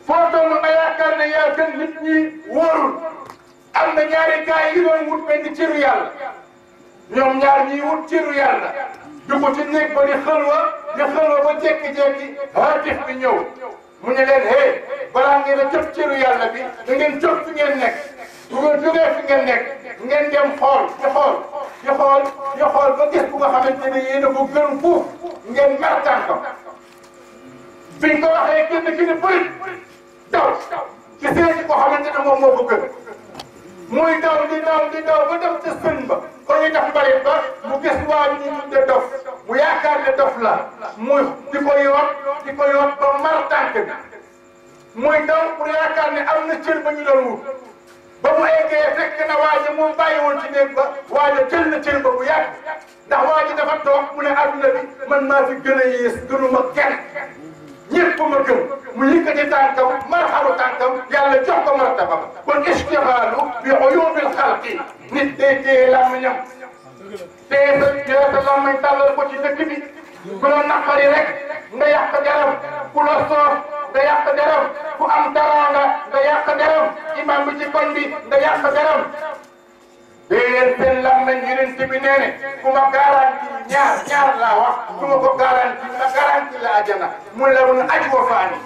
foo toll nga yaakaar yaa gën nit ñi wóorul am na ñaari gars yi doon wut benn ñoom ñaar ñiy wut ciru yàlla dugg ci néeg ba di xalwa di xalwa ba jékki-jékki haatif bi ñëw mu ne leen hé balaa ngeen a jot ciru yàlla bi da ngeen jot fi ngeen nekk bu ngeen jógee fi ngeen nekk ngeen dem xool di xool di xool di xool ba gis bu nga xamante ne yéen a ko gën fuuf ngeen mertaan ko biñ ko waxee kenn ki ne bëri daw ci seen ko xamante ne moom moo ko muy daw di daw di daw ba def ca sën ba ba ñu def mbalit ba mu gis waa ji ñu de dof mu yaakaar ne dof la muy di ko yoot di ko yoot ba mar tànk bi muy daw pour yaakaar ne am na cër ba ñu doon wut ba mu eggee fekk na waa ji moom bàyyiwoon ci néeg ba waa ji jël na cër ba bu yàgg ndax waa ji dafa toog mu ne adduna bi man maa fi gën a yées gënuma kenn ñëpp ma gëm mu yëkkati tànkam marxamu tànkam yàlla jox ko martaba kon istixaalu bi uyubil xalqi nit day téye làmmiñam téye sa téye sa làmmiñ tàllal ko ci dëkk bi ku la naqari rek nga yàq deram ku la soof nga yàq deram ku am daraanga nga yàq deram imam bi ci koñ bi nga yàq deram dee leen seen làmmiñ yeneen bi nee ne ku ma garanti ñaar ñaar laa wax ku la ajana mu larun aj wa faani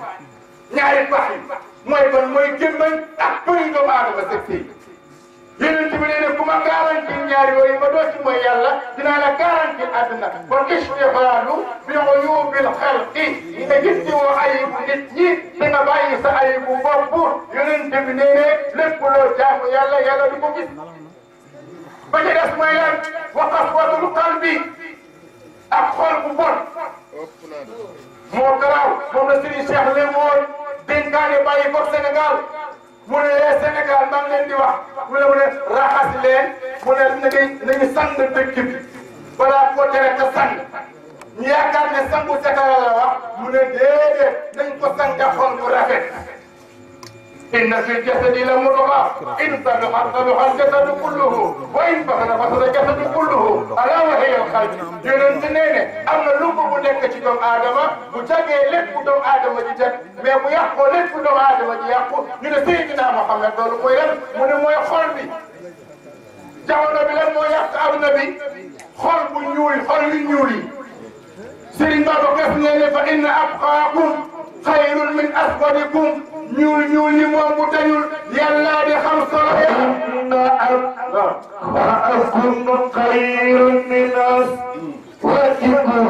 ñaari pax yi mooy kon mooy jëmmal ak bëri doomu aadama sa sëy yeneen bi ku ma garanti ñaar yooyu ba doo ci mooy yàlla dinaa la garanti àdduna wa istixlaalu bi uyubil xalqi nga gis ci woo nit ñi da nga bàyyi sa ayibu bopp yeneen bi nee ne lépp loo jaamu yàlla yàlla ko gis ba ca des mooy lan wa qaswatul qalbi a xol bu bon moo garaaw moom la Serigne Cheikh le mooy dénkaane bàyyi ko Sénégal mu ne eh, Sénégal maa ngi leen di wax mu ne mu ne raxas leen mu ne nañu nañu sang dëkk bi balaa koo tere te sang ñu yaakaar ne sangu ca la wax mu ne déedéet nañ ko sang xol bu rafet. إن في الجسد لمضغة إن صلح صلح الجسد كله وإن فسد فسد الجسد كله ألا وهي القلب يونس نينة أما لوبو bu nekk ci doomu aadama bu jagee lépp bu doomu aadama ji jag mais bu yàqoo lépp bu doomu aadama ji yàqu ñu ne Seydina Mohamed loolu mooy lan mu ne mooy xol bi jamono bi lan mooy yàq aduna bi xol bu ñuul xol yu ñuul yi Serigne Babacar Sy nee na fa inna abqaakum xayrun min aswadikum ñuul ñuul ñi moom bu dañul yàlla di xam solo ya aswadakum xayrun min aswadikum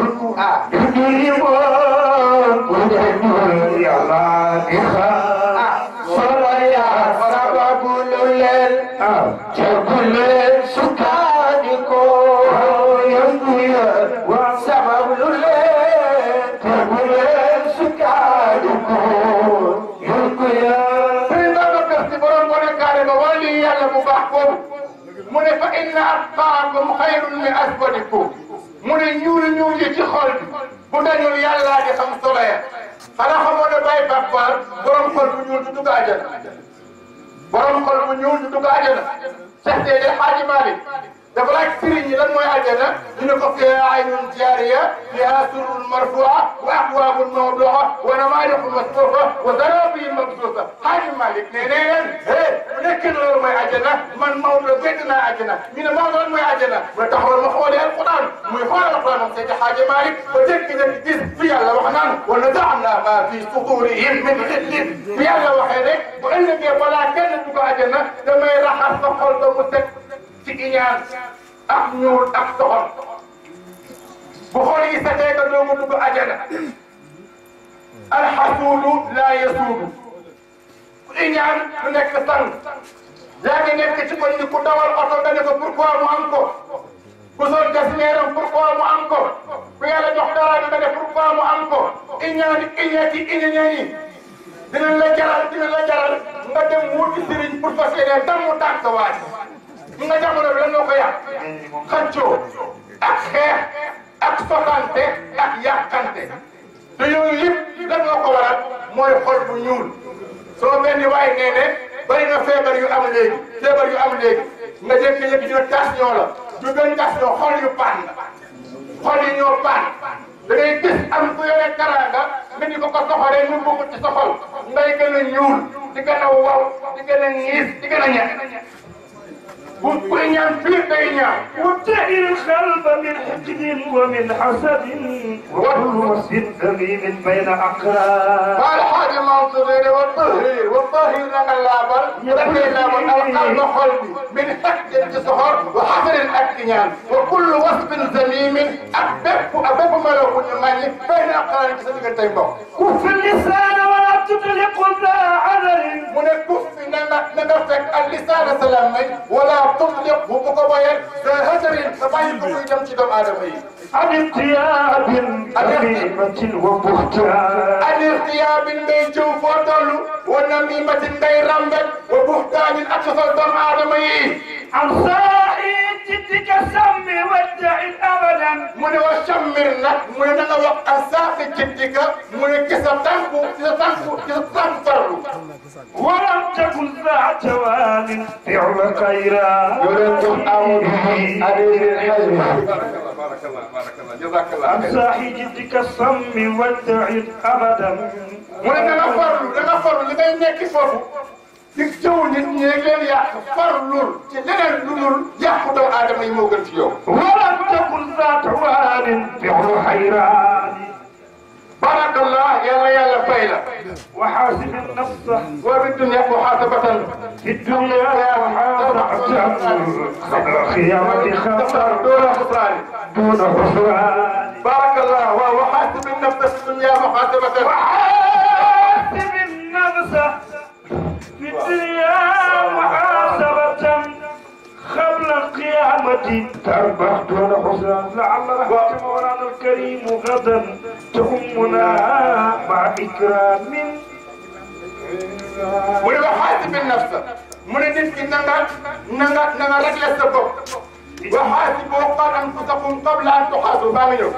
ñuul ñi moom bu dañul yàlla di xam solo ya sababu lu leen ca bu leen sukkandiku yàlla bu baax boobu mu ne fa inna atbaakum xayrun min aswadikum mu ne ñuul ñuul yi ci xol bi bu dañul yàllaa di xam solo ya xanaa xamoon ne Baye Pape Fall borom xol bu ñuul du dugg àjjana borom xol bu ñuul du dugg àjjana Seex Seydi Xaaji Maalik dafa laaj sëriñ yi lan mooy aljana ñu ne ko fiihaa aynun jaariya fiihaa sururun marfuu'a wa akwaabun mawduu'a wa namaariqu masfuufa wa zaraabiyu mabsuusa Xaadim Malik ne nee leen hé bu nekkee loolu mooy aljana man Maodo gëj naa aljana ñu ne Maodo lan mooy aljana ma taxawal ma xoolee alquran muy xoolal alquran am Seydi Xaadim Malik ba dégg nga gis fi yàlla wax naan wa naza'naa maa fii suduurihim min xillin fi yàlla waxee rek bu ëllëgee balaa kenn dugg aljana damay raxas sa xol ba mu set ci iñaan ak ñuul ak soxor bu xol yi setee nga doomu dugg ajana alxasuudu laa yasuudu ku iñaan du nekk sang yaa ngi nekk ci ku dawal oto nga ne ko pourquoi mu am ko ku sol gasmeeram pourquoi mu am ko ku yàlla jox dara nga ne pourquoi mu am ko iñaan iñee ci iñee yi dina la jaral dina la jaral nga dem wuti sëriñ pour fas yéene damm tànk waaj ñu nga jamono bi lan moo ko yàq xaccoo ak xeex ak sotante ak yàqante te yooyu yëpp lan moo ko waral mooy xol bu ñuul soo benn waay nee ne bari na feebar yu am léegi feebar yu am léegi nga jékki-jékki ñu ne tas ñoo la du doon tas ñoo xol yu paan xol yi ñoo paan da ngay gis am ku yore karanga nga di ko ko soxalee ñu bëgg ci soxal ngay gën a ñuul di gën a wow di gën a ñiis di gën a ñex والدنيا في الدنيا وابتعد القلب من حقد ومن حسد وكل ست من بين أقران فالحاج منصورين والطهري والطهري لنا اللابر لدينا من القلب حلبي من حقد الجسهر وحفر الأكتنان وكل وصف ذميم أبب أبب ملوك الماني بين أقران جسدك التيمم كف اللسان ولا تطلق ذا عذر من كف نما نما اللسان سلامي ولا topp lépp bu mu ko boyee de hasarin nga bàyyi ko muy dem ci doomu aadama yi. an irtiyaabin. namimatin wa buhtaanin. an irtiyaabin ngay jëw foo toll. wa namimatin ngay ràmbet. wa buhtaanin ak sosal doomu aadama yi. أرصائي جدك سمي وادعي أبدا من وشمر لك من أنا وقصاص جدك من كسا تنكو كسا تنكو كسا تنفر ولم تكن ذا جوال فعل خيرا يريد أعود أبي الحجم بارك الله بارك الله جزاك الله خير امسحي جدك الصم والدعي ابدا ولنا نفر نفر لدينا كفر di jëw nit ñeeg leen yàq farlul ci leneen lu dul yàqu doomu aadama yi moo gën ci yow. wala takun zaata waanin bi'lu hayraani. barakallah yàlla yàlla fay la. wa xaasib nafsa. wa bi dunya muxaasabatan. bi dunya muxaasabatan. qabla xiyaamati xasaar duuna xusraani. duuna xusraani. barakallah wa wa xaasib nafsa bi dunya muxaasabatan. wa xaasib الدنيا محاسبة قبل القيامة تربح دون حزن لعل رحمة مولانا الكريم غدا تهمنا مع إكرام mu ne ko xaasibin nafsa mu ne nit ki na nga na nga na nga réglé sa bopp wa xaasiboo anfusakum qabla an tuxaasabu baa nga ñëw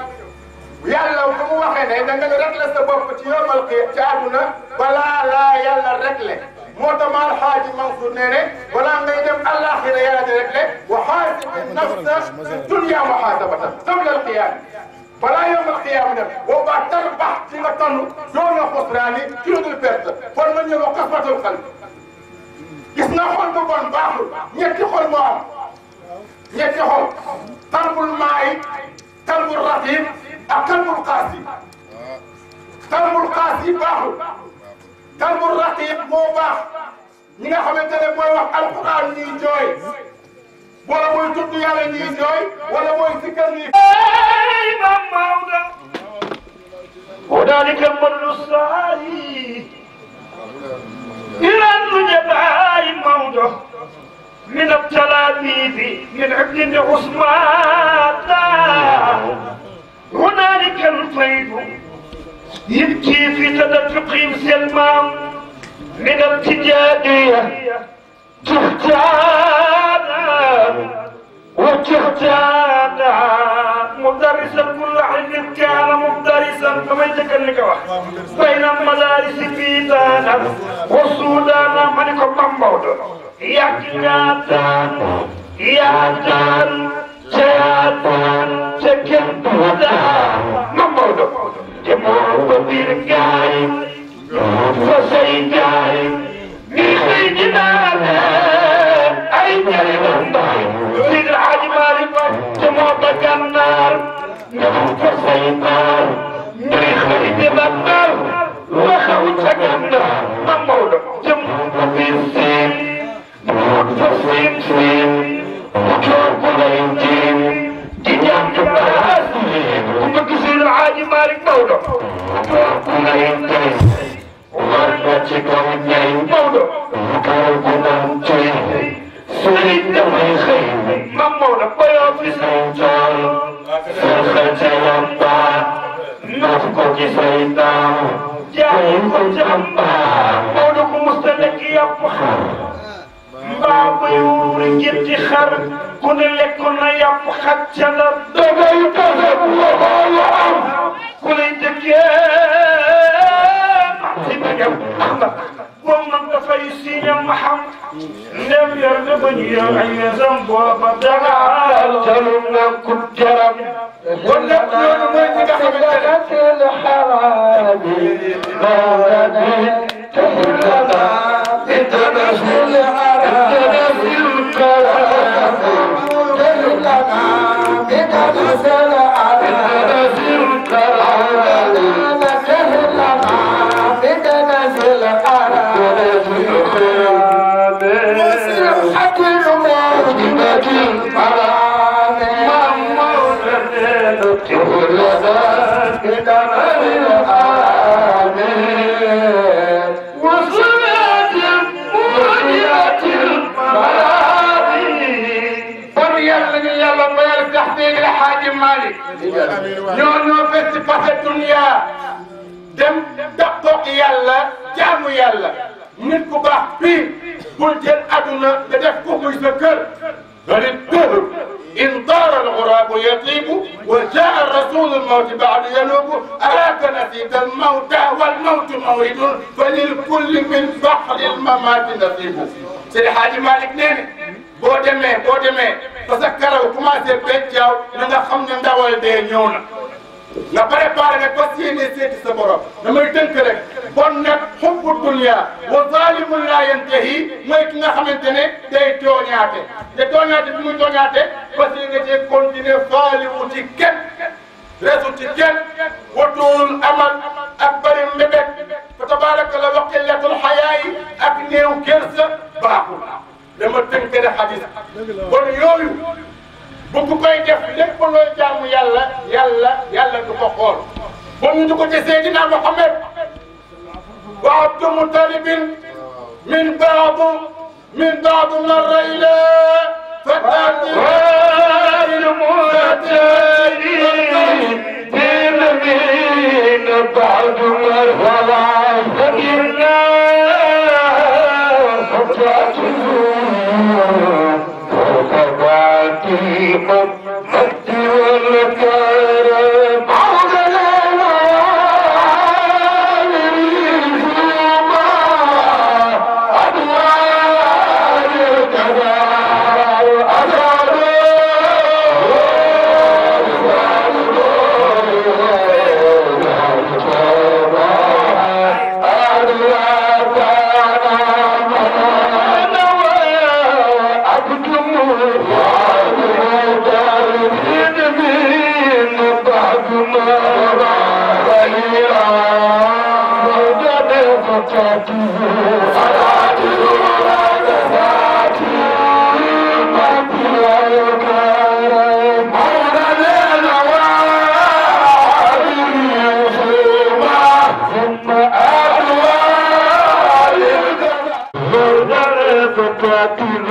yàlla bu mu waxee ne da nga réglé sa bopp ci yombal ci àdduna balaa laa yàlla réglé moo tax maal xaaji Mansour nee ne balaa ngay dem àllaaxira yàlla di rek le wa xaasibin nafsa dunya muhaasabatan qabla al-qiyaama balaa yombal qiyaama nag boo baa tar baax ci nga tonn doo na xosraani ci lu dul perte kon ma ñëw kasfatul qalbi gis nga xol bu bon baaxul ñetti xol moo am ñetti xol qalbul maay qalbul rafib ak qalbul qaasi qalbul qaasi baaxul kalbur raqiib moo baax ñi nga xamante ne mooy wax alquran ñuy jooy wala mooy tudd yàlla ñuy jooy wala mooy sikkar ñi imam mawda hunalika manu saari irannu jabaay mawda من التلاميذ من ابن عثمان هنالك الفيض يبكي في تدفقهم سلمان من ابتدائية تحتانا وتحتانا مدرسا كل حين كان مدرسا فما يتكلم واحد بين المدارس بيتانا وسودانا ملك بامبود يا كناتان يا تان سياتان سكن بودا مبود Jehovah be the guide, Lord forsake guide. Ni xey dina la ay ñari la bay. Sid Haji Malik ba ci mo ba gannar. Ñoo ko say nar. Ni xey di bakar. Wa xaw ci gannar. Ma mawdo jëm ko fi sin. Lord forsake sin. Ko ko lay Alaaji Malick Maodo. war na ci kaw ñay Maodo. kaw gu naan tey. sëriñ damay xëy. mam Maodo koyoo fi say tool. sërxe ca yamba. naf ko ci say daaw. jaay ko jàmba. Maodo ku musta nekk yàpp mbaa muy wuuri njëtti xar ku ne lekk na yàpp xaj ca ndar dangay tase looloo la am ku lay dëkkee si dëggam moom nag dafay siiñal ma xam ndem yor na ba ñu yor ay weesam booba dara talu na ku jaram kon nag loolu mooy ñi nga xamante ne xaraami maanaam تهلنا بالتنزل ñoo ñoo fekk ci passé dunia dem dappoog yàlla jaamu yàlla nit ku baax pire bul jël aduna nga def ko muy sa kër bal ad-dahr in daara al-ghuraabu yatiibu wa jaa rasuulu l-mawti ba'da yanuubu araaka nasiib al-mawta wal-mawtu mawridun fa lil kulli min baxri l-mamaati nasiibu Seydi Haaji Malick nee na boo demee boo demee ba sa karaw commencé bécc yaaw na nga xam ne ndawal dee ñëw na nga préparé nag ba séenee seeti sa borom damay tënk rek bon nag xubbu dunia wa zaalimun laa yantahi mooy ki nga xamante ne day tooñaate te tooñaate bi muy tooñaate ba séenee cee continuer faaliwu ci kenn reesul ci kenn waduwul amal ak bëri mbébét fa tabaraka la waqillatul xayaa yi ak néew kersa baaxul dama tënkale xadis kon yooyu bu ku koy def lépp looy jaamu yàlla yàlla yàlla du ko xool ba ñu du ko ci Seydina Muhammad wa Abdu Mutalibin min baadu min baadu marra ila fatati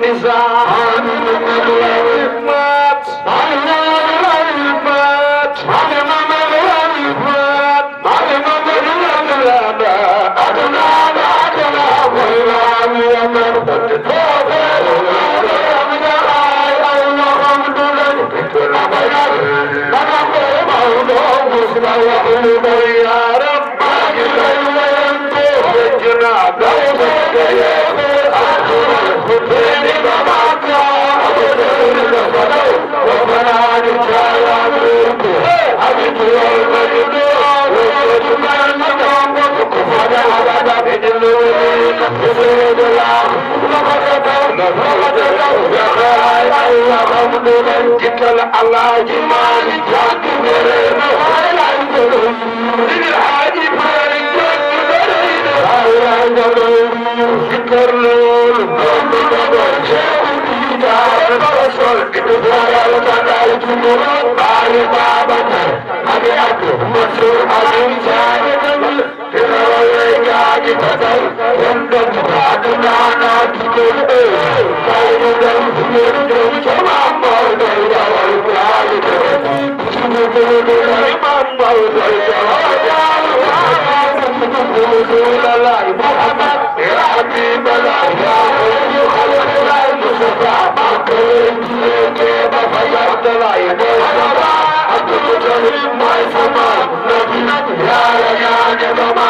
Nizam. Baba, Baba, Baba, Baba, Baba, Baba, Baba, Bye.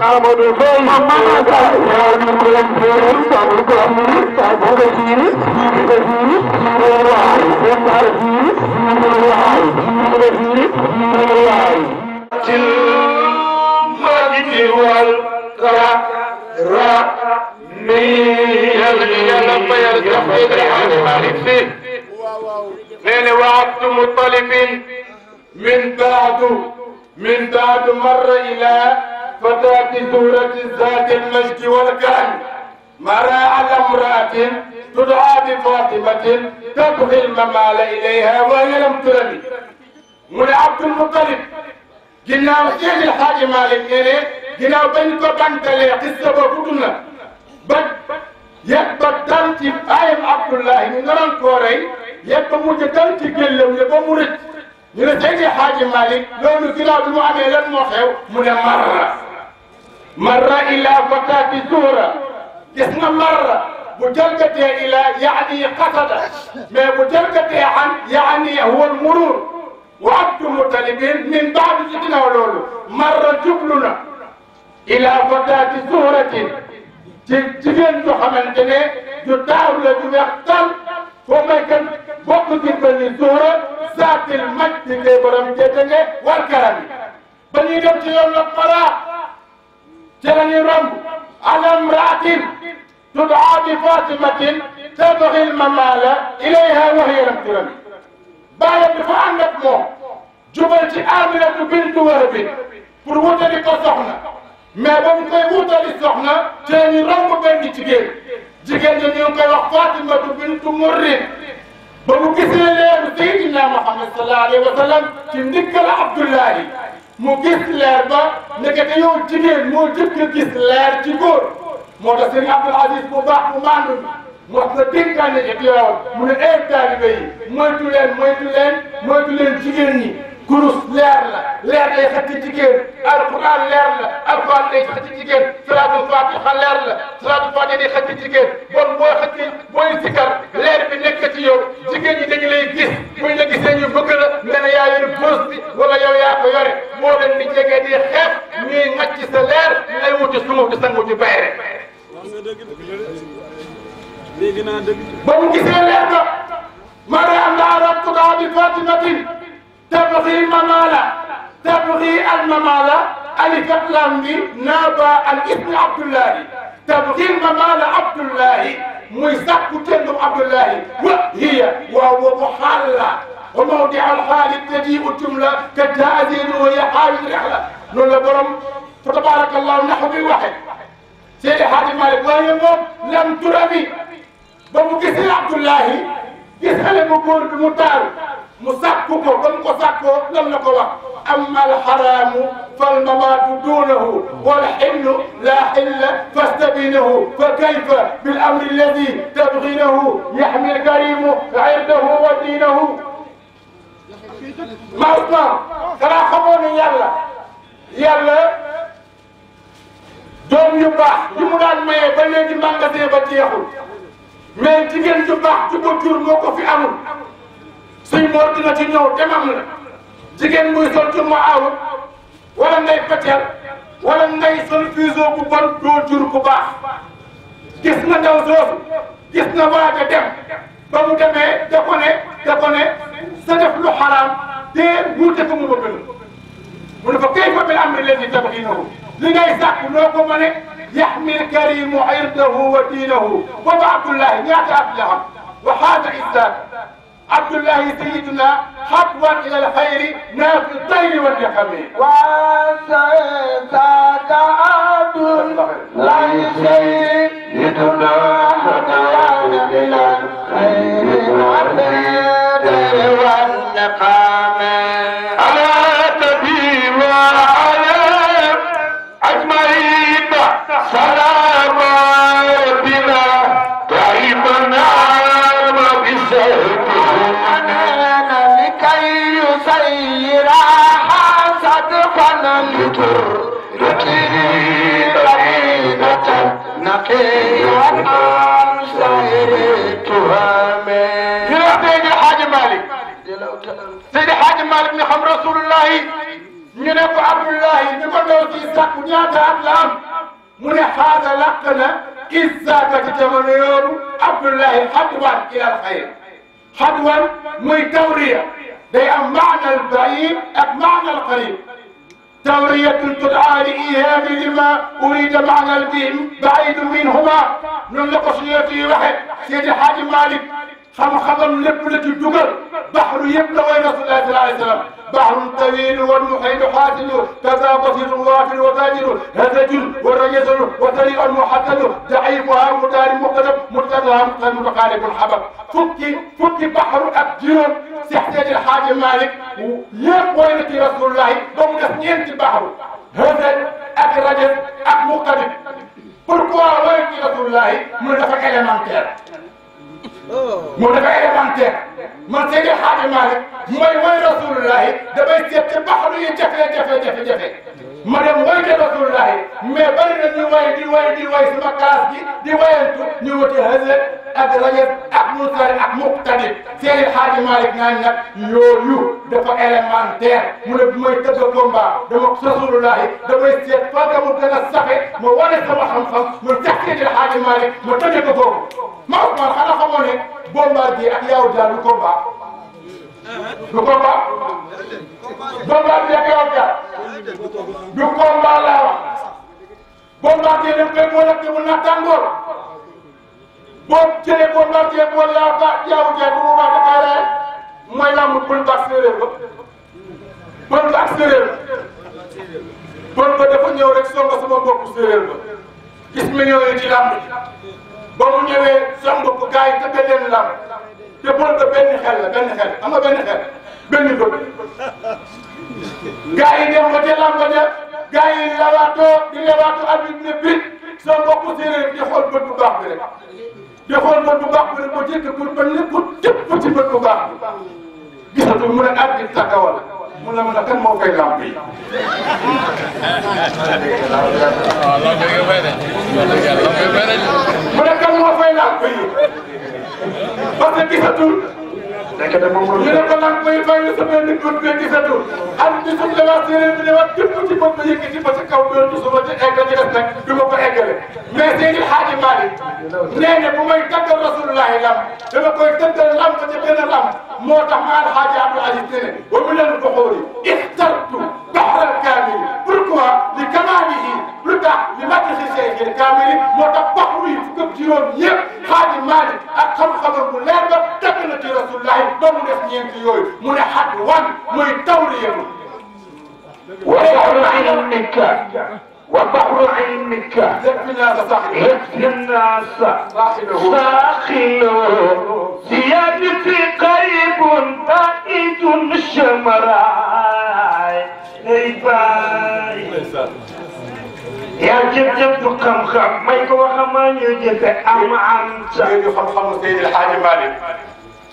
Amadou Faye mama ka yaani ko len feeru sabu ko amni sabu ko fiiri fiiri ko fiiri ko waay ko mar fiiri ko waay ko fiiri ko waay til majidi wal ra ra mi yal yal bayal kafi al alif nene wa'abtu mutalibin من بعد من بعد مر إلى فتاة سورة ذات المجد والكرم مر على امرأة تدعى بفاطمة تبغي الممال إليها وهي لم ترمي من عبد المطلب ginnaaw Seydi El Hadji Malick nee ne ginnaaw bañ ko bantalee xista ba gudd na ba ba dal ayam Abdullahi ñu naroon koo rey ba mujj dal ci gëllam ba mu ñu ne tey de xaaji Malick loolu ginnaaw bi mu amee lan moo xew mu ne marra marra ilaa fataati suura gis nga marra bu jalgatee ilaa yaani qasada mais bu jalgatee an yaani huwa murur wa abdu mutalibin min baadu ci ginnaaw loolu marra jublu na ilaa fataati suuratin ci jigéen joo xamante ne ju taaw la ju weex tal foo may kan bokk ci benn suura saatil maj ci ngay borom jeetange war karami ba ñuy dem ci yoon nag maraa ci la ñuy romb alam raatin tudaa bi fatimatin tabaxil mamaala ilayha waxyaram tirami bàyyam dafa ànd ak moom jubal ci aminatu bintu warabin pour wutali ko soxna mais ba mu koy soxna ci la ñuy romb benn jigéen jigéen ñi ñu ngi wax fatimatu bintu murrin ba mu gisee leeru Seydina Muhammad sallallahu alayhi wa sallam ci ndikkal Abdullahi mu gis leer ba ndekete yow jigéen moo jëkk gis leer ci góor moo tax sëriñ Abdul Aziz bu baax bu maandu wax na dénkaane ci yow mu ne ay eh taalibe yi moytu leen moytu leen moytu leen jigéen ñi. kurus leer la leer day xëcc jigéen alquran leer la alquran day xëcc jigéen salaatul fatiha leer la salaatul fatiha day xëcc jigéen bon boo xëcc booy sikar leer bi nekk ci yow jigéen ñi dañu lay gis buñ la gisee ñu bëgg la nga ne yaa yore bës bi wala yow yaa ko yore moo leen di jege di xeeb ñuy ngacc sa leer lay wuti suuf di sangu ci bayre ba mu gisee leer ba mariam laa rabtuka bi fatimatin تبغي ممالا تبغي الممالا ألف لام نابا الاسم عبد الله تبغي الممالا عبد الله ميزاك تندم عبد الله وهي وهو محلى وموضع الحال ابتديء الجملة كالتأذين وهي حال الرحلة لولا برم فتبارك الله نحو واحد سيدي حاج مالك وهي موم لم ترمي بمكسي عبد الله يسأل بقول بمتار mu sàkku ko ba mu ko sàkkoo lan la ko wax amma alxaraamu fal mamaatu duunahu wal xillu laa xilla fastabinahu fa kayfa bil amri alladi tabginahu yaxmi alkarimu irdahu wa diinahu maa ma xanaa xamoon ne yàlla yàlla doom yu baax yu mu daan maye ba léegi magasin ba jeexul mais jigéen ju baax ju ko jur moo ko fi amul suñ moor dina ci ñëw demam la jigéen muy sol jur ma aawut wala ngay peteel wala ngay sol fuseau bu bon doo jur bu baax gis na ndaw soosu gis na waaga dem ba mu demee da ko ne da ko ne sa def lu xaraam dee wuute ko mu bëgg la mu ne ko kay fa bil amri leen di tabxiinahu li ngay sàkk noo ko ma ne yaxmil karimu irdahu wa diinahu booba abdullahi ñaata at la xam waxaata islam Abdullahi sayyiduna xatwan ila alxayri naa fi tayri wal jahami wasaaka Abdullahi sayyiduna xatwan ila alxayri naa fi tayri wal jahami rasulullahi ñu ne ko abdullahi ñu ko doon ci sàkku ñaata at la am mu ne xaada làq na issaaka ci jamono yooyu abdullahi xadwan ilal xayr xadwan muy tawriya day am maanal bayi ak maanal qarib تورية تدعى لإيهام لما أريد معنى البعيد منهما نلقى سيدي واحد سيدي حاج مالك xam-xamam lépp la ci dugal baxru yëpp la way rasulullah sallallahu alayhi wa sallam baxrun tawil wal muhaydu xaatilu kaza basirun waafil wa tajirun hadajun wa rajasun wa tariqan muhaddadu daifuha mutaari muqadab murtadaha muqtad mutaqaribul xabab fukki fukki baxru ak juróom sexteedil xaaji Malick yëpp way na ci rasulullah ba mu def ñeenti baxru hadaj ak rajat ak muqadab pourquoi way na ci rasulullah mu ne dafa élémentaire moom dafay élémentaire man Seydi Hadji Malick mooy mooy rasulullahi damay seet ba xam ne jafe-jafe jafe-jafe. ma dem woyte rasulullahi mais bari na ñu way di way di way sama classe gi di wayantu ñu wuti Hazret ak Rajab ak Munsari ak Muqtadir seeni Xaaji Malick naan nag yooyu dafa élémentaire mu ne bu may tëgg da dama rasulullahi damay seet fagga mu gën a safe ma wane sama xam-xam ma jaxeeti Xaaji Malick ma tëjee ko foofu ma Ousmane xanaa xamoo ne bomba ji ak yaaw daal du combat du combat Bombardier Keweul Kar du combat laa wax Bombardier daf koy boole ak mu naat tàngoor boo jëlee Bombardier boole yaa ba jaawu jaay bu boobaa dafay rey mooy làmb pël ba séeréer ba pël ba séeréer pël ba dafa ñëw rek songo sama mbokku séeréer ba gis millions yi ci làmb ba mu ñëwee sa mbokk gars yi tëggal leen làmb te boole ko benn xel la benn xel am nga benn xel benn bët. gars yi dem ba ca làmb ja gars yi lawaatoo di lawaatu abid ne bit sa mbokk séeréer di xool bët bu baax bi rek di xool bët bu baax bi rek ba jëkk pour ba lépp tëpp ci bët bu baax bi gisatu mu ne at bi tàggawal mu ne ma ne kan moo fay làmb yi. Ah, mu ne kan moo fay làmb yi. parce que gisatul léegi nag moom ñu ne ko nag muy bàyyi sama nit bu ñu gisatu am ci suuf la wax yéen bi ne wax képp ci bopp ba yëkkati ba ca kaw doon suuf ba ca egg ci def nag du ma ko eggale mais Seydi Hadji Malick nee na bu may tàggal rasulullahi lam dama koy tëddal lam ba ca benn lam moo tax maan Hadji Abdou Aziz nee na wa mu leen ko xooli ixtartu baxral kaamil pourquoi li kamaalihi lu tax li madixi Seydi kaamil moo tax bax wi fukk ak juróom yëpp Hadji Malick ak xam-xamam bu leer ba tàgg na ci rasulullahi xaj ba mu def ñeent yooyu mu ne xaj wan mooy tawliyam وبحر علمك وبحر علمك هز الناس ساخله زيادتي قريب بعيد الشمراء yaa jëf-jëf bu xam-xam may ko waxamaa ñu jëfe am am sa.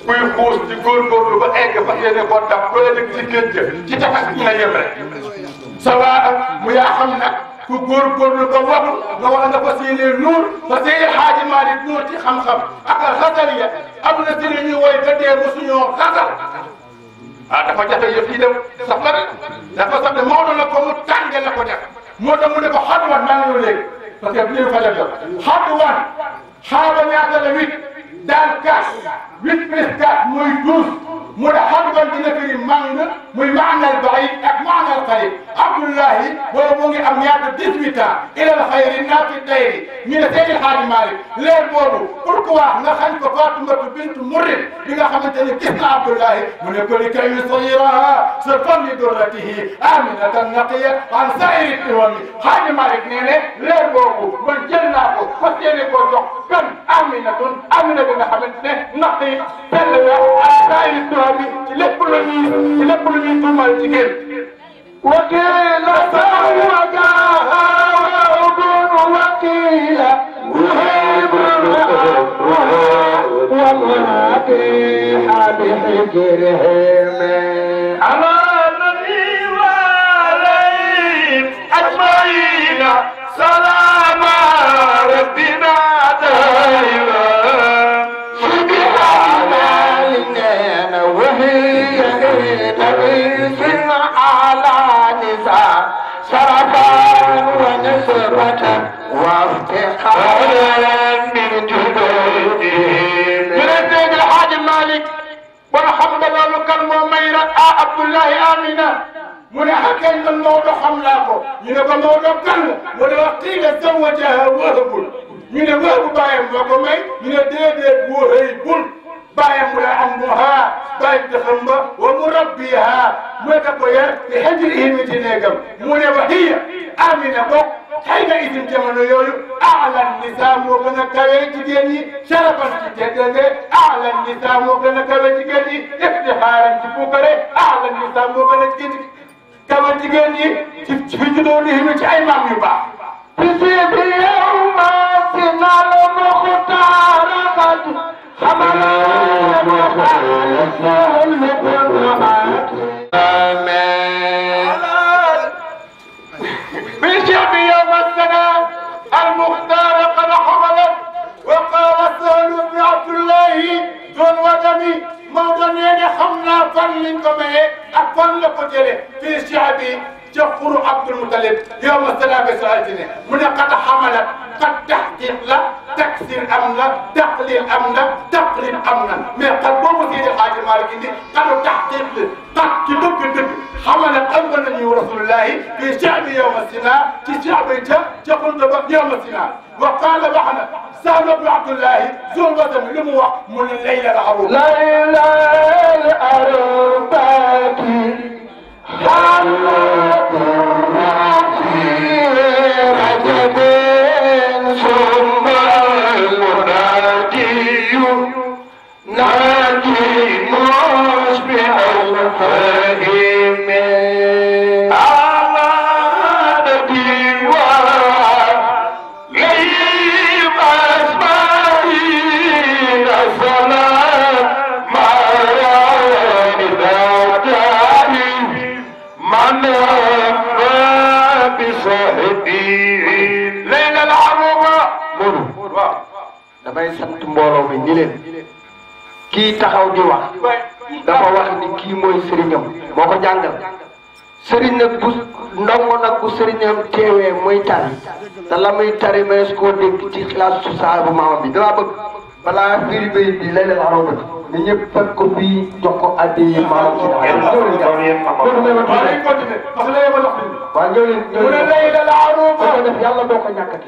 kuy xuus di góorgóorlu ba egg fas yéene ko dam ku la nekk ci géej ga ci tefes gi la yem rek ça va mu yaa xam nag ku góorgóorlu ba waxu nga wax nga fas yéene nuur fas yéene xaaji Maalik nuur ci xam-xam ak xasal ya am na ci li ñuy woy ba dee ba suñoo xasal ah dafa jafe yëf yi dem saf la rek dafa saf de Maodo la ko mu tànge la ko def moo tax mu ne ko xatuwaat maa ngi ñëw léegi parce que bu ñu fa def xatuwaat xaaba ñaata la huit daal kaas huit plus quatre muy douze mu ne xam nga dina firi mang muy maanal bari ak maanal xarib Abdullahi boobu mu ngi am ñaata dix-huit ans ilal xayri naati dayri ñu ne Seydi Xaaji Maalik leer boobu pourquoi nga xañ ko Faatumatu bintu Murid bi nga xamante ne gis na Abdullahi mu ne ko li kay yusayiraha sa ton li durratihi aminatan naqiya an sairi iwami Xaaji Maalik nee ne leer boobu man jël naa ko fas yéene koo jox kan aminatun amina bi nga xamante ne bi sell la ak saayir droit bi ci lépp lu ñuy ci lépp lu ñuy tuumal jigéen wakiila saw wajaaha waudun wakiila muhibun وامرأتي بحجرهم على النبي وعليهم أجمعين سلام ربنا دائما وافتقارا من جدودهم من سيد الحاج مالك ولا حمد الله كان مؤمن عبد الله امينه mu ne xakkee man Maodo xam naa ko ñu ne ko Maodo kan mu ne wax kii la zawajaha Wahbul ñu ne Wahbu bàyyam moo ko may ñu ne déedéet Wahbul baayam wa ammuha baay dëxam ba wa murabbiha moo da ko yar di xajrihi mi di néegam mu ne wa hiya amina bokk xëy na itam jamono yooyu aalan nisa moo gën a kawe jigéen ñi sarafan ci teddande aalan nisa moo gën a kawe jigéen ñi iftixaaran ci puukare aalan nisa moo gën a kawe jigéen ñi ci ci juddoo di himi ci ay maam yu baax bisi bi yawma sinal muxtaara kon la ko jëlee fii si jafuru Abdul Mutalib yow ma salaam sa altine mu ne xat xamalat xat taxdiq la taksir am na taqlil am na taqrib am na mais xat boo ko séedee Xaaji Maalik indi xatu taxdiq la xat ci dëgg-dëgg xamalat am na ñu rasulullahi fi sha'bi yawma sina ci sha'bi ca ca xunta ba yawma sina wa qaala wax na Sahlu bnu Abdullahi zul wasam li mu wax mu ne layla la aru layla al arbaati mbooloo mi ni leen kii taxaw di wax dafa wax ni kii mooy sëriñam moo ko jàngal sëriñ nag bu ndongo nag bu sëriñam teewee muy tari te la muy tari mees koo dégg ci xilaas su saabu maama bi dama bëgg balaa firi bay bi lay def aroo bëgg ni ñëpp fekk ko fii jox ko addi maama ci waaw ñëw leen ñëw leen mu ne lay la laaru ba. def yàlla boo ko ñàkkati.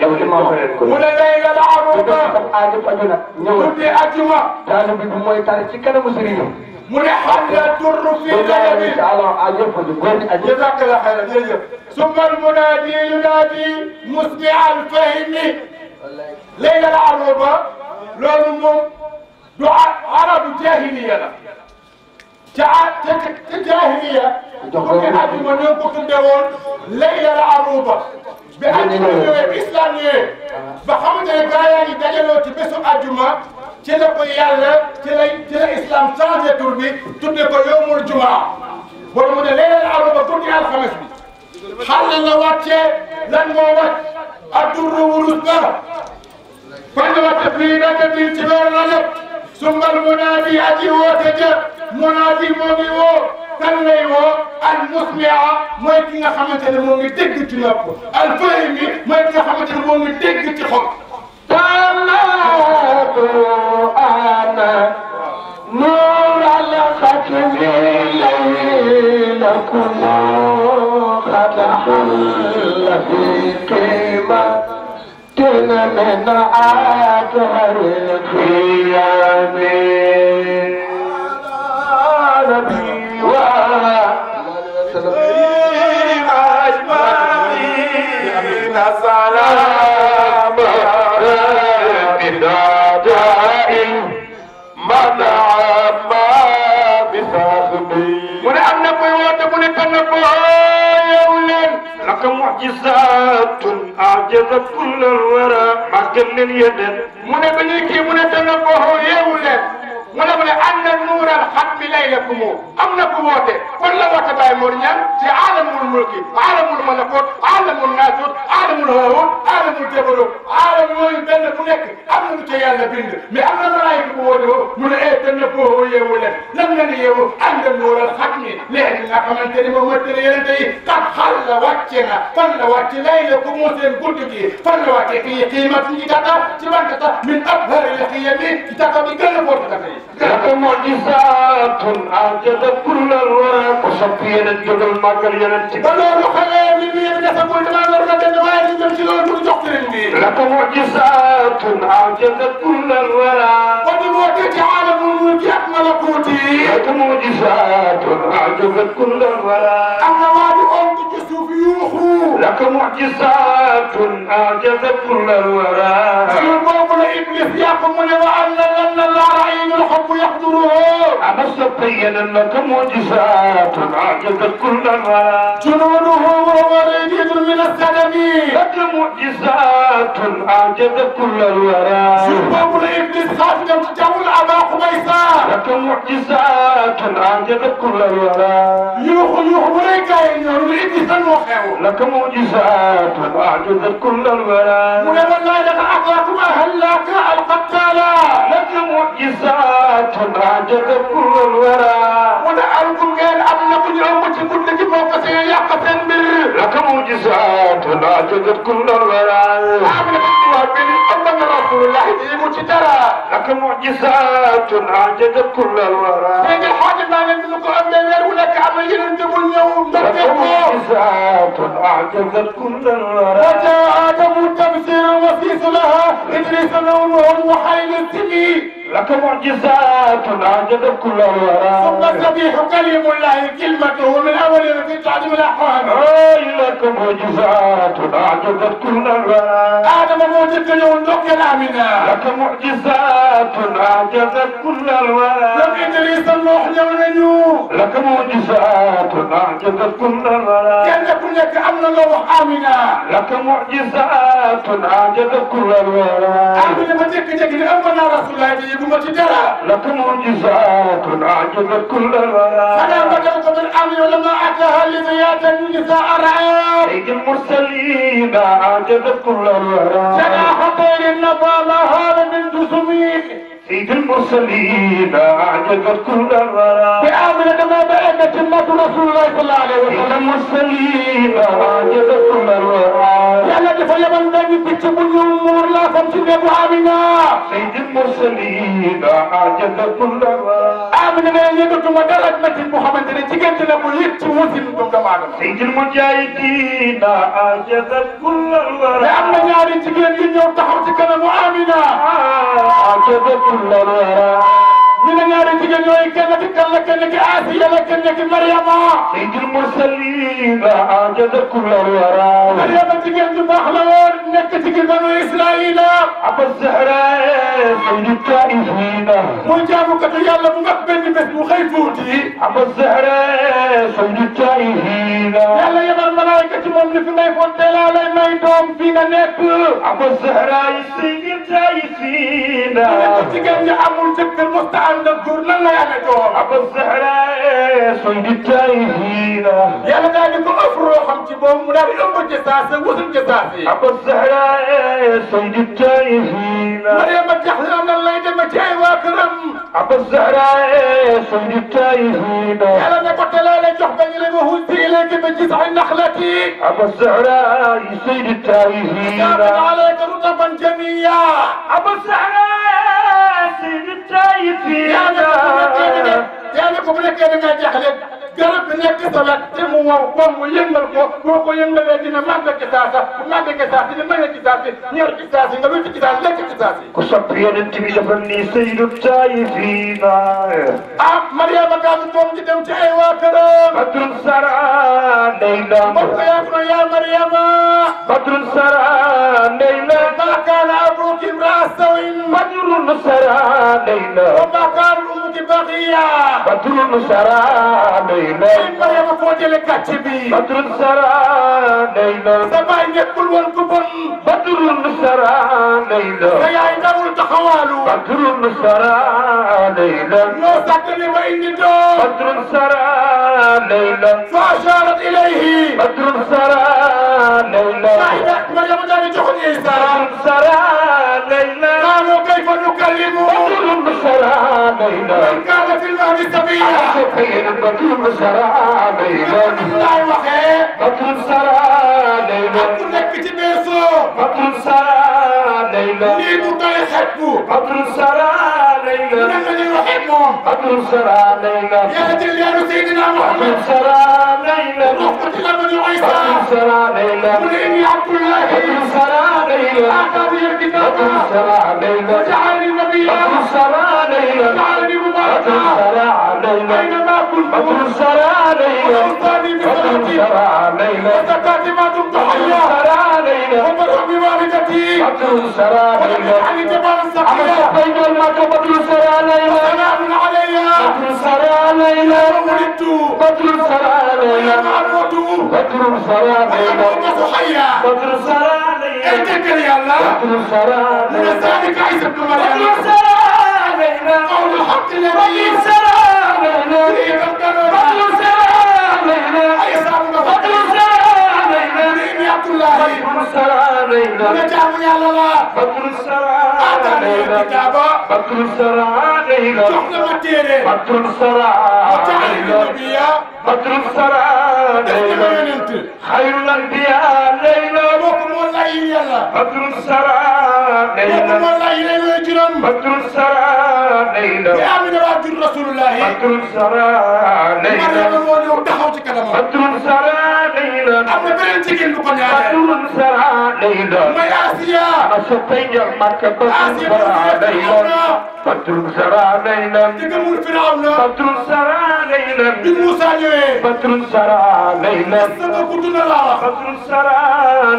yow ci maa xëy ko. mu ne lay la laaru ba. aajo faju nag. ñëw na tuuti àjjuma. taanu bi mooy tari ci kanamu sëriñam. mu ne xam nga turu fii la la bi. aajo faju góor ak jazakallah xayran jërëjëf. sumal munaadi yunaadi musmi alfahimi. lay la laaru ba. loolu moom du arabu jahiliya la. ca à ca ca jaahiliya. jox ko ajuma ñoo ko tuddee woon layla la aruba. bi ajuma ñëwee islam ñëwee. ba xamante ne gaa yaa ngi dajaloo ci bésu ajuma ci la ko yàlla ci la ci la islam changé tur bi tuddee ko yowmul jumaa. boobu mu ne layla la aruba guddi alxames bi. xaaral la wàccee lan moo wàcc. addurru wurus ba. fan la wàcce fii nekk fii ci loolu la lépp. sumbal mu naa bi aji woote jë. munaadi moo ngi woo kan lay woo al musmia mooy ki nga xamante ne moo ngi dégg ci nopp al fahim bi mooy ki nga xamante ne moo ngi dégg ci xol talaatu ana nuur al xatmi laylakum قد حل في قيمة من عاد القيامين نبي وأنا أجمعين سلام بداجاء منع ما بساخبي من أن بيوت من كنبوها لك معجزات أعجز كل الورى ما كان اليد من بنيك من تنبه يولد mu ne mu ne ànd ak nuural xat bi lay la ku mu am na ku woote kon la woote Baye Mor Niang ci aalamul mulki aalamul malakut aalamul naasut aalamul hawut aalamul jabarut aalam yooyu benn bu am na lu ca yàlla bind mais am na malaayika ku woote woo mu ne eh, ni yeewu ànd ak nuural xat mi léegi nga xamante ni moom mooy kat xal la wàcce na fan la wàcce lay la ku mu seen guddi gi fan la wàcce min abhari la xiyami a dafa moo di saatun ajada kulla alwara ko soppi yeneen jógal màggal yeneen ci. ba loolu xale bi bi yéen dafa mooy damaa war na benn waaye ñu jël ci loolu pour jox leen bi. dafa moo di saatun ajada kulla alwara. ba di woote ci aalamul mulki ak malakuuti. dafa moo di saatun ajada kulla alwara. am na waa di om لك معجزات أعجزت كل الورى الموم لإبليس يقوم وأن لن لا رعيم الحب يحضره أمس بين لك معجزات أعجزت كل الورى جنونه وهو رديد من السلم لك معجزات أعجزت كل الورى الموم لإبليس خاتم تقول أبا قبيصة لك معجزات أعجزت كل الورى يوخ يوخ بريكا يا رب إبليس الوخيو لك معجزات معجزات واعجزت كل الورى من الله لك اعطاك ما هلاك القتالى لك معجزات واعجزت كل الورى من القل قال انك العمة كل جفوف سياق تنبر لك معجزات واعجزت كل الورى عملك الوهبي قدم رسول الله يموت ترى لك معجزات اعجزت كل الورى سيد الحاج ما نملك ان ولك عمل ينتبه اليوم لك معجزات اعجزت وكذبت كل وجاء آدم تبصيرا وفيس لها إدريس نور وهو حي السمين لك معجزاتنا جذب كل الورى ثم الذبيح كلم الله كلمته من اول في تعلم الاحوال لك معجزاتنا جذب كل الورى ادم موجد اليوم دوك كلامنا لك معجزاتنا جذب كل الورى لك ادريس النوح يوم لك معجزاتنا جذب كل الورى كان يكون لك امن الله امنا لك معجزاتنا جذب كل الورى امن ما تكتك لامنا رسول الله nekkuma ci dara. lakum mu'jizatun a'jabat kulla al-wara. xanaa ba def ko min am yow lama ataha li ziyadati an-nisaa ar-ra'aya. sayyidil mursalina a'jabat kulla al-wara. janaaha tayrin nadala hada min jusumi. سيد المرسلين عجبت كل الورى بآمن كما بأن جنة رسول الله صلى الله عليه وسلم سيد المرسلين عجبت كل الورى يلا دفع يمن دني بيتشبو يومور لا فمشي نبو آمنا سيد المرسلين عجبت كل الورى آمن ما يدو ما دلت متن محمد نجيكت نبو يتشو وزن دم دم آدم سيد المجاهدين عجبت كل الورى يا أمنا يا رجل ينيو تحوتك نبو آمنا عجبت كل ما رأى ñu ne ñaari jigéen yooyu kenn ki kan la kenn ki Asiya la kenn ki Mariama. sayyidul mursalin ajada kullal wara. Mariama jigéen ju baax la woon nekk ci banu Israila. Abu Zahra sayyidu taa'ifina. mooy jaamukatu yàlla mu nga benn bés mu xëy tuuti. Abu Zahra sayyidu taa'ifina. yàlla yebal malaayika ci moom ni fi ngay fonte laa lay may doom fii nga nekk. Abu Zahra sayyidu taa'ifina. mu nekk jigéen ñi amul jëkkër ànd ak góor nan lay amee doom. Abu Zahra yàlla daal di ko ëpp roo xam ci boobu mu daal di ëmb ci saa si wusul ci saa si. Abu Zahra Mariama Jaxla nan lay demee ci ay waa këram. Abu Zahra yàlla ne ko telee lay jox ba ñu leen waxul si léegi ba ci sax naxlati. Abu Zahra sayyidu taa'ifiin. Kaamin alayka rutaban jamiyya. Abu Zahra sayyidu taa'ifiin. yaa ngi ko bu nekkee da ngaa jaaxle garab bi nekk sa wet te mu wow ko mu yëngal ko boo ko yëngalee dina màgg ci saasa bu màgg ci saasi dina màgg ci saasi ñor ci saasi nga wécc ci saasi lekk ci saasi. ku sopp yonent bi dafa ni sayyidu taayifiina. ah Mariama Gaas moom di dem ci ay waa këram. Badrun Sara ndey ndam. mbokk yaa ko yaa Mariama. Badrun Sara ndey ndam. maa kaana abuki imra'a sawin. Badrun Sara ndey ndam. Fouti Baxiya. Badrun Sara day na. Sëñ Mariama foo jëlee kàcce bi. Badrun Sara day na. sa baay nekkul woon ku bon. Badrun Sara day na. sa yaay ndawul taxawaalu. Badrun Sara day na. ñoo sàkk ni ma indi doon. Badrun Sara day na. fa asharat ilayhi. Badrun Sara day na. Mariama daal di joxoon Sara. Badrun Sara. علينا وإن كان في الله سبيلا سبيلا بطل سرى علينا الله وخير بطل سرى علينا أقول لك بتبيسو بطل سرى علينا ليه مطلع حبه بطل سرى علينا نحن يحبهم أبصر علينا يا جلال سيدنا محمد أبصر علينا رفقة الأمل عيسى أبصر علينا قل إني عبد الله أبصر علينا أعطاني الكتاب أبصر علينا وجعلني نبيا أبصر علينا جعلني مباركا أبصر علينا أينما كنت أبصر علينا وأوصاني بصلاتي أبصر علينا وزكاة ما دمت حيا أبصر علينا ومرحب بوالدتي أبصر علينا عن جبال السقيا بين المكة وبين سر علينا ونعم علينا بدر سر علينا ولدت بدر سر علينا عروة بدر سر علينا حيا بدر سر علينا اتذكر يا الله بدر سر علينا من ذلك عيسى بن مريم بدر سر علينا قول الحق لربي سر علينا بدر سر علينا عيسى بن مريم بدر سر abdullahi ne jaamu yàlla la aataaniyal kitaaba jox na ma téere وتعلم الأنبياء بدر السراء خير الأنبياء ليلى وكم الليل يلا بدر السراء ليلى وكم الليل ويجرم بدر السراء ليلى يا من عبد رسول الله بدر السراء ليلى مريم ولو تخوت كلامه بدر السراء ليلى أما بنتك اللي Rasul sara day doon. mooy Asiya. Masopay Ndiol Maka Batul sara day doon. Batul sara day doon. Jëgëmul Firawna. Batul sara day doon. Bi Musa ñëwee. Batul sara day doon. Sama kutu na la. Batul sara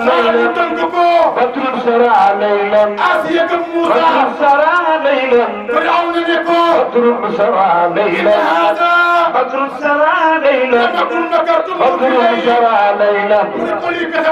day doon. Sama tënk ko. Batul sara day doon. Asiya gëm Musa. Batul sara day doon. Firawna ne ko. Batul sara day doon. Batul sara day doon. Batul sara day doon. Batul sara day doon.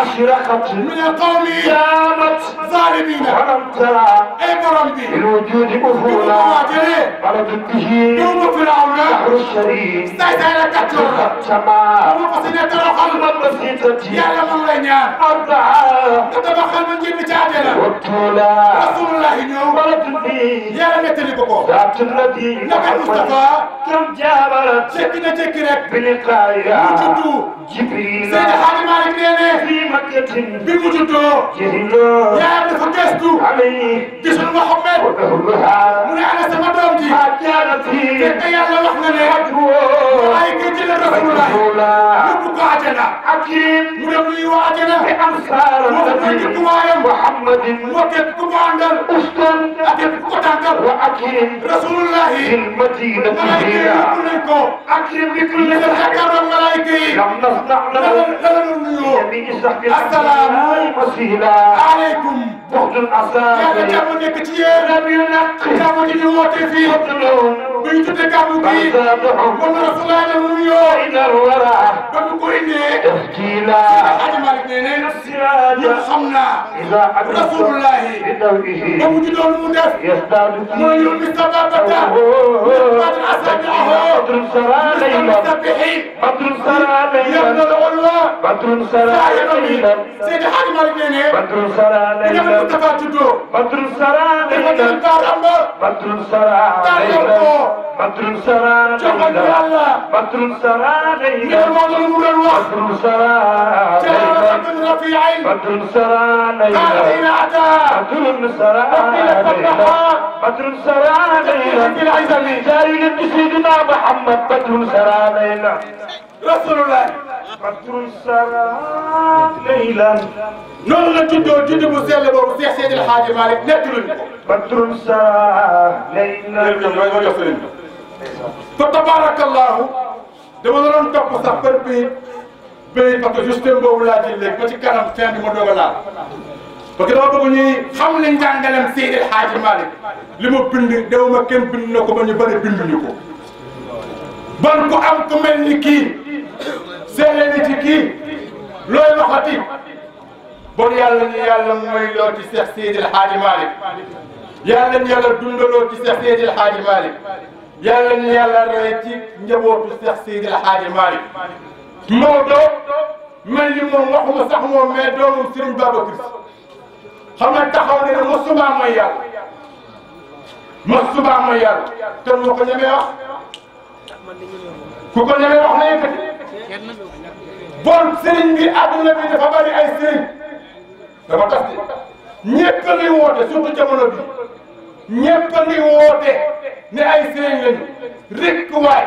أشرقت من القوم كانت ظالمين ولم ترى أي برم به الوجود أفولا بلد به دوم فرعون بحر الشريف سيد على كتل مختما ومقصد يترى قلبا بسيطة يعلم اللنيا أربعة تتبخل من جيب تعدلا والطولا رسول الله نيو بلد به يا لم يتلقوا ذات الذي لك المصطفى كم جابرت شكنا تكرك بلقائها وجدوا جبريل سيد حالي مالك لينه مكة بوجوده يا ابن فكستو جسم محمد من على سما دوم جي كنت يلا وحنا لي ملائكة جل رسول الله يبقى عجنا حكيم مدمري وعجنا بأمثال وفنك دوايا محمد وكت كباندر أسطن أكت كتاكر وأكيم رسول الله المدينة ملائكة يقولكم أكيم لكل نسل حكرم ملائكة لم نصنع له لن ننيو السلام عليكم يا جابو نيك تي يير نبي نك جابو دي ووتي في buñ tuddee kàddu gi moom la Rasulaana mu nuyoo ba mu ko indee Alaaji Malick nee na ñëpp xam naa Rasulullaahi ba mu juddoo lu mu def mooy yoon bi sababata ñëpp asabi ahoo ñëpp musabbihi yem na lool wa saa yenoon yi Seydi Alaaji Malick nee ne ñëpp Mustafa tuddoo dafa jël baaram ba tàllal ko مدرون سرا جهل يلا مدرون سرا يا مدرون مدرون مدرون سرا مدرون في علم مدرون سرا ليلا مدرون سرا مدرون سرا ليلا في العزم جاري لنت سيدنا محمد مدرون سرا ليلا rasulullah patron sara leylan noonu la tuddoo tudd bu sell boobu Seex Seydil Haaji Malick nettuluñ ko patron sara leylan mooy jox sëriñ fa tabarakallahu dama la doon ba ci kanam fin bi ma doog a laal parce que li ma bind dew ma kenn bind na ko ba ko bon ku am ku mel ni kii seele ni ci kii looy waxati bon yàlla ni yàlla mooy loo ci Seex Seydil Haaji Malick yàlla ni yàlla dundaloo ci Seex Seydil Haaji Malick yàlla ni yàlla rey ci njabootu Seex Seydil Haaji Malick moo doo mel ni moom waxuma sax moom mais doomu Sëriñ Babacar xam nga taxaw ne ne mosuma mooy yàlla mosuma mooy yàlla te moo ko ñemee ku ko ñemee wax na yëkkati bon sëriñ bi àdduna bi dafa bari ay sëriñ dafa tas bi ñëpp a ngi woote surtout jamono bi ñëpp a ngi woote ay sëriñ lañu rekk waay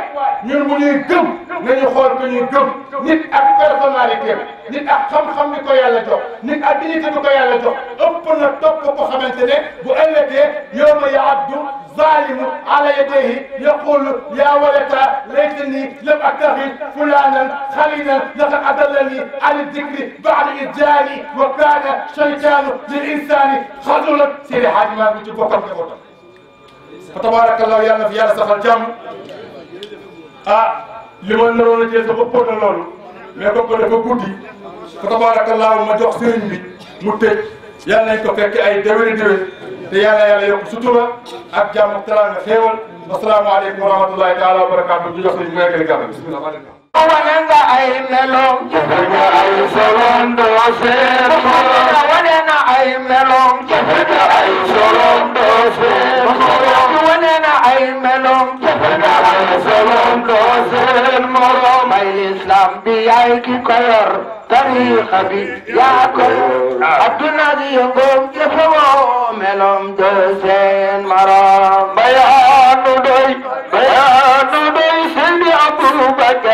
ñun bu ñuy gëm nañu xool ko ñuy gëm nit ak personnalité nit a xam-xam bi ko yàlla jox nit a dignité bi ko yàlla jox ëpp na topp ko xamante ne bu ëllëgee yawma ya'addu zalimu ala yadayhi yaqulu ya walata laytani lam attakhid fulanan khalilan laqad adallani an dhikri ba'da idh jaani wa kana shaytanu lil insani khazula Seydi Hadji Malick ci bokkam njabootam fa tabarakallahu yàlla fi yàlla saxal jàmm ah li ma naroon a jël sa boppoo na loolu mais bopp dafa guddi fa tabaarakallaahu ma jox sëriñ bi mu tëj yal nañ ko fekk ay déwén déwén te yàlla yàlla yokk sutura ak jàmm teraanga xéewal asalaamaaleykum wa rahmatullahi taala wa barakaatu di jox sëriñ mu yeggale gàllankoor. wananga aimelo jefeka aisolondo sefo wanena aimelo jefeka aisolondo sefo wanena aimelo jefeka aisolondo sefo mail islam biyai ki koyor tariqa bi yakol abdunadi yengom jefewo melom dosen maram bayanu doy bayanu doy sindi abubakar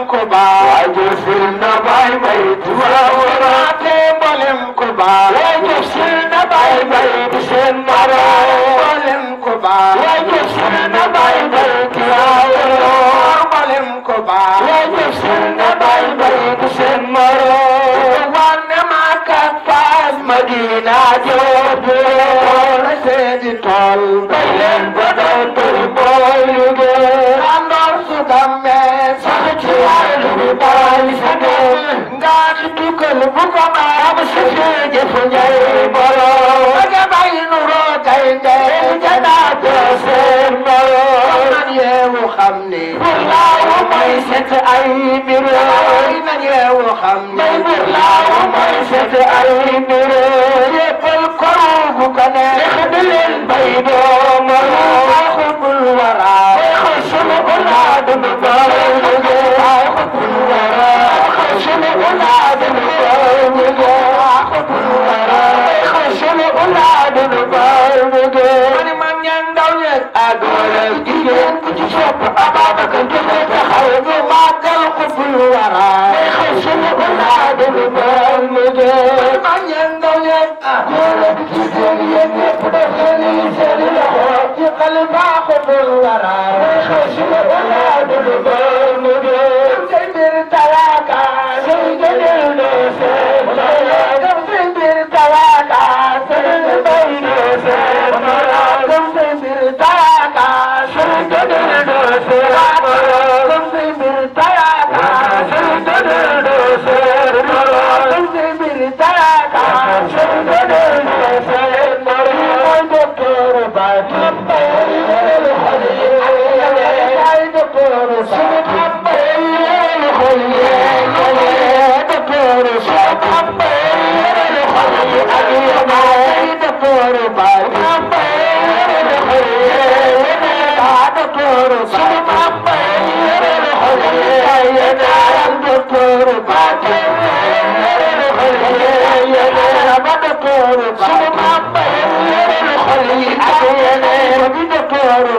dinaa jóobool seeni tool bay leen ba doon tur booy liggéey andoor su dammee sax ci ay lu bi baay sa doom ngaan tukkal bu ko maam si fi jëf njay boroom ba nga bay nuroo kay set ay mbir na ñëw xam ne mbir laa mooy set ay mbir yëppal koru bu ko neex di leen bay doo شب أمامك جبريل حيض مع القلب في الورى يخشن بالعدل والمدير من يندلق يولد جدريا يقبح ليسر الهوى يقلب عقب الورى يخشن بالعدل والمدير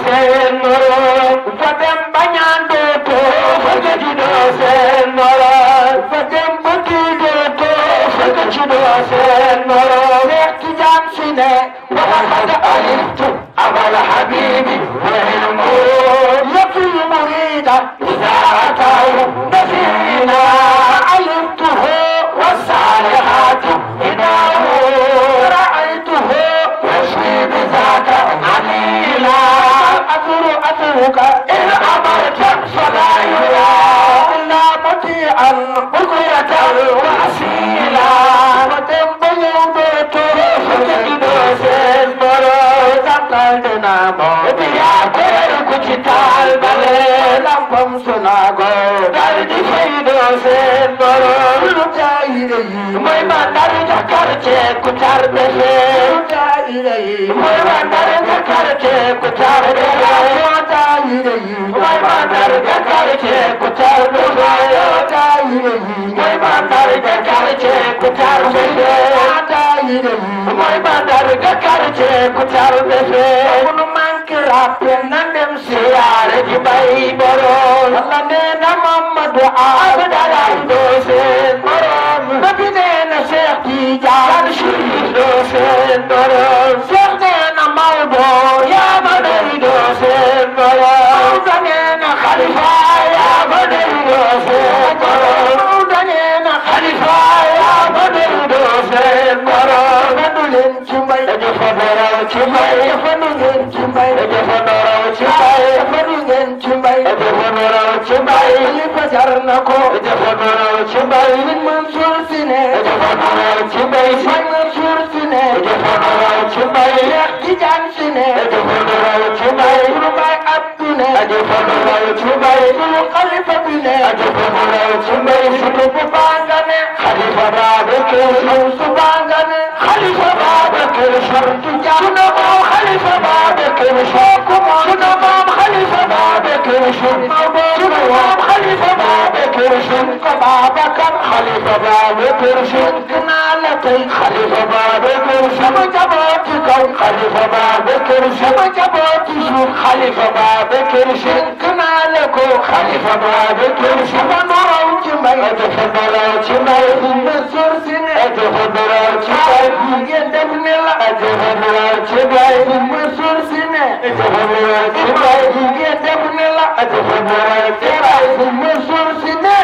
seen morom fa dem ba ñaan dootoo fa nga juddoo seen morom fa dem ba kii dootoo fa nga juddoo seen morom nekk ci jàmm si ne wala fa nga aliftu amal habibi فضايا لا تطيع البغية الوسيلة وتنبغي بطرف الدوس المرود قلدنا موت يا كيرك تتعال بلي لم بمسنا قول قلدي في دوس المرود mooy ma ndari Dakar te ku taar defe mooy ma ndari Dakar te ku taar defe mooy ma ndari Dakar te ku taar defe mooy ma ndari Dakar te ku taar defe mooy ma ndari Dakar te ku taar defe munu manke rappe na dem siyaare ji bay boroon Allah nee na Mamadu Abdallah Dose borom nabi nee na Cheikh Tidiane Chérif doo seen borom Cheikh nee na Maodo a ma doy doo seen borom Maodo nee na Khalifa yaa ma doy doo yaa ma doy doo seen borom nanu leen ci mbay dañu fa daraw ci mbay dafa nu ngeen ci mbay dañu fa daraw ci mbay dafa nu ngeen ci mbay dañu fa daraw ci ci bay Cheikh Mansour si ne. dafa raw ci bay Cheikh Tidiane si ne. dafa raw ci bay sunu bay Abdu ne. dafa raw ci bay sunu xalifa bi ne. dafa raw ci bay sunu bu banga ne. xalifa Babacar Sow su banga ne. xalifa Babacar Sow. su jaam. sunu maam xalifa Babacar Sow. sunu بابك وشم تقوم خليفة بابك وشم بابك خليفة بابك وشم كنالتي خليفة بابك وشم جبات كون خليفة بابك وشم جبات شوف خليفة بابك وشم كنالكو خليفة بابك وشم نروج ما يتفضلات ما يتفضل سن يتفضلات ما يتفضل يتفضلات ما يتفضل سن يتفضلات ما يتفضل Porque terminar a desigualdade terá isso, mas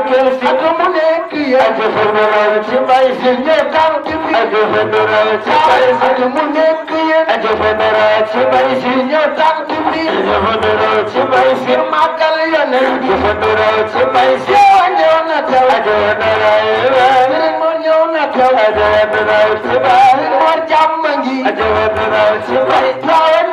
at mu nekk yéen. ci mbay si nekkal ci fi. at mu nekk yéen. ci mbay si nekkal ci fi. ci mbay si màggal yeneen. ci mbay si ñëw na teew. sëriñ ma ñëw na teew. ci mbay. Mor jàmm ngi. ci mbay.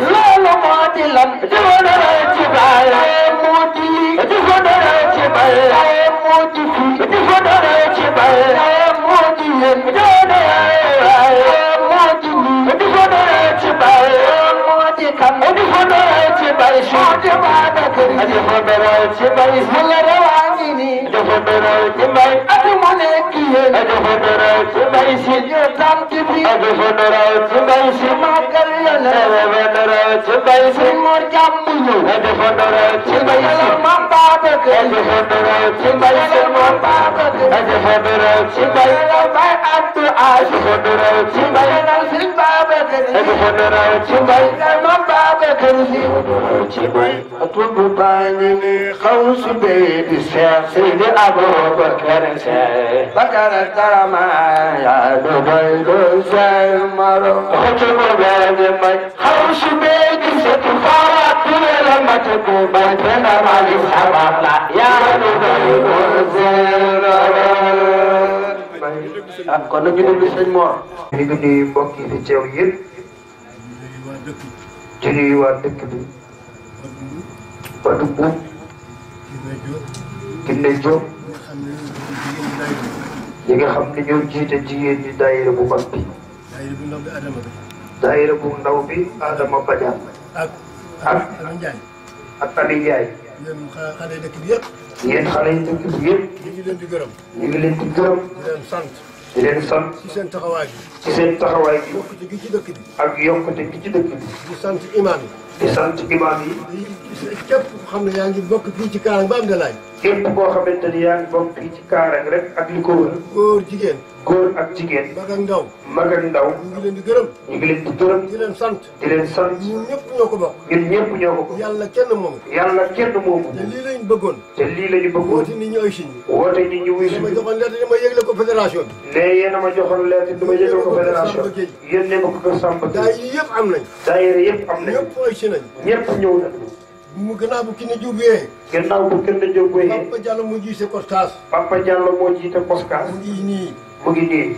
loolu moo di lan dafa dara ci baye moo di dafa dara ci baye moo di dafa dara ci baye moo di yéen بارش اجمو دراوت بارش مل روانيني اجمو دراوت بارش اجمو نكيه اجمو دراوت بارش يوتام كبي اجمو دراوت بارش ما كريلا اجمو دراوت بارش مور جامبلو اجمو دراوت بارش ما بابك اجمو دراوت بارش ما بابك اجمو دراوت بارش ما انت اجمو دراوت بارش ما بابك اجمو دراوت بارش ما بابك ci bay atub baa ngi ni xaw si bay di seex Seydi Abubakar seex bakar karama ya du bay du seex maro atub baa ngi may xaw si bay di seex fara tule la ma ci ku bay tena ma li sabab la ya du bay du seex maro ah, kon nag ñu déglu sëñ Mor ñu ngi nuyu mbokk yi fi teew yëpp ci nuyu waa dëkk bi Fatou Boub. Kiné Diop. ñi nga xam ne ñoo jiite jigéen ñi daayira bu mag bi. daayira bu ndaw bi Adama Badiane. ak ak ak Aliou Ndiaye. yéen xale dëkk bi yëpp. yéen xale yi dëkk bi yëpp. ñu ngi leen di gërëm. ñu ngi leen di gërëm. di leen sant. di leen sant. ci seen taxawaay bi. ci seen taxawaay bi. yokkute gi ci dëkk bi. ak yokkute gi ci dëkk bi. di sant imaam yi. di sant imaam yi. képp koo xam ne yaa ngi bokk fii ci Kaarang ba am nga laaj. képp koo xamante ni yaa ngi bokk fii ci Kaarang rek ak li ko wër. góor jigéen. góor ak jigéen. mag ak ndaw. mag ak ndaw. ñu ngi leen di gërëm. ñu ngi leen di gërëm. di leen sant. di leen sant. ñun ñëpp ñoo ko bokk. ñun ñëpp ñoo ko bokk. yàlla kenn moom. yàlla kenn moom. te lii lañ bëggoon. te lii lañu bëggoon. woote nit ñi ay si ñu. woote nit ñi wuy si ñu. ma joxoon lettre dama yëgle ko fédération bi. mais yéen a ma joxoon lettre dama yëgle ko fédération bi. yéen ne ma ko kër Samba Gueye. daay yëpp am nañ. daayira yëpp am nañ. ñëpp ay si nañ. ñëpp ñëw nañ. mu gannaaw bu Kiné Diop wéyee. gannaaw bu Kiné Diop wéyee. Papa Diallo moo jiite Koskas. Papa Diallo mu ngi nii. mu ngi nii.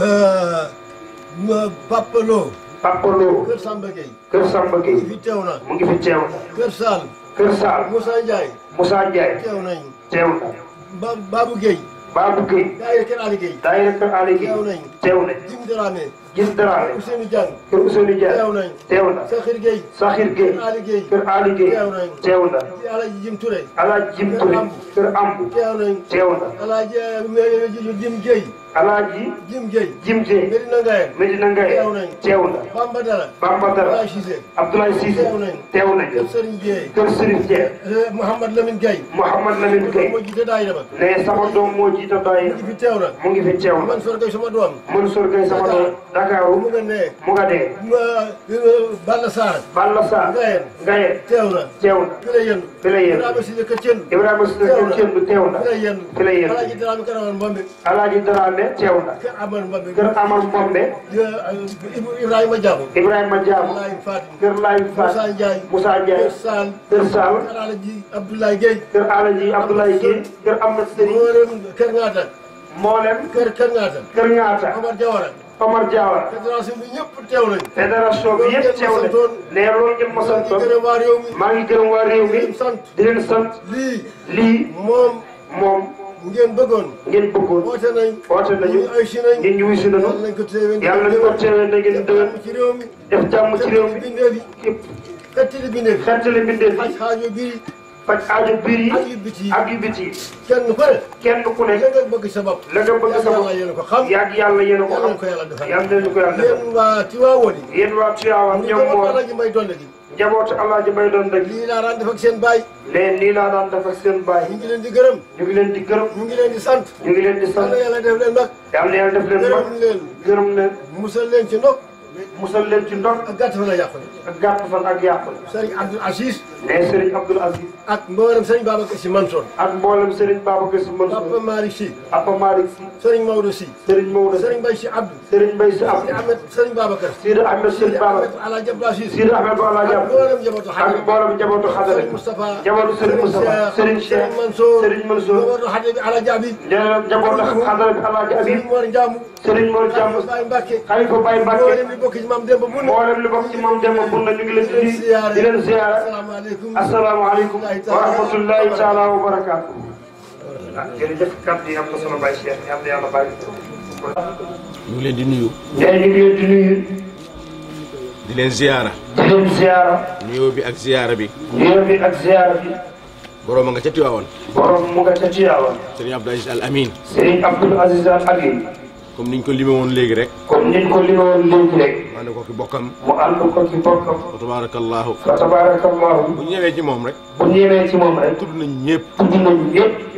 Euh, Papa Lo. Papa Lo. Kër Samba Gueye. Kër mu ngi fi teew na. mu ngi fi teew Kër Sall. Kër Sall. Moussa Ndiaye. Moussa Ndiaye. teew nañu. teew na. Ba Babou Gueye. Babou Gueye. Daayira Kër Ali Gueye. Daayira Kër Ali Gueye. teew nañu. Jim Dramé. gis dara kër Ousseynou Diagne kër Ousseynou Diagne teew nañ teew na Sakhir Gueye Sakhir Gueye kër Ali Gueye kër Ali Gueye teew na Alaaji Jim Touré Alaaji Jim Touré kër Ambu teew nañ teew na Alaaji eh, Jim Gueye Alaaji Jim Gueye Jim Gueye Medina Ngaye Medina Ngaye teew nañ teew na Bamba Dara Bamba Dara Abdoulaye Cissé Abdoulaye Cissé teew nañ teew nañ kër Serigne Gueye kër Serigne Gueye eh, Mouhamad Lamine Gueye Mouhamad Lamine Gueye moo jiite daayira ba ne sama doom moo jiite daayira mu ngi fi teew na mu ngi fi teew na Mansour Gueye sama doom Mansour Gueye sama doom Ndakaaru Mogadee Balla Sarr Balla Sarr Gayen Gayen teew na teew na fi la yendu fi la yendu Ibrahima Sine Ka Cendu Ibrahima Sine Ka Cendu teew na fi la yendu fi la yendu Alaaji Daraame Karawan Mbombe Alaaji Daraame teew na kër Amar Mbombe kër Amar Mbombe Ibrahima Diabo Ibrahima Diabo kër Laay Faat Moussa Ndiaye Moussa Ndiaye kër Sall kër Sall kër Alaji Abdoulaye Gueye kër Alaji Abdoulaye Gueye kër Amad Sëri kër Ngaata moo leen kër kër Ngaata kër Ngaata Omar Jawara Omar Diawara. fédération bi ñëpp teew nañ. fédération bi yëpp teew nañ. mais ma santoon. maa ngi gërëm waa réew mi. di leen sant. lii. lii. moom moom. bëggoon. ngeen bëggoon. woote nañ. nañu. ñu ay si nañ. ngeen ñu wisi nañu. yàlla nañ ko teewee. yàlla nañ na ngeen déwén. def jàmm ci réew mi. def jàmm ci réew mi. képp. xettali bindee fi. xettali bindee fi. faj faj aajo biir yi ak yu biti yi kenn ku ne kenn ku ne la nga bëgg sa bopp la nga bëgg sa bopp yéen ko xam yàgg yàlla yéen a ko xam yàlla nañu ko yàlla defal yéen waa Tiwaawan yi yéen waa Tiwaawan ñoom moo Alaaji Mbay Donde gi njabootu Alaaji Mbay Donde gi lii laa daan def ak seen baay leen lii laa daan def ak seen baay ñu ngi leen di gërëm ñu ngi leen di gërëm ñu ngi leen di sant ñu ngi leen di sant yàlla yàlla def leen nag yàlla yàlla def leen nag gërëm leen musal leen ci ndox musal leen ci ndox. ak gàtt fan ak yàqule. ak gàtt fan ak yàqule. Serigne Abdoul Aziz. nee Serigne Abdoul Aziz. ak mboolem Serigne Babacar Sy Mansour. ak mboolem Serigne Babacar Sy Mansour. Papa Malick Sy. Papa Malick Sy. Serigne Maodo Sy. Serigne Maodo Sy. Serigne Mbaye Sy Abdou. Serigne Mbaye Sy Abdou. Sidi Ahmed Serigne Babacar. Sidi Ahmed Serigne Babacar. Sidi Ahmed Alaaji Abdoul Aziz. Sidi Ahmed Alaaji Abdou. ak mboolem njabootu xadara. ak mboolem njabootu xadara. Serigne Moustapha. njabootu Serigne Moustapha. Serigne Cheikh Mansour. Serigne Mansour. njabootu xadara bi Alaaji Abi. njabootu xadara bi Alaaji Abi. Serigne Mor Ndiamb. Serigne Mor Ndiamb. Xalifa Baye Mbacke. bokk ci maam Demba Bunda mboolem li bokk ci maam Demba Bunda ñu ngi leen di di leen ziyaara asalaamaaleykum wa rahmatullahi taala wa barakaatu ah jërëjëf kàddu yi am na solo Baye Cheikh yàlla na yàlla bàyyi ñu ngi leen di nuyu nee ñu ngi leen di nuyu di leen ziyaara di leen ziyaara nuyoo bi ak ziyaara bi nuyoo bi ak ziyaara bi borom a nga ca Tiwaawan borom mu nga ca Tiwaawan Serigne Abdoul Aziz Al Amin Serigne Abdoul Aziz Al Amin comme niñ ko limee woon léegi rek. comme niñ ko limee woon léegi rek. mu ko ci bokkam. mu ànd ko ci bokkam. fa tabaarakallaahu. fa tabaarakallaahu. bu ñëwee ci moom rek. bu ñëwee ci moom rek. tudd nañ ñëpp. tudd nañ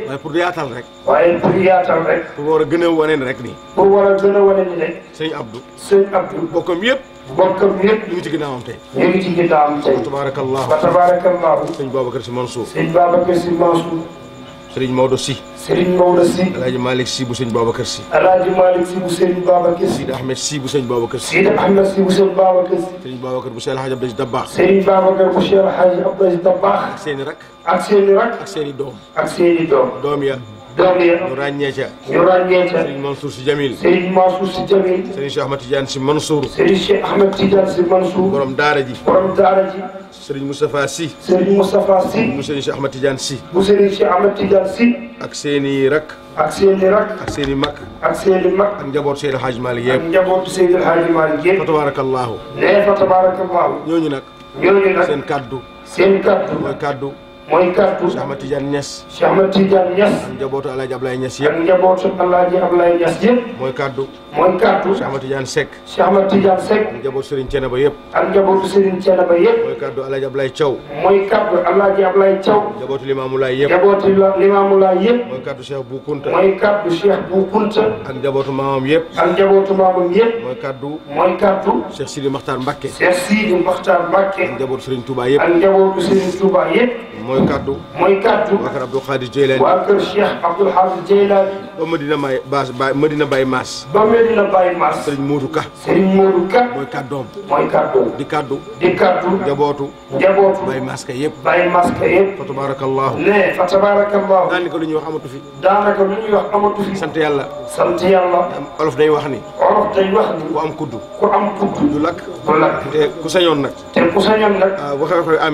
waaye pour yaatal rek. waaye pour yaatal rek. pour war a gën a rek nii. pour war a gën a wane rek. sëñ Abdou. sëñ Abdou. bokkam yëpp. bokkam yëpp. ñu ngi ci ginnaawam tey. ñu ngi ci ginnaawam tabaarakallaahu. fa tabaarakallaahu. sëñ Babacar Serigne Maodo Sy. Serigne Maodo Sy. El Hadj Malick Sy bu sëñ Babacar Sy. El Hadj Malick Sy bu sëñ Babacar Sy. Sidi Ahmed Sy bu sëñ Babacar Sy. Sidi Ahmed Sy bu sëñ Babacar Sy. Serigne Babacar bu Cheikh El Hadj Abdou Aziz Dabakh. Serigne Babacar bu Cheikh El Hadj Abdou Aziz Dabakh. ak seen i rak. ak seen i rak. ak seen i doom. ak seen i doom. doom ya. doom ya ñu ràññee ca ñu ràññee ca Serigne Mansour si Jamil Serigne Mansour si Jamil Serigne Cheikh Ahmed Tidiane si Mansour Serigne Cheikh Ahmed Tidiane si Mansour borom daara ji borom daara ji Serigne Moustapha si Serigne Moustapha si mu Serigne Cheikh Ahmed Tidiane si mu Serigne Cheikh Ahmed Tidiane si ak seeni rak ak seeni rak ak seeni mag ak seeni mag ak njaboot Seydil Hadji Malick yëpp ak njaboot Seydil Hadji Malick yëpp fa tabaarakallaahu nee fa tabaarakallaahu ñooñu nag ñooñu nag seen kaddu seen kaddu mooy kaddu mooy kàddu. Cheikh Ahmed Tidiane Niass. Cheikh Ahmed Tidiane Niass. ak njabootu mooy kàddu. mooy kàddu. Cheikh Ahmed Tidiane Seck. Cheikh Ahmed Tidiane Seck. ak njabootu Serigne yëpp. yëpp. mooy kàddu El Hadj Ablaye Thiaw. mooy kàddu El Hadj Ablaye Thiaw. njabootu Limamou Laye yëpp. njabootu Limamou Laye yëpp. mooy kàddu Cheikh Bou Kounta. mooy kàddu Cheikh Bou Kounta. ak njabootu maamam yëpp. ak njabootu maamam yëpp. mooy kàddu. mooy kàddu. Cheikh Sidi Makhtar Mbacké. Cheikh Sidi Makhtar Mbacké. ak njabootu Serigne Touba yëpp. mooy kaddu. mooy kaddu. waa kër Abdou Khadir Jeylaani. waa kër Cheikh Abdou Khadir Jeylaani. ba Medina Baye Baas Baye Medina Maas. ba Medina Baye Maas. Serigne Modou Ka. Serigne mooy kaddoom. mooy kaddoom. di kaddu. di kaddu. njabootu. njabootu Baye Maas ka yëpp. Baye Maas ka yëpp. nee fa tabaarakallaahu. daanaka lu ñuy wax amatu fi. daanaka lu ñuy wax amatu fi. sant yàlla. sant yàlla. olof day wax ni. olof day wax ni. ku am kuddu. ku am kuddu. lakk. du lakk te ku sañoon nag. te ku sañoon nag. Ah,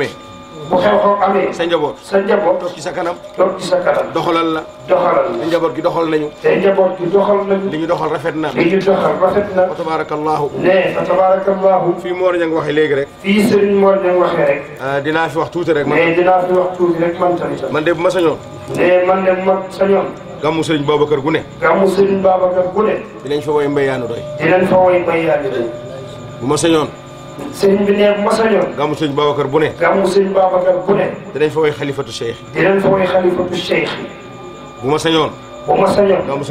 bu xew-xew amee. sa njaboot sa njaboot. ci sa kanam. toog ci sa kanam. doxalal la. doxalal la te njaboot gi doxal nañu. njaboot gi doxal nañu. li ñu doxal rafet na. li ñu doxal rafet na. fa tabarakallahu. nee fa tabarakallahu. fii Mor Niang waxee léegi rek. fii Serigne Mor Niang waxee rek. Ah, dinaa fi wax tuuti rek. man mais dinaa fi wax tuuti rek man tamit. man de bu ma sañoon. nee man de ma sañoon. gàmmu Serigne Babacar gu ne. gàmmu Serigne Babacar gu ne. dinañ fa woy mbéyaanu doy. dinañ fa woy mbéyaanu ma sañoon sëriñ bi ne bu ne. gàmmu sëriñ ba bu ne. dinañ bu ma sañoon. bu ma sañoon.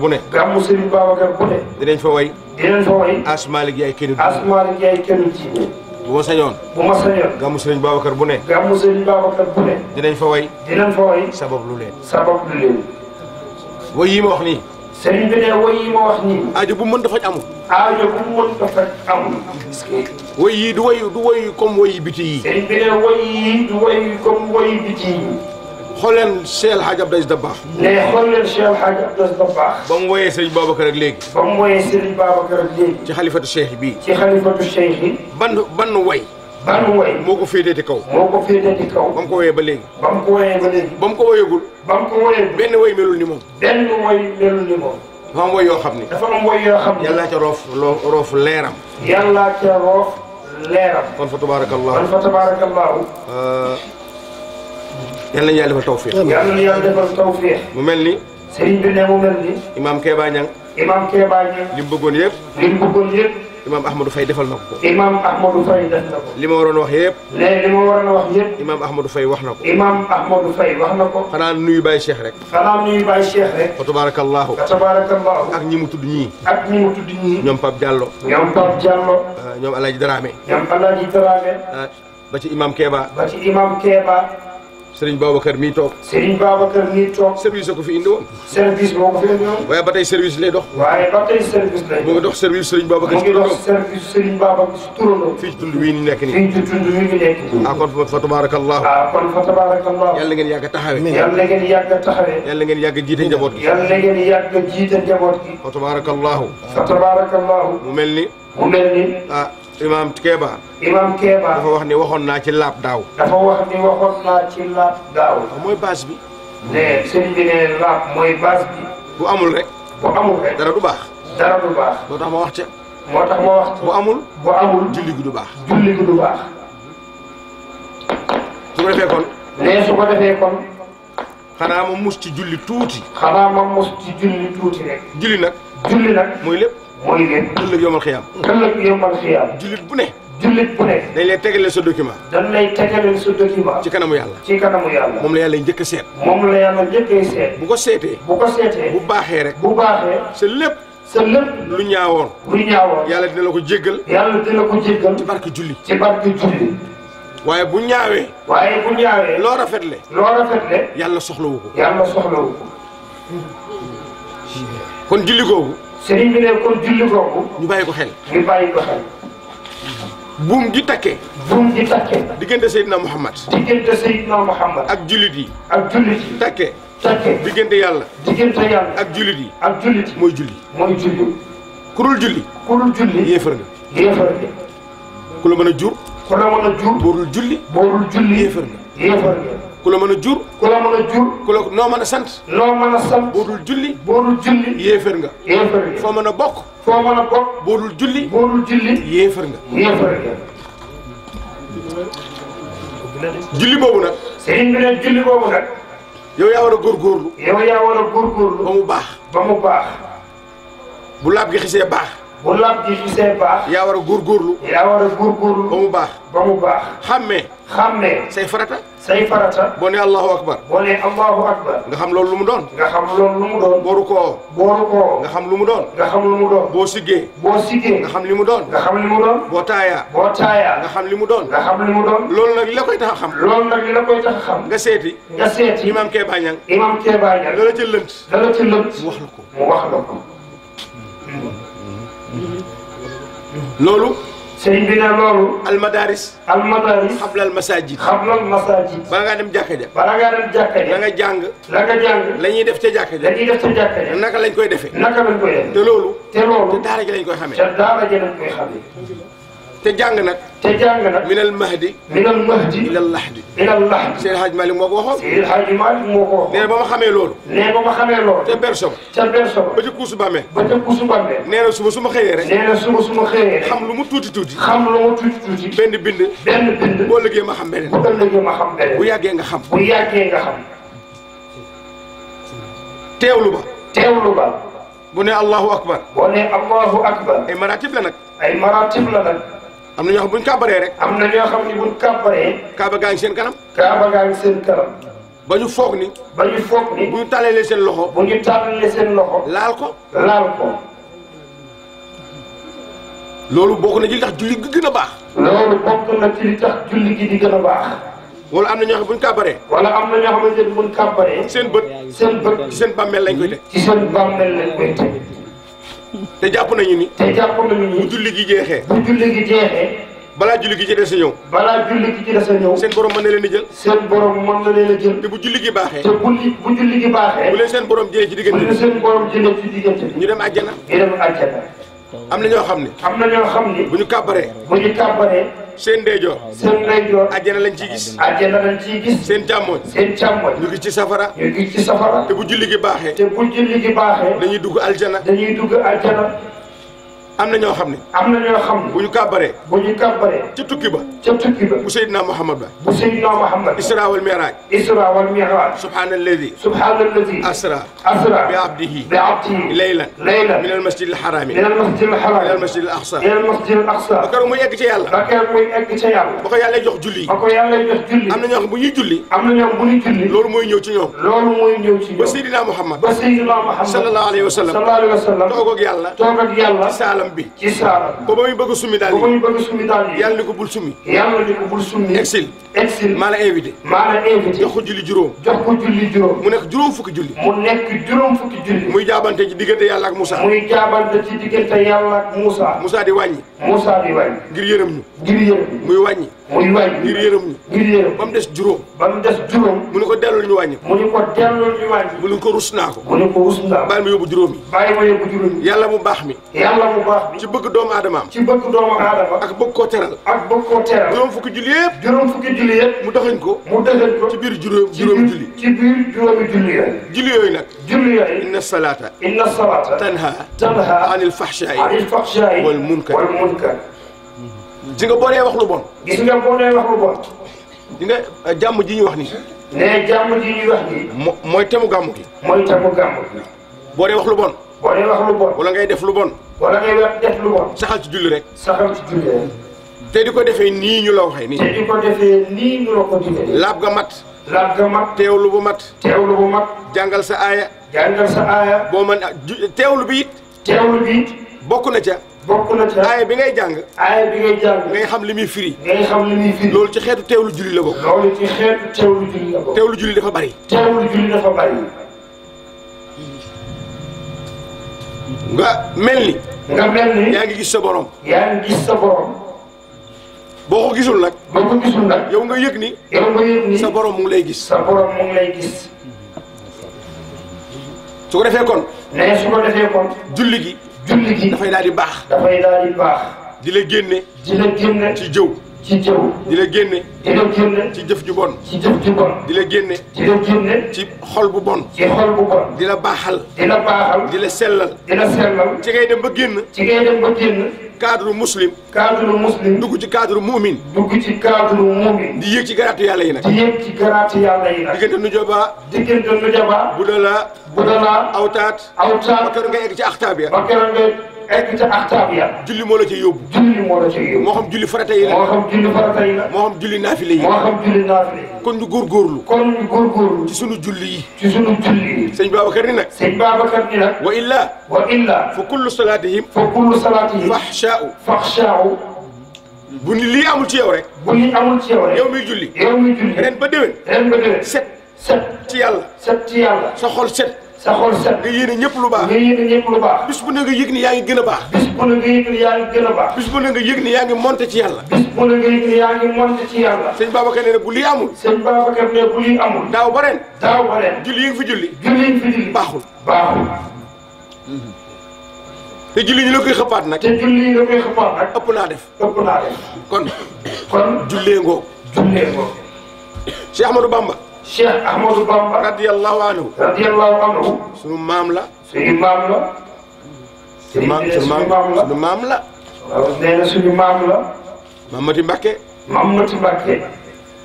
bu ne. gàmmu sëriñ Babacar bu fa way. dinañ fa way. asmaalik yaay kenn du. asmaalik bu ma sañoon. bu ma sañoon. gàmmu sëriñ sabab lu leen. way yi ma sëriñ bi ne woy yi ma wax nii. aajo bu mën dafa amul. aajo bu mën dafa amul. woy du woy du woy comme woy biti yi. bi ne woy yi du woy comme woy biti yi. xooleen Cheikh El Hadj ne xooleen Cheikh El Hadj ba mu wooyee Serigne Babacar ak léegi. ba mu wooyee Serigne Babacar ak léegi. ci xalifatu Cheikh bi. ci xalifatu banu way moo ko féeteeti kaw moo ko féeteeti kaw ba mu ko woyee ba léegi ba mu ko woyee ba léegi ba mu ko woyegul ba mu ko woyegul benn way melul ni moom benn way melul ni moom dafa am woy yoo xam ni dafa am woy yoo xam ni yàllaa ca roof roof leeram yàllaa ca roof leeram kon fa tabaarakallaahu kon fa tabaarakallaahu yal nañu yàlla defal tawfiix yal nañu yàlla defal tawfiix mu mel ni sëriñ bi ne mu mel ni imaam Kéba Ñang imaam Kéba Ñang li mu bëggoon yëpp li mu bëggoon yëpp imaam Ahmadou Faye defal na ko. imaam Ahmadou Faye def na ko. li ma waroon wax yëpp. léegi li ma waroon wax yëpp. imaam Ahmadou Faye wax na ko. imaam Ahmadou Faye wax na ko. xanaa nuyu Baye Cheikh rek. xanaa nuyu Baye Cheikh rek. fa tabaarakallaahu. fa tabaarakallaahu. ak ñi mu tudd ñii. ak ñi mu tudd ñii. ñoom Pape Diallo. ñoom Pape Diallo. ñoom El Hadj Dramé. ñoom El Hadj Dramé. ba ci imaam Kéba. ba ci imaam Kéba. Serigne Babacar mii toog. Serigne Babacar mii toog. service la ko fi indi woon. service boo ko fi indi woon. waaye ba tey service lay dox. waaye ba tey service lay dox. mu ngi dox service Serigne Babacar. mu ngi dox service Serigne Babacar si turandoo. fii ci tund wii ñu nekk nii. fii ci tund wii ñu nekk nii. ah kon fa tabaarakallahu. ah kon fa tabaarakallahu. yàlla ngeen yàgg a taxawee. yàlla ngeen yàgg a taxawee. yàlla ngeen yàgg a jiite njaboot gi. yàlla ngeen yàgg a jiite njaboot gi. fa tabaarakallahu. fa tabaarakallahu. mu mel ni. mu mel ni. ah imaam Keeba. imaam Keeba. dafa wax ni waxoon naa ci laab daaw. dafa wax ni waxoon naa ci laab daaw. mooy base bi. ne sëñ bi ne laab mooy base bi. bu amul rek. bu amul dara du baax. dara du baax. moo tax ma wax ca. moo tax ma wax bu amul. bu amul julli gi baax. julli gi du baax. su defee kon. ne su defee kon. xanaa ma mus ci julli tuuti. xanaa ma mus ci julli tuuti rek. julli nag. julli nag mooy lépp. mooy leen. ëllëg yomal xiyaam. ëllëg yomal xiyaam. jullit bu ne. jullit bu ne. dañ lay tegaleel sa document. dañ lay tegaleel sa ci kanamu yàlla. ci kanamu yàlla. moom la yàlla njëkk a seet. moom la yàlla njëkk a seet. bu ko seetee. bu ko seetee. bu baaxee rek. bu baaxee. sa lépp. sa lépp lu ñaawoon. lu ñaawoon. yàlla dina la ko jéggal. yàlla dina ko jéggal. ci barke julli. ci barke julli. waaye bu ñaawee. waaye bu ñaawee. loo rafetle. loo rafetle. yàlla soxlawu ko. yàlla soxlawu ko. kon julli googu sëriñ bi ne julli googu. ñu bàyyi ko xel. ñu bàyyi ko xel. buum ji takke. buum ji takke. diggante Seydina Muhammad. diggante Seydina Muhammad. ak jullit yi. ak jullit yi takke. takke diggante yàlla. diggante yàlla. ak jullit yi. ak jullit yi mooy julli. mooy julli. kurul julli. kurul julli. yéefar nga. yéefar la mën a jur. ku a jur. boorul julli. boorul julli. ku la mën a jur ku la mën a jur ku la noo mën sant noo mën a sant boo dul julli boo nga foo mën a bokk foo mën a bokk boo dul julli boo nga julli boobu nag sëriñ bi ne yow yaa war a góorgóorlu yow yaa war a góorgóorlu ba mu baax ba mu baax bu laab gi xisee baax bu laab gi xisee baax yaa war a góor yaa ba mu baax ba mu baax xàmmee xàmmee say farata say farata. boo nee Allahu akbar. boo ne Allahu akbar. nga xam loolu lu mu doon. nga xam loolu lu doon. nga xam lu mu doon. xam lu mu doon. boo siggee. boo siggee. nga xam li mu doon. nga xam li mu doon. xam li mu doon. nga xam li mu doon. loolu nag li la koy a xam. loolu nag li la koy a xam. nga seeti. nga seeti imaam Keba Niang. imaam Keba Niang. dala ci lënt. dala ci lënt. loolu. sëñ bi ne loolu. almadaris. almadaris. xablal masajid. xablal masajid. bala ngaa dem jàkka ja. bala ngaa dem jàkka ja. la nga jàng. la nga jàng. la ñuy def ca jàkka ja. la ñuy def ca jàkka ja. naka lañ koy defee. naka lañ koy defee. te loolu. te loolu. te daara ji lañ koy xamee. te daara ji lañ koy xamee. te jàng nag. te jàng nag. minal mahdi. minal mahdi. ilal lahdi. ilal lahdi. Seydou Hadj Malick moo ko waxoon. Seydou Hadj moo ko waxoon. ba ma xamee loolu. nee ba ma xamee loolu. ca berso. ca berso. ba ca kuusu bàmmeel. ba ca kuusu bàmmeel. nee na suba su ma xëyee rek. suba su ma xëyee rek. xam lu mu tuuti tuuti. lu mu tuuti tuuti. benn bind. benn bind. boo lëggee ma xam beneen. boo lëggee ma xam bu yàggee nga xam. bu yàggee nga xam. teewlu ba. teewlu ba. bu ne Allahu akbar. boo nee Allahu akbar. ay maratib la nag. ay maratib la nag. am na ñoo xam buñ kàbbaree rek. am na ñoo xam ni buñ kàbbaree. kaaba gaa ngi seen kanam. kaaba gaa ngi seen kanam. ba ñu foog ni. ba ñu foog ni. bu ñu tàllalee seen loxo. bu ñu tàllalee seen loxo. laal ko. laal ko. loolu bokk na ci li tax julli a baax. loolu bokk na ci li tax julli gi a baax. wala am na ñoo wala am na ñoo xamante ni buñ seen bët. seen bët seen bàmmeel lañ koy teg. te jàpp na nañu ni. te jàpp nañu ni. bu julli gi jeexee. bu julli gi jeexee. balaa julli gi ci des a ñëw. balaa julli gi ci des a ñëw. seen borom mën na leen a jël. seen borom mën na leen a jël. te bu julli gi baaxee. te bu bu julli gi baaxee. bu leen seen borom jëlee ci diggante. bu leen seen borom jëlee ci diggante. ñu dem àjjana. ñu dem àjjana. am na ñoo xam ni. am na ñoo xam ni. bu ñu kàbbaree. bu ñu kàbbaree. seen ndeyjoor. seen ndeyjoor. àjjana lañ ci gis. àjjana lañ ci gis. seen càmmoñ. seen càmmoñ. ñu ngi ci safara. ñu ngi ci safara. te bu julli gi baaxee. te bu julli gi baaxee. dañuy dugg aljana. dañuy dugg aljana. am na ñoo xam ne. am na ñoo xam ne. bu ñu kàbbaree. bu ñu kàbbaree. ca tukki ba. ca tukki ba. bu Seydina Muhammad ba. bu Seydina Muhammad. Isra wal Mi'raj. Isra wal Mi'raj. subhaanallazi. subhaanallazi. asra. asra bi abdihi. bi abdihi. laylan. laylan. min al masjid al haram. min al masjid al haram. ila al masjid al aqsa. ila al masjid al aqsa. ba keroog muy egg ca yàlla. ba keroog muy egg ca yàlla. ba ko yàlla jox julli. ba ko yàlla jox julli. am na ñoo xam bu ñuy julli. am na ñoo xam bu ñuy julli. loolu mooy ñëw ci ñoom. loolu mooy ñëw ci ñoom. ba Seydina Muhammad. ba Seydina Muhammad. sallallahu alayhi wa sallam. sallallahu alayhi wa sallam. toog ak yàlla. toog ak yàlla. saalam bi ci saalam ba ba muy bëgg summi daal yi ba muy bëgg summi daal yi yàlla ni ko bul summi yàlla ni ko bul summi exil exil maa la invité maa la invité jox ko julli juróom jox ko julli juróom mu nekk juróom fukki julli mu nekk juróom fukki julli muy jaabante ci diggante yàlla ak Moussa muy jaabante ci diggante yàlla ak Moussa Moussa di wàññi Moussa di wàññi ngir yërëm ñu ngir yërëm ñi muy wàññi muy wàññi ngir yërëm ñi ngir yërëm ba mu des juróom ba mu des juróom mu ni ko dellul ñu wàññi mu ni ko dellul ñu wàññi mu ni ko rus naa ko mu ni ko rus naa ko bàyyi ma yóbbu juróom yi bàyyi ma yóbbu juróom yi yàlla mu baax mi yàlla mu baax mi ci bëgg doomu aadamaam ci bëgg doomu aadama ak bëgg koo teral ak bëgg koo teral juróom fukki julli yëpp juróom fukki julli yëpp mu doxañ ko mu doxañ ko ci biir juróom juróomi julli ci biir juróomi julli yooyu julli yooyu nag julli yooyu inna salaata inna salaata tanha tanha anil fahshaai wal munkar di nga boo wax lu bon. gis nga boo dee wax lu bon. di eh, jàmm ji ñuy wax nii. mooy temu gàmm gi. mooy temu gàmm gi. boo dee wax lu bon. boo wax lu bon. wala ngay def lu bon. wala ngay def lu bon. saxal ci julli rek. saxal ci julli rek. te di ko defee nii ñu la waxee nii. te di ko defee nii ñu la ko defee. laab ga mat. laab ga mat. teewlu bu mat. teewlu bu jàngal sa aaya. jàngal sa aaya. boo ma a teewlu bi it. teewlu bi bokk na ca. bokk na ca aaya bi ngay jàng aaya bi ngay xam li muy firi ngay loolu ci xeetu teewlu julli la bokk loolu ci xeetu teewlu julli la bokk teewlu julli dafa bari teewlu la dafa bari nga mel ni nga mel ni ngi gis sa borom yaa ngi gis ko gisul nag boo ko gisul nag yow nga yëg ni yow nga lay gis sa borom mu ngi lay gis su ko defee kon ne su ko defee kon julli gi julli gi dafay daal di baax. dafay daal di baax. di la génne. di la génne ci jëw. ci jëw di la génne. di la génne ci jëf ju bon. ci jëf ju bon. di la génne. di la génne ci xol bu bon. ci xol bu bon. di la baaxal. di la baaxal. di la sellal. di la sellal. ci ngay dem ba génn. ci ngay dem ba génn. cadre muslim. cadre muslim. dugg ci cadre muumin. dugg ci cadre muumin. di yéeg ci garaatu yàlla yi nag. di yéeg ci garaatu yàlla yi nag. diggante nujaba. diggante nujaba. budala. budala. awtaat. awtaat. ba keroog nga egg ci axtaab ya. ba keroog nga. egg ca axtaab ya julli moo la ca yóbbu julli moo la ca yóbbu moo xam julli farata yi la moo xam julli farata yi la moo xam julli naafile yi moo xam julli naafile yi kon ñu góorgóorlu kon ñu góorgóorlu ci sunu julli yi ci sunu julli yi sëñ Babacar ni nag sëñ Babacar ni nag wa illaa wa illaa fa kullu salaatihim fa kullu salaatihim faxshaa'u faxshaa'u bu ni lii amul ci yow rek bu lii amul ci yow rek yow miy julli yow miy julli ren ba déwén ren ba déwén set set ci yàlla set ci yàlla sa xol set sa xol set nga yéene ñëpp lu baax nga yéene ñëpp lu baax bis bu ne nga yëg ni yaa ngi a baax bis bu ne nga yëg ni yaa ngi gën a baax bis bu ne nga yëg ni yaa ngi monté ci yàlla bu ne nga yëg ni yaa ngi monté ci yàlla sëñ Babacar ne bu lii amul sëñ Babacar ne bu lii amul daaw ba daaw ba ren julli julli baaxul baaxul te julli ñu la koy xëppaat ëpp naa def ëpp naa def Cheikh Ahmadou Bamba. radiyallahu anhu. radiyallahu anhu. sunu maam la. sunu maam la. sunu maam la sunu maam la. nee na sunu maam la. Mamati Mbacke. Mamati Mbacke.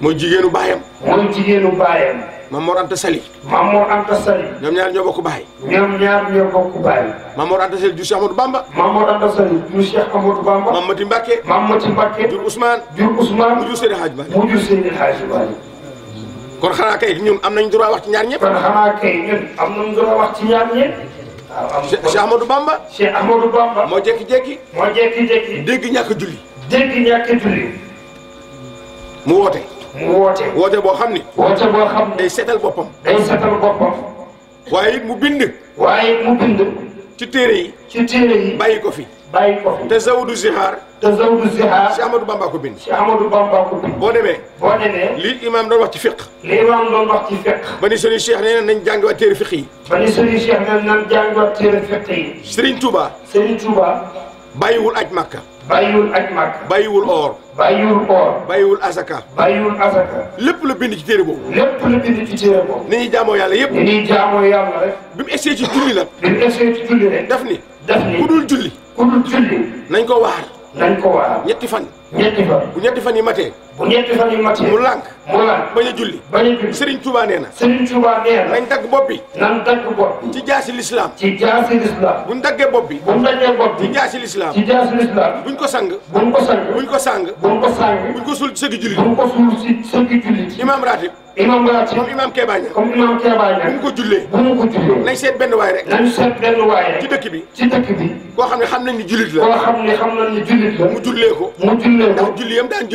mooy jigéenu baayam. mooy jigéenu baayam. Mamor Anta Sali. Mamor Anta Sali. ñoom ñaar ñoo bokk baay. ñoom ñaar ñoo bokk baay. Mamor Anta Sali jur Cheikh Amadou Bamba. Mamor Anta Sali jur Cheikh Amadou Bamba. Mamati Mbacke. Mamati Mbacke. jur Ousmane. jur Ousmane. mu jur Seydi Hadji Malick. mu jur Seydi Hadji Malick. kon xanaa kay ñun am nañ droit wax ci ñaar ñëpp. kon xanaa kay ñun am nañ moo jékki-jékki. moo jékki dégg ñàkk julli. dégg ñàkk julli. mu woote. mu woote. woote boo xam ni. day seetal boppam. day seetal boppam. waaye it mu bind. waaye it mu bind. ci téere yi. ci téere bàyyi ko fi. bàyyi ko fi te te zawdu ziha. si Amadou Bamba ko bind. boo demee. boo demee. li imaam doon wax ci fiq. li imaam doon wax fiq. ba ni sëriñ Cheikh nee nañ jàngiwaat téere fiq yi. ba ni sëriñ Cheikh nee nañ Touba. Serigne Touba. bàyyiwul aj Makka. bàyyiwul aj Makka. bàyyiwul or. bàyyiwul or. bàyyiwul asaka. bàyyiwul asaka. lépp la bind ci téere boobu. lépp la bind ci téere boobu. ni yàlla yëpp. ni ñuy jaamoo yàlla rek. bi mu ci julli la. bi mu ci julli rek. daf ni. julli. ku ko waar dañ ko waral ñetti fan ñetti fan bu ñetti fan yi matee bu ñetti fan yu matee mu lànk mu lànk bañ a julli bañ a julli Serigne Touba nee na Serigne Touba nee bi nañ ci jaasi lislaam ci jaasi lislaam buñ daggee bopp bi buñ daggee bopp bi ci jaasi lislaam ci jaasi lislaam ko sang buñ ko sang buñ ko sang buñ ko sang buñ ko suul ci sëggi julli buñ ko suul ci sëggi julli imam ratib imam ratib imam Kéba Niang imam Kéba Niang ko jullee bu ko jullee nañ seet benn waay rek ci dëkk bi ci dëkk bi koo xam ne xam na ni jullit la koo xam ni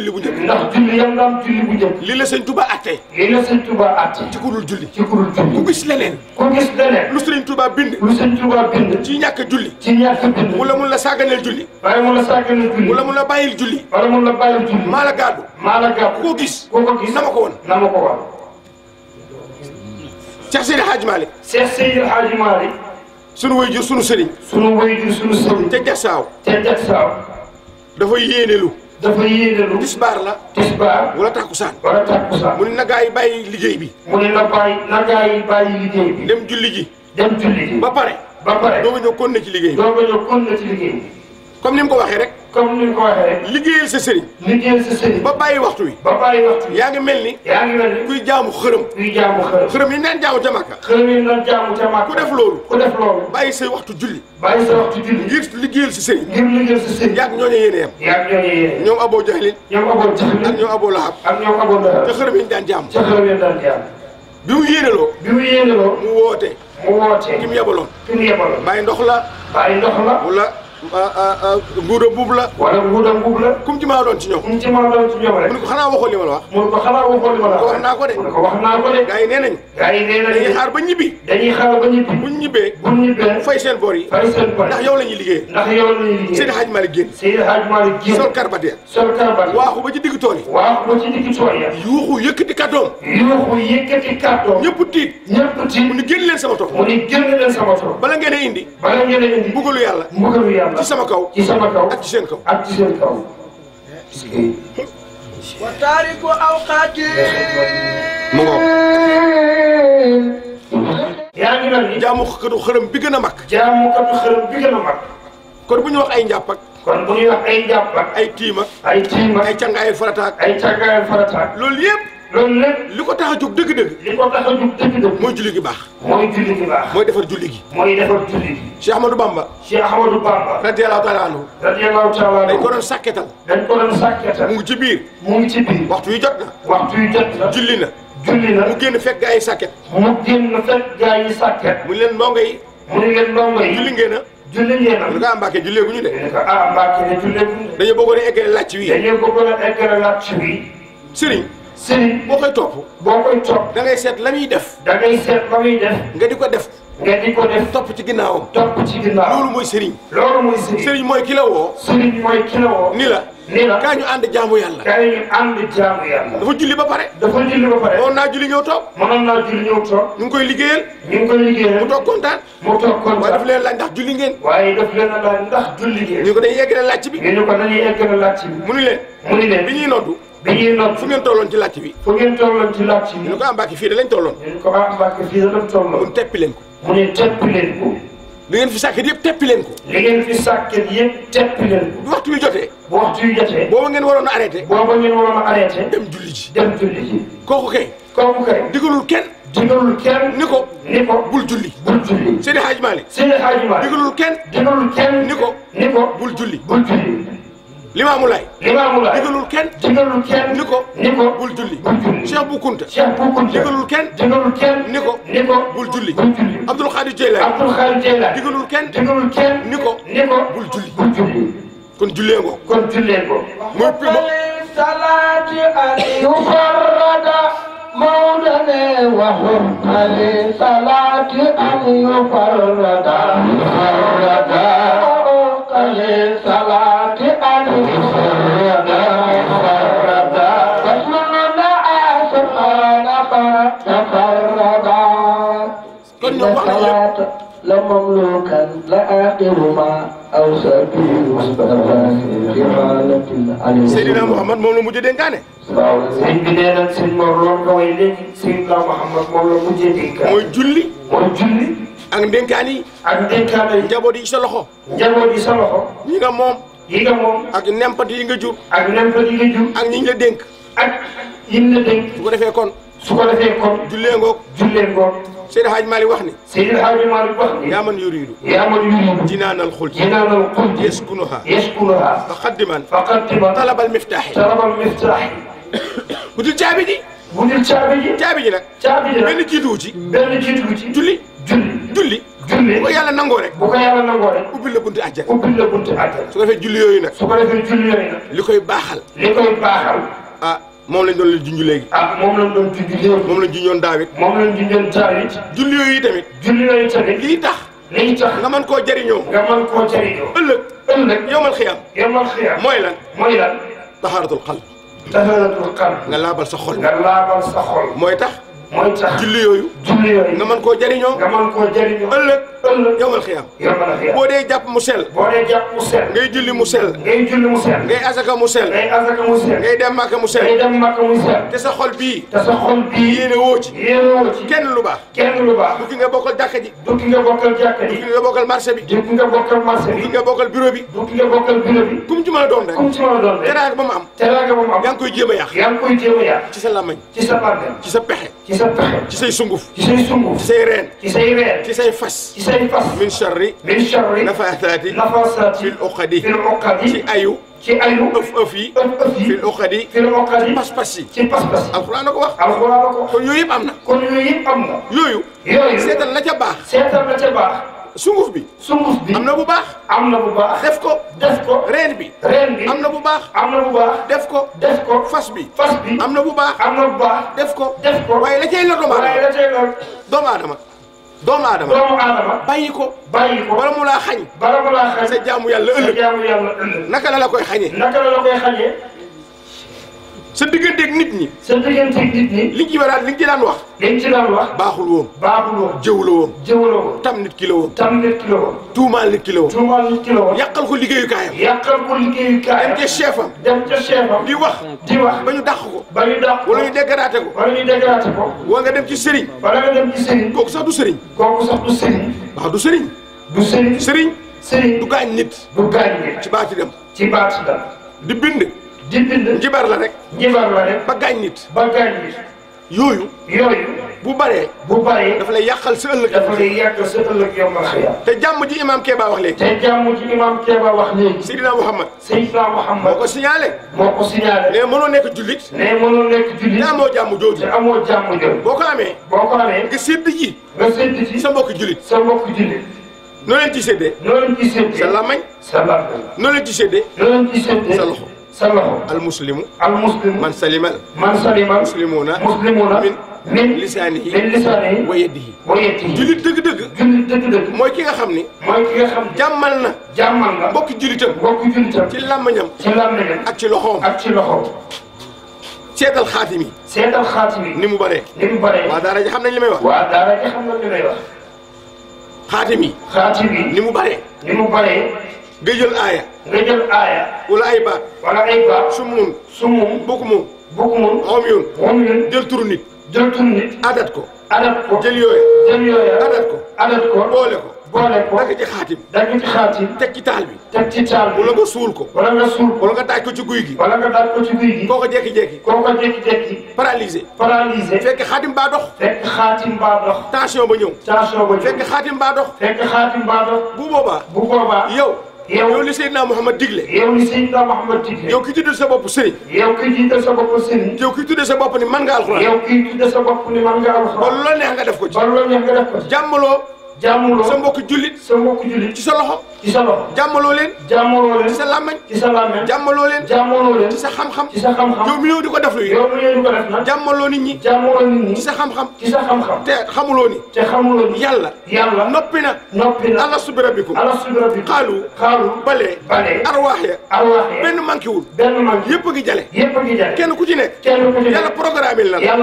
jullit julli yow nga am julli bu njëkk lii la sëñ Touba atte lii la sëñ Touba atte ci kurul julli ci kurul julli ku gis leneen ku gis leneen lu sëñ Touba bind lu sëñ Touba bind ci ñàkk julli ci ñàkk bind wala mun la saaganeel julli wala mun la saaganeel julli wala mun la bàyyil julli wala mun la bàyyil julli maa la gàddu maa la gàddu ku ko gis ku ko gis na ma ko woon na ma ko woon Cheikh Seydi Hadji Malick Cheikh Seydi Hadji Malick sunu wayjur sunu sëriñ sunu wayjur sunu sëriñ te jagsaaw te jagsaaw dafay yéenelu dafa yéene lu. tisbaar la. tisbaar wala takkusaan. wala takkusaan mu ne na gaa yi bàyyi liggéey bi. mu ne na bàyyi na liggéey bi. dem julli ji. dem julli ji ba pare. ba pare doo ko ñëw kon na ci liggéey bi. doo ci liggéey comme ni mu ko waxee rek. comme ni nga sa sëriñ. liggéeyal sa sëriñ. ba bàyyi waxtu wi. yaa ngi mel ni. yaa ngi mel ni kuy jaamu xërëm. kuy jaamu xërëm. xërëm yi neen jaamu ca Makka. xërëm yi neen ku def loolu. ku def loolu. bàyyi say waxtu julli. sa sëriñ. ngir liggéeyal sa sëriñ. yaa ngi ñooñu yéene yam. yaa ngi ñooñu yéene. ñoom Aboo Jahlin. ñoom Aboo Jahlin. ak ñoom Aboo Lahab. ak ñoom Aboo Lahab. ca xërëm yi daan jaamu. bi mu yéeneloo. bi mu yéeneloo. mu woote. mu woote. ki mu yebaloon. ki ndox la. bàyyi ndox la. Euh, euh, euh, nguuda buub la la kum ci maa doon ci ñoom kum ko xanaa waxoo li ma la wax li ma la wax wax naa ko de mu ne ko wax naa nee nañ gars yi nee nañ dañuy xaar ba ñibbi dañuy xaar ba ñibbi buñ ñibbee buñ fay seen bor ndax yow la liggéey ndax yow génn Seydi Hadj Malick ya sol karbat waaxu ba waaxu ba ci digg tool yuuxu yëkkati kàddoom yuuxu yëkkati kàddoom ñëpp tiit ñëpp tiit mu ni génn leen sama mu ni génn leen sama bala ngeen indi mbugalu yàlla ci sama kaw ci sama kaw ak ci seen kaw ak ci seen kaw. wa taariku awqaati. mu ngoog. yaa ngi mel xërëm bi gën a mag. jaamukatu kon bu ñu wax ay njàpp kon bu ñuy wax ay njàpp ay tiim ak. ay tiim farataak. loolu yëpp. loolu lépp li ko tax a jóg dëgg-dëgg li ko tax a jóg dëgg-dëgg mooy julli gi baax mooy julli gi baax mooy defar julli gi mooy defar julli gi Cheikh Ahmadou Bamba Cheikh Ahmadou Bamba radiyallahu taala anhu radiyallahu taala anhu dañ ko doon sàkketal dañ ko doon sàkketal mu ngi ci biir mu ngi ci biir waxtu yu jot na waxtu yu jot na julli na julli na mu génn fekk gaa yi sàkket mu génn fekk gaa yi sàkket mu leen ndongo yi mu ne leen ndongo yi julli ngeen a julli ngeen a lu ko ah Mbàkke jullee gu ñu de ah Mbàkke jullee gu ñu dañoo bëggoon a eggale laaj wi dañoo bëggoon a eggale laaj wi sëriñ sëriñ boo koy topp boo koy topp da seet la muy def da ngay seet la muy nga di ko def nga di ko def topp ci ginnaawam topp ci ginnaawam loolu mooy sëriñ loolu mooy sëriñ sëriñ mooy ki mooy ki la woo ni la ni la kaa ñu ànd jaamu yàlla kaa ñu ànd jaamu yàlla dafa julli ba pare dafa julli ba pare mënoon naa julli ñëw toog mënoon naa julli ñëw toog ñu ngi koy liggéeyal ñu ngi koy liggéeyal mu toog kontaan mu toog kontaan waaye daf leen laaj ndax julli ngeen waaye daf leen laaj ndax julli ngeen ñu ko dañuy eggale laaj ko dañuy eggale leen mu ni bi ñuy nodd fu ngeen tolloon ci laajte bi fu ngeen tolloon ci laajte bi ñu ko am Mbàkke fii da tolloon da mun teppi ko mu ne teppi ko li ngeen fi sàkket yëpp teppi leen ko li ngeen fi sàkket yëpp teppi leen ko bu waxtu yu jotee bu waxtu yu jotee booba ngeen waroon a arrêté booba ngeen waroon a arrêté dem julli ji dem julli ji kooku kay kooku kay digalul kenn ni ko ni ko bul julli bul julli Seydi Hadji Malick Seydi Hadji Malick digalul ni ko ni ko bul julli bul julli Limaamu Laay. Limaamu Laay digalul kenn. digalul kenn ni ko. ni ko bul julli. bul julli Cheikh Bou Kounta. Cheikh Bou Kounta digalul kenn. digalul kenn ko. ni ko bul julli. bul ko. ko bul julli. bul julli kon jullee ngoo. kon jullee ngoo. muy primo. salaati ali yufarrada mawlana wa salaati ali yufarrada mawlana wa hurmali salaati la لآخر ما أوصى به مصطفى في حالة العلم سيدنا محمد مولى مجد دنكاني sëñ bi nee na sëñ Mor loolu moom la mujjee dénkaan. mooy julli. mooy julli. ak ndénkaan yi. ak ndénkaan yi. njaboot sa loxo. njaboot yi sa loxo. yi nga moom. yi nga moom. ak nempat yi nga jur. ak nempat yi nga jur. ak ñi ñu la dénk. ak yi ñu la dénk. su ko defee kon. su ko defee kon. jullee ngoog. jullee Seydi Hadj Malick wax ni Seydi Hadj Malick wax ni yaa man yuriidu yaa man yuriidu jinaanal xuldi jinaanal xuldi yeskunuha yeskunuha faqaddiman faqaddiman talabal miftaaxi talabal miftaaxi budul [COUGHS] caabi ji i caabi ji caabi ji caabi ji nag benn jiituwu ci benn jiituwu ci julli julli julli julli bu ko yàlla nangoo rek bu ko yàlla nangoo rek ubbil la bunti àjjana ubbil la bunti àjjana su ko defee julli yooyu nag li koy baaxal li koy baaxal ah, moom lañ doon leen junj léegi ah moom lañ doon junj léegi moom lañ junjoon daawit moom lañ junjoon daawit julli yooyu tamit julli yooyu tamit lii tax lii tax nga man koo jëriñoo nga mën koo jëriñoo ëllëg ëllëg yowmal xiyaam yowmal xiyaam mooy lan mooy lan tahaaratul qalb tahaaratul qalb nga laabal sa xol nga laabal sa xol mooy tax mooy tax julli yooyu nga mën koo jëriñoo nga mën koo jëriñoo boo dee jàpp mu sell ngay julli mu sell ngay asaka mu sell ngay dem màkka mu sell te sa xol bii te sa xol bii yéene woo ci kenn lu baax kenn lu baax du ki nga bokkal jàkka ji du ki nga bokkal jàkka bi du ki nga bokkal bureau bi du ki nga a doon rek kum ci mën a doon rek teraanga ba mu am teraanga ba mu am yaa ngi koy jéem a yàq yaa ngi koy jéem a sa làmmañ ci sa làmmañ ci sa pexe ci sa pexe ci say sunguf ci say sunguf ci say reen ci say reen ci say fas ci say fas min charri min charri nafasaati nafasaati fil uqadi fil uqadi ci ayu ci ayu ëf ëf yi ëf ëf yi fil uqadi fil uqadi pas-pas yi ci pas-pas yi alxuraan la ko wax alxuraan la ko wax kon yooyu yëpp am na kon yooyu yëpp am na yooyu yooyu seetal la ca baax seetal la ca baax sunguf bi. sunguf bi am na bu baax. am na bu baax def ko. def ko reen bi. reen bi am na bu baax. am na bu baax def ko. def ko fas bi. fas bi am na bu baax. am na bu baax def ko. def ko waaye la cay lor doomu aadama waaye la doomu aadama. doomu aadama doomu aadama bàyyi ko. bàyyi ko bala mu laa xañ. bala mu laa xañ sa jaamu yàlla ëllëg. sa jaamu yàlla naka la la koy xañee. naka la la sa digganteeg nit ñi. sa digganteeg li nga ci li nga ci daan wax. li nga ci daan wax. baaxul woon. baaxul woon tam nit ki la woon. tam nit ki la woon. tuumaal nit ki la woon. tuumaal nit ki la woon. yàqal ko liggéeyukaayam. yàqal ko liggéeyukaayam. dem ca chef am. dem ca di wax. di wax ba ñu dàq ko. ba ñu dàq ko wala ñu dégraté ko. wala ñu dégraté ko. wala nga dem ci sëriñ. wala nga dem kooku sax du sëriñ. kooku sax du sëriñ. waaw du sëriñ. du sëriñ. sëriñ. sëriñ du gaañ nit. du gaañ ci baati dem. ci baati dem. di bind di bind. jibar la rek. jibar la rek. ba gaañ ba gaañ nit. yooyu. bu bare bu baree dafa lay yàqal sa ëllëg. dafa lay yàqal sa ëllëg yow ma xëy te jàmm ji imaam Kéba wax léegi. te jàmm ji imaam Kéba wax léegi. Seydina Mouhamad. Seydina Mouhamad. moo ko signalé. moo ko signalé. mais boo ko amee. boo ko amee. nga sédd ji. nga sédd ji sa mbokk jullit. sa mbokk jullit. noo leen ci séddee. noo leen ci séddee. sa lamañ. sa lamañ. noo leen ci séddee. noo leen ci séddee. sa loxo. sa loxo. almuslimu. almuslimu man salimal. man salimal muslimuna. muslimuna min. min lisaanihi. min lisaanihi. wa yadihi. wa yadihi. julit dëgg-dëgg. ki nga xam ni. mooy ki nga xam ni jàmmal na. jàmmal na mbokki julitam. mbokki julitam. ci làmmiñam. ak ci loxoom. ak ci loxoom. seetal xaatimi. seetal xaatimi. ni mu bëree. ni mu bëree. waa daara ji xam nañ li may wax. waa daara ji xam nañ li may wax. xaatimi. ni mu bëree. ni mu bëree. nga jël aaya. nga wala ay baat. wala ay baat. sumuun. sumuun. bukumuun. bukumuun. xomyuun. xomyuun. jël turu nit. jël turu nit. adat ko. adat ko jël yooya. jël yooya. adat ko. adat ko boole ko. boole ko dagg ci xaatim. dagg ci xaatim. teg ci taal bi. teg ci taal bi wala nga suul ko. wala nga suul ko wala nga daaj ko ci guy gi. wala nga daaj ko ci ko jékki-jékki. koo ko jékki-jékki. paralysé. fekk xaatim baa dox. fekk xaatim baa dox. tension ba ñëw. tension ba ñëw fekk xaatim baa dox. fekk xaatim bu boobaa. bu boobaa yow. yow li Seydina Mouhamad digle. yow li Seydina Mouhamad digle. yow ki tuddee sa bopp sëriñ. yow ki tuddee sa bopp sëriñ. yow ki tuddee sa bopp ni man nga alxuraan. yow ki tuddee sa bopp ni man nga alxuraan. ba lu la neex nga def ko ci. ba la neex nga def jàmmuloo sa mbokk jullit sa mbokk jullit ci sa loxo ci sa loxo jàmmaloo leen jàmmaloo leen ci sa làmmañ ci sa làmmañ jàmmaloo leen jàmmaloo leen ci sa xam-xam ci sa xam yow di ko def lu yow mi jàmmaloo nit ñi jàmmaloo nit ci sa xam-xam ci sa xam-xam te xamuloo ni te xamuloo ni yàlla yàlla noppi na noppi na ala subi rabbikum ala subi rabbikum xaalu xaalu balee balee arwaax ya arwaax ya benn manqué wul benn manqué yëpp a ngi jale kenn ku ci nekk kenn ku ci la yàlla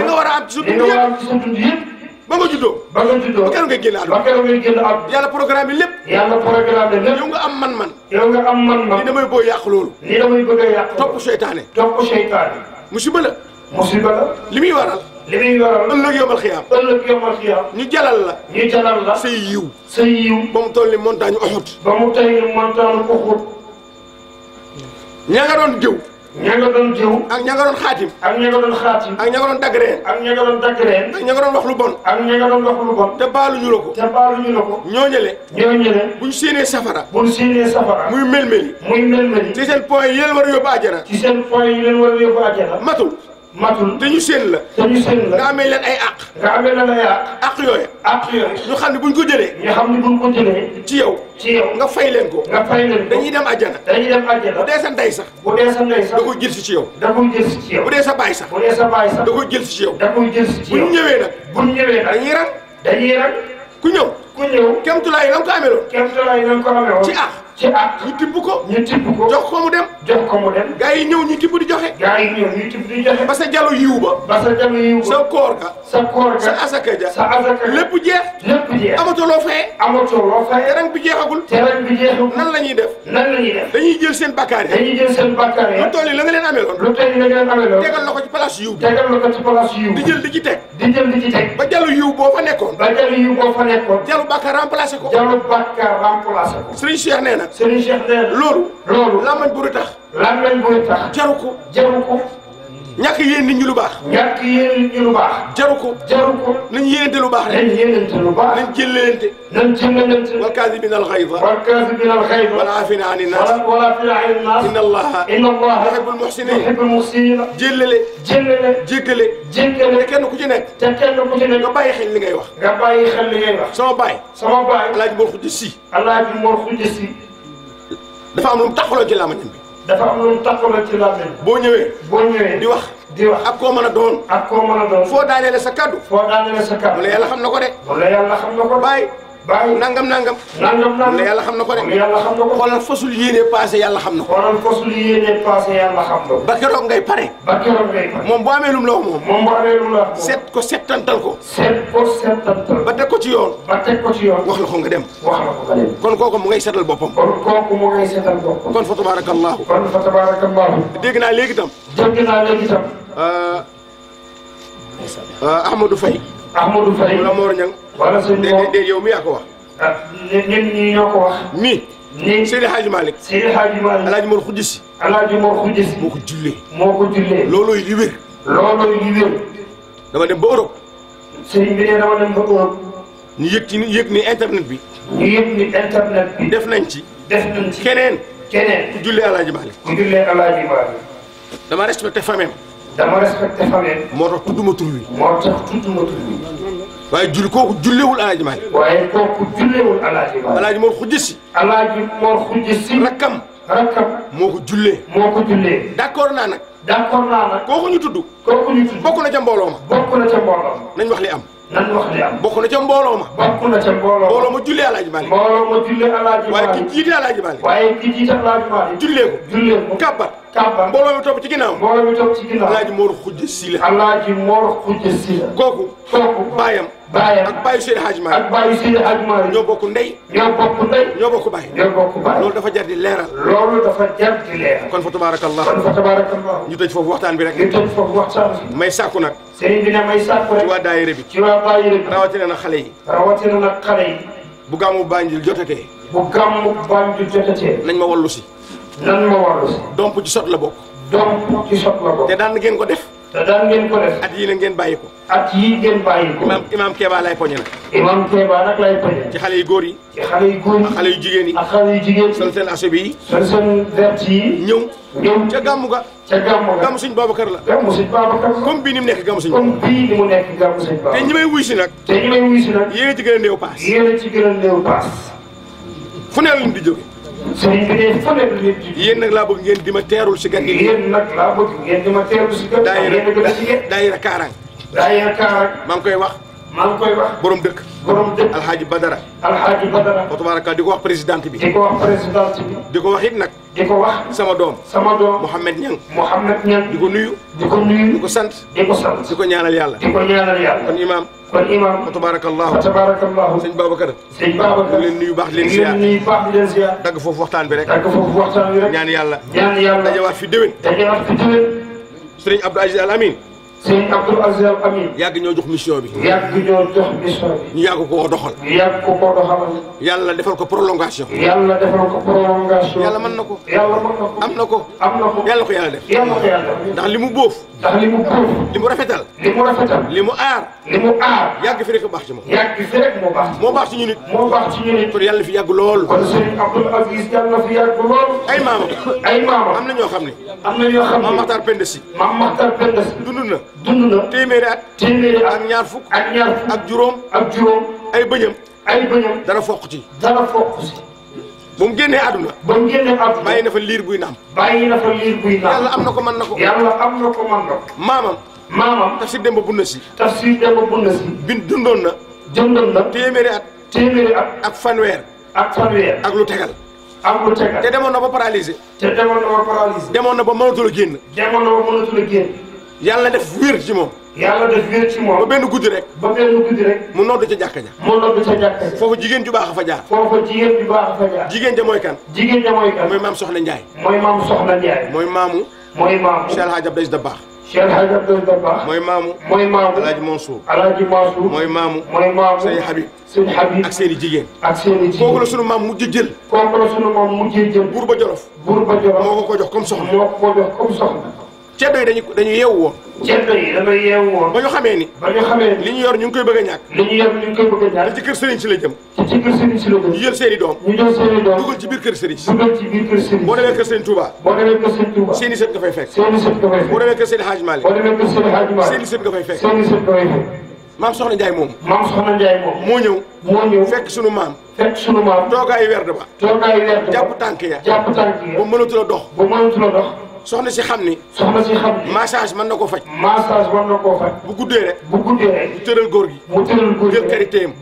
nga war a am ci sa dund yëpp ba nga juddoo ba nga juddoo ba keroog ngay génn àdduna ba keroog ngay génn àdduna yàlla programme bi lépp yàlla programme bi lépp yow nga am man-man yow nga am man-man ni damay bëgg a yàq loolu ni damay bëgg a yàq topp seytaane topp seytaane musiba la musiba la li muy waral li muy waral ëllëg yomal xiyaam ëllëg yomal xiyaam ñu jalal la ñu jalal la say yiw say yiw ba mu toll ni montagne Uhud ba mu toll ni montagne Uhud ña nga doon jëw ña nga doon ak ña nga doon xaatim ak ña nga doon xaatim ak ña nga doon daggreen ak ña nga doon daggreen ak ña nga doon wax lu bon ak ña nga doon wax lu bon ko te baaluñu la ko ñooñale ñooñale buñ séenee safara safara muy melmeli muy melmeli ci seen point yi leen war a yóbbu àjjana ci yi leen war a matul matul te ñu seen la. te ñu seen la nga amee leen ay àq. nga amee leen ay ñu xam ne buñ ko jëlee. ñu xam ne buñ ko ci yow. ci yow nga fay leen ko. nga fay leen ko dem àjjana. dañuy dem àjjana bu dee sa ndey sax. bu dee sa ndey sax da koy jël si ci yow. da koy jël si ci yow bu dee sa baay sax. bu dee sa baay sax da koy jël si ci yow. da koy jël ku ñëw. ku ñëw kéem tolluwaay yi na nga ko amee ci àq ci at ñu tibb ko ñu tibb ko jox ko mu dem jox yi ñëw ñu tibb di joxe gars yi ñëw ba sa jalu yiw ba sa koor ga sa koor ja sa asaka lépp jeex lépp jeex amatuloo fee amatuloo fee rang bi jeexagul te rang bi jeexagul nan la def nan la ñuy def dañuy jël seen bakkaar yi dañuy jël seen bakkaar yi lu toll la nga leen ameloon lu toll la nga leen ameloon ci place yiw tegal di jël di ci teg ba jalu yiw boo fa nekkoon ba jalu yiw boo fa nekkoon jalu bakkaar remplacé ko ko sëriñ nag. sëriñ Cheikh nee na. loolu. loolu làmmañ bu tax. làmmañ bu tax. jaru ko jaru ko. ñàkk yéen nit ñi lu baax. ñàkk yéen nit ñi lu baax. jaru ko jaru ko. nañ yéenante lu baax rek. nañ yéenante lu baax. nañ jëlleente. nañ jëlleente. wal kaazimiina al ghayza. wal kaazimiina al ghayza. wal aafiina ani naas. wal aafiina ani naas. inna allaha. inna allaha yuhibbul muhsiniin. yuhibbul muhsiniin. jëllale. jëllale. jéggale. jéggale. te kenn ku ci nekk. te kenn ku ci nekk. nga bàyyi xel li ngay wax. nga bàyyi xel li ngay wax. sama baay. sama baay. Alaaji Mor Xuj Si. Alaaji Mor Xuj Si. dafa am lu mu tàqaloo ci làmmiñ bi. am lu mu tàqaloo ci làmmiñ bi. boo ñëwee. boo ñëwee di wax. di wax ak koo mën a doon. ak koo mën a doon. foo daaneele sa kaddu. foo daaneele sa kaddu. wala xam na ko de. wala yàlla xam na ko bàyyi. bàyyi nangam nangam. nangam nangam yàlla xam na ko de. yàlla xam na ko xoolal fasul yéene passé yàlla xam na ko. xoolal fasul yéene passé yàlla xam na ko. ba keroog ngay pare. ba keroog ngay pare. moom bu amee lum la wax moom. moom bu amee lum la wax moom. seet ko seetantal ko. seet ko seetantal. ba teg ko ci yoon. ba teg ko ci yoon. wax la ko nga dem. wax la ko nga dem. kon kooku mu ngay seetal boppam. kon kooku mu ngay seetal boppam. kon fa tabaarakallaahu. kon fa tabaarakallaahu. dégg naa léegi itam. dégg naa léegi itam. Euh, euh, Ahmadou Faye Amadou Faye wala Mor Niang. wala suñu moom déedéet yow mi yaa ko wax. ah ñun ñii ñoo ko wax. nii. nii Seydi Hadji Malick. Seydi Hadji Malick. El Hadj Mor Khoudiss. moo ko jullee. moo ko jullee. loolooy li wér. loolooy li wér. dama dem ba Europe. bi ne def nañ ci. def nañ ci keneen. keneen ku jullee dama respecté famille. moo tax tudduma tur wi. moo tax tudduma tur wi. waaye julli kooku julliwul Alaaji Maalik. waaye kooku julliwul Alaaji Maalik. Alaaji Mor moo ko jullee. moo ko jullee. d' accord naa nag. d' accord naa nag. ñu tudd. kooku bokk na ca mbooloo ma. bokk na ca mbooloo ma. nañ wax li am. nan wax na ca mbooloo ma. bokk na ca mbooloo ma ma jullee Alaaji Maalik. mbooloo waaye ki jiite Alaaji Maalik. jullee ko. jullee ko kàbbar. Tamba mbooloo mi topp ci ginnaaw mbooloo mi topp ci ginnaaw alaaji Mor Khoudia Sylla alaaji Mor Khoudia Sylla kooku kooku baayam baayam ak baayu Seydi Hadji Malick ñoo bokk ndey ñoo bokk ndey ñoo bokk baay loolu dafa jar di leeral loolu dafa jar di leeral kon fa tabaarakallah kon fa tabaarakallah ñu tëj waxtaan bi rek ñu tëj foofu waxtaan bi may sàkku nag sëriñ bi ne may sàkku rek ci waa daayira bi ci waa daayira bi rawatina nag xale yi rawatina nag xale yi bu gàmmu Banjul jotatee bu gàmmu Banjul jotatee nañ ma wallu si lan moo waral. domp ci sot la bokk. domp te daan ngeen ko def. te ngeen ko at yii la ngeen bàyyi ko. at yii ngeen ko. imaam imaam Kéba lay poñe nag. imaam Kéba lay poñe. ci xale yu góor yi. ci góor yi. ak xale yu jigéen yi. ak xale yu jigéen yi. sol seen asobi yi. sol seen vert yi. ñëw. ñëw ca gàmmu ga. ca gàmmu ga gàmmu suñ Babacar la. la. comme bii ni mu nekk gàmmu suñ. comme bii ni mu nekk gàmmu suñ Babacar. te ñi may wuy si nag. te ñi may wuy si nag. yéen a ci gën a néew paas. gën a néew paas. fu ne lañ di jóge sëriñ bi de fa nekk leen di. yéen nag laa bëgg ngeen di ma teerul si gan yi. yéen nag laa bëgg ngeen di ma teerul si gan. daayira daayira Kaarang. daayira Kaarang. maa ngi koy wax. maa ngi koy wax. borom dëkk. borom dëkk Alhaji Badara. Alhaji Badara. fa tabaraka di ko wax présidente bi. di ko wax présidente bi. di ko wax it nag. di ko wax sama doom sama doom Mouhamed Niang Mouhamed Niang di ko nuyu di ko nuyu di ko sant di ko sant di ko ñaanal yàlla di ko ñaanal yàlla kon imaam kon imaam fa tabarakallahu fa tabarakallahu sëñ Babacar sëñ Babacar leen nuyu baax leen ziar nuyu baax leen ziar dagg foofu waxtaan bi rek dagg foofu waxtaan bi rek ñaan yàlla ñaan yàlla dajawaat fi déwén dajawaat fi déwén sëriñ Abdou Aziz Al Amin sëñ Abdou Aziz yàgg ñoo jox mission bi. yàgg ñoo jox mission bi. ñu yàgg ko doxal. yàgg ko ko doxal. yàlla defal ko prolongation. yàlla defal ko prolongation. yàlla mën na ko. na ko. am na ko. am na yàlla ko yàlla def. ndax li mu bóof. ndax li mu bóof. li rafetal. li mu rafetal. li mu aar. li mu aar. yàgg fi rek a baax ci moom. yàgg fi rek moo baax. moo baax ci ñu nit. moo baax ci ñu nit. kon yàlla fi yàgg lool. kon sëñ Abdou Aziz yàlla fi ay maamam. ay maamam am na ñoo xam ne. am na ñoo xam ne maam Makhtar Penda si. maam Makhtar Penda si na dund na téeméeri at ak ñaar fukk ak ñaar fukk ak juróom ak juróom ay bëñam ay bëñam dara foq ci dara foq ci ba mu génnee àdduna ba mu génnee na fa liir buy naam bàyyi na liir buy naam yàlla am na ko mën na ko yàlla am na ko mën na ko si tafsir demba bunna si bin dundoon na dundoon téeméeri at téeméeri at ak fanweer ak lu tegal am lu tegal te demoon na ba paralysé te demoon na ba paralysé demoon na ba mënatul a génn demoon na ba mënatul a yàlla def wér ci moom. yàlla ba benn guddi rek. ba benn guddi rek. mu nodd ja. mu nodd ca jàkka ja. foofu jigéen ju baax a fa jaar. foofu jigéen ju baax a fa jigéen ja mooy kan. jigéen ja mooy kan. mooy maam Soxna Ndiaye. mooy maam mooy maamu. mooy maamu Cheikh Hadj baax. Cheikh Hadj mooy maamu. mooy maamu El Hadj Mansour. El Hadj Mansour. mooy maamu. mooy maamu Habib. Sëñ Habib ak seen jigéen. ak seen i la sunu maam mujj jël. kooku la sunu maam mujj jël. buur ba Jolof. buur ba Jolof moo ko ko jox comme soxna. ko ko jox ceddo yi dañu dañu yeewoo. ceddo yi dañuy yeewoo. ba ñu xamee ni. ba ñu xamee ni li ñu yor ñu ngi koy bëgg a ñàkk. li ñu yor ñu ngi koy bëgg a ñàkk. te ci kër sëriñ si la jëm. te ci kër sëriñ si la jëm. ñu jël seen i doom. ñu jël seen i doom dugal ci biir kër sëriñ. dugal ci biir kër sëriñ. boo demee kër sëriñ Touba. boo demee kër sëriñ Touba. seen i sët nga fay fekk. seen i sët nga fay fekk. boo demee kër sëriñ Hadj Malick. boo demee kër sëriñ Hadj Malick. seen i sët nga fay fekk. seen i sët nga fay fekk. maam Soxna Ndiaye moom. maam Soxna Ndiaye moom. moo ñëw. moo ñëw fekk sunu maam. fekk sunu maam. toogaayu werd ba. toogaayu werd ba. jàpp tànk ya. jàpp tànk ya. ba mënatu la dox. ba mënatu la dox. soxna si xam ni. soxna massage man na ko faj. massage na koo bu guddee rek. bu guddee rek. mu tëral góor gi. mu tëral góor gi jël karitéem.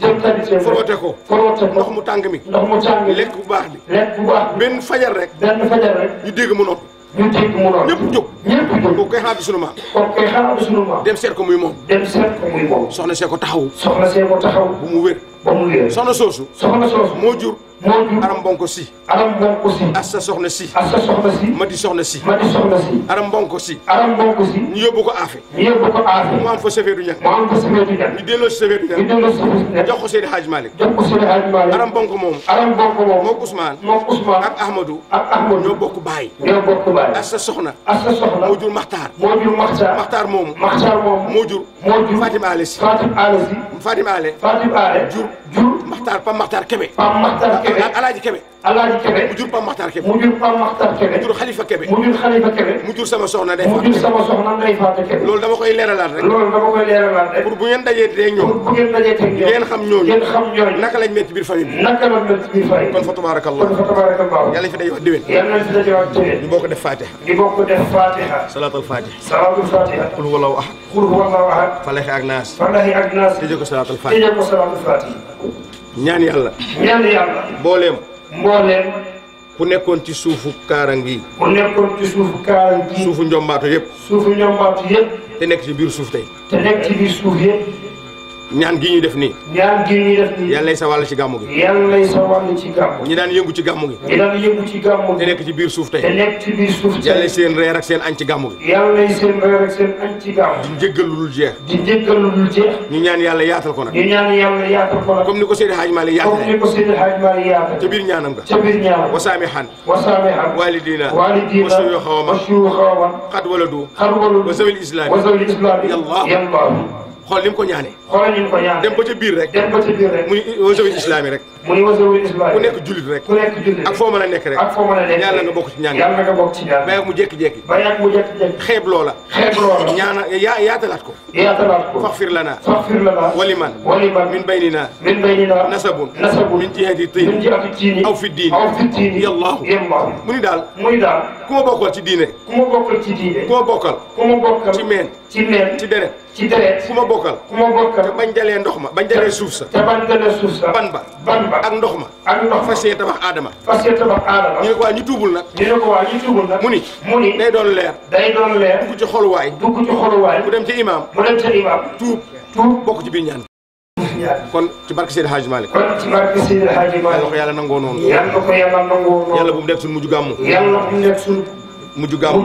foroote ko. ndox mu tàng mi. ndox mu tàng mi lekk bu baax bi. lekk bu baax benn fajar rek. benn fajar rek. ñu dégg mu noppi. ñu dégg mu noppi ñëpp jóg. ñëpp jóg kooku koy xalaat sunu maam. kooku koy xalaat sunu maam. soxna see ko taxawu. soxna see ko taxawu. bu mu wér. ba soosu. soxna soosu moo jur moo jur aram bonko si aram bonko si as sa soxna si as sa soxna si ma di soxna si ma di soxna si aram bonko si aram bonko si ñu yóbbu ko aafe ñu yóbbu ko aafe mu am fa safeedu ñax mu am fa safeedu ñax ñu delloo si safeedu ñax ñu delloo si safeedu ñax jox ko Seydi Hadj Malick jox ko Seydi Hadj Malick aram bonko moom aram bonko moom mook Ousmane mook Ousmane ak Ahmadou ak Ahmadou ñoo bokk baay ñoo bokk baay as sa soxna as sa soxna moo jur Maxtaar moo jur Maxtaar Maxtaar moomu Maxtaar moomu moo jur moo jur Fatim Ale si Fatim Ale si Fatim Ale Fatim Ale jur jur Maxtaar Pam Maxtaar Kebe. Pam Maxtaar Kebe ak Alaaji Kebe. Alaaji Kebe mu jur Pam Maxtar Kebe mu jur Pam Maxtar Kebe mu jur Xalifa Kebe mu jur Xalifa Kebe mu jur sama soxna Ndey Faatu Kebe mu jur sama soxna Ndey Faatu Kebe loolu dama koy leeralaat rek loolu dama koy leeralaat rek pour bu ngeen dajee tey ñoom bu ngeen dajee tey ñoom ngeen xam ñooñu ngeen xam ñooñu naka lañ mel ci biir famille bi naka lañ mel ci biir famille kon fa tabaarakallah kon fa tabaarakallah yàlla fi day wax déwén yàlla fi day wax déwén ñu bokk def Fatiha ñu bokk def Fatiha salaatul Fatiha salaatul Fatiha qul huwallahu ahad qul huwallahu ahad falaxi ak naas falaxi ak naas tëjee ko salaatul Fatiha tëjee ko salaatul Fatiha ñaan yàlla ñaan yàlla booleem mbooleem ku nekkoon ci suufu kaaraange ku nekkoon ci suufu kaaraange suufu njombaatu yëpp. suufu njombaatu yëpp. te nekk ci biir suuf tey. te nekk ci biir suuf yëpp. ñaan gi ñuy def nii. ñaan gi ñuy def nii. yàlla lay sa wàll ci gàmmu gi. yàlla lay sa wàll ci gàmmu gi. ñi daan yëngu ci gàmmu gi. ñi daan yëngu ci gàmmu gi. te nekk ci biir suuf tey. te nekk ci biir suuf tey. yàlla seen reer ak seen añ ci gàmmu gi. yàlla lay seen reer ak seen añ ci gàmmu gi. di njëggal lu dul jeex. di njëggal lu dul jeex. ñu ñaan yàlla yaatal ko nag. ñu ñaan yàlla yaatal ko nag. comme ni ko Seydi Hadj Malick yaatal. comme ni ko Seydi Hadj Malick yaatal. ca biir ñaanam nga. ca biir ñaanam nga. wasaami xan. wasaami xan. waalidina. waalidina. wasuyu xawama. wasuyu xawama. xat wala du. xat wala du. wasawil islaami. wasawil islaami. yàlla xool li mu ko ñaanee xoolal ñu ko yaatu. dem ba ca biir rek dem ba ca biir rek. muy wasawi islami rek. muy wasawi islami ku nekk jullit rek. ku nekk jullit ak foo mën a nekk rek. a nekk yàlla nga bokk ci ñaan. yàlla nga bokk ci ñaan. ba yàgg mu jékki-jékki. ba yàgg mu jékki-jékki. xeeb loola. xeeb loola ñaana yaa yaatalaat ko. yaatalaat ko faxfir lanaa. faxfir lanaa waliman. waliman min baynina. min baynina nasabun. nasabun mu ni daal. ku ma bokkal ci diine. ku ma bokkal ci meen. ci deret. ci deret ku ma bokkal te bañ jalee ndox ma bañ jalee suuf sa. te bañ jalee suuf sa. ban ba ban ba ak ndox ma. ak ndox ma fas tabax aadama. ñu ne ko waa ñu tuubul nag. ñu ne ko waa ñu tuubul nag. mu ni day doon leer. day doon leer dugg ci xoluwaay. dugg ci xoluwaay. mu dem ci imaam. mu dem ci imaam. tuub tuub bokk ci biir ñaan. kon ci barke Seydi Hadji Malick. kon ci barke yàlla nangoo noonu. yàlla ko yàlla nangoo noonu. mu nekk suñu yàlla bu mu nekk suñu. mujj gaaw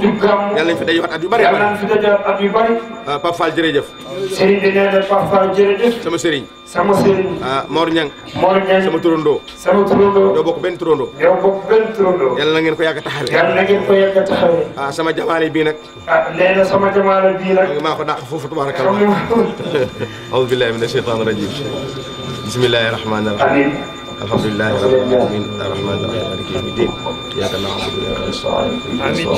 yàlla nañ fi dajewaat at yu bari yàlla nañ fi dajewaat at yu bari ah, Pape Fall jërëjëf sëriñ bi nee na Pape Fall jërëjëf sama sëriñ sama sëriñ ah, Mor Niang Mor Niang sama turandoo sama turandoo ñoo bokk benn turandoo ñoo bokk benn turandoo yàlla na ngeen ko yàgg a taxawee yàlla na ngeen ko yàgg a taxawee ah sama jamaale bii nag ah nee na sama jamaale bii nag maa ko dàq foofu tabarakallah [LAUGHS] auzu billahi minash shaytanir rajim bismillahir rahmanir rahim alhamdulilah rabbil alamin arrahmaani rahiim maaliki yawmi diin iyyaaka na'budu wa iyyaaka nasta'iin amiin.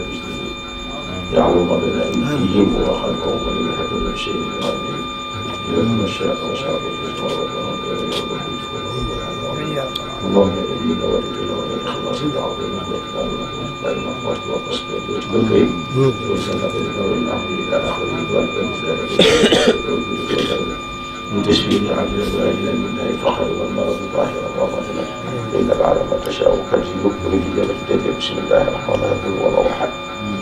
amiin. يعلم بالعلم وخلقه ولم يكن من شيء عليم يوم الشاق وشاق الجزاء اللهم إني نورك لولا الإخلاص العظيم والإكرام والمحبة والقصد والتوفيق والسنة والأمر إلى آخره وأن ذلك من تشبيه عبد الله إلى الله فخر والمرض ظاهر وباطنا إن بعد ما تشاء كالجيوب به بسم الله الرحمن الرحيم ولو أحد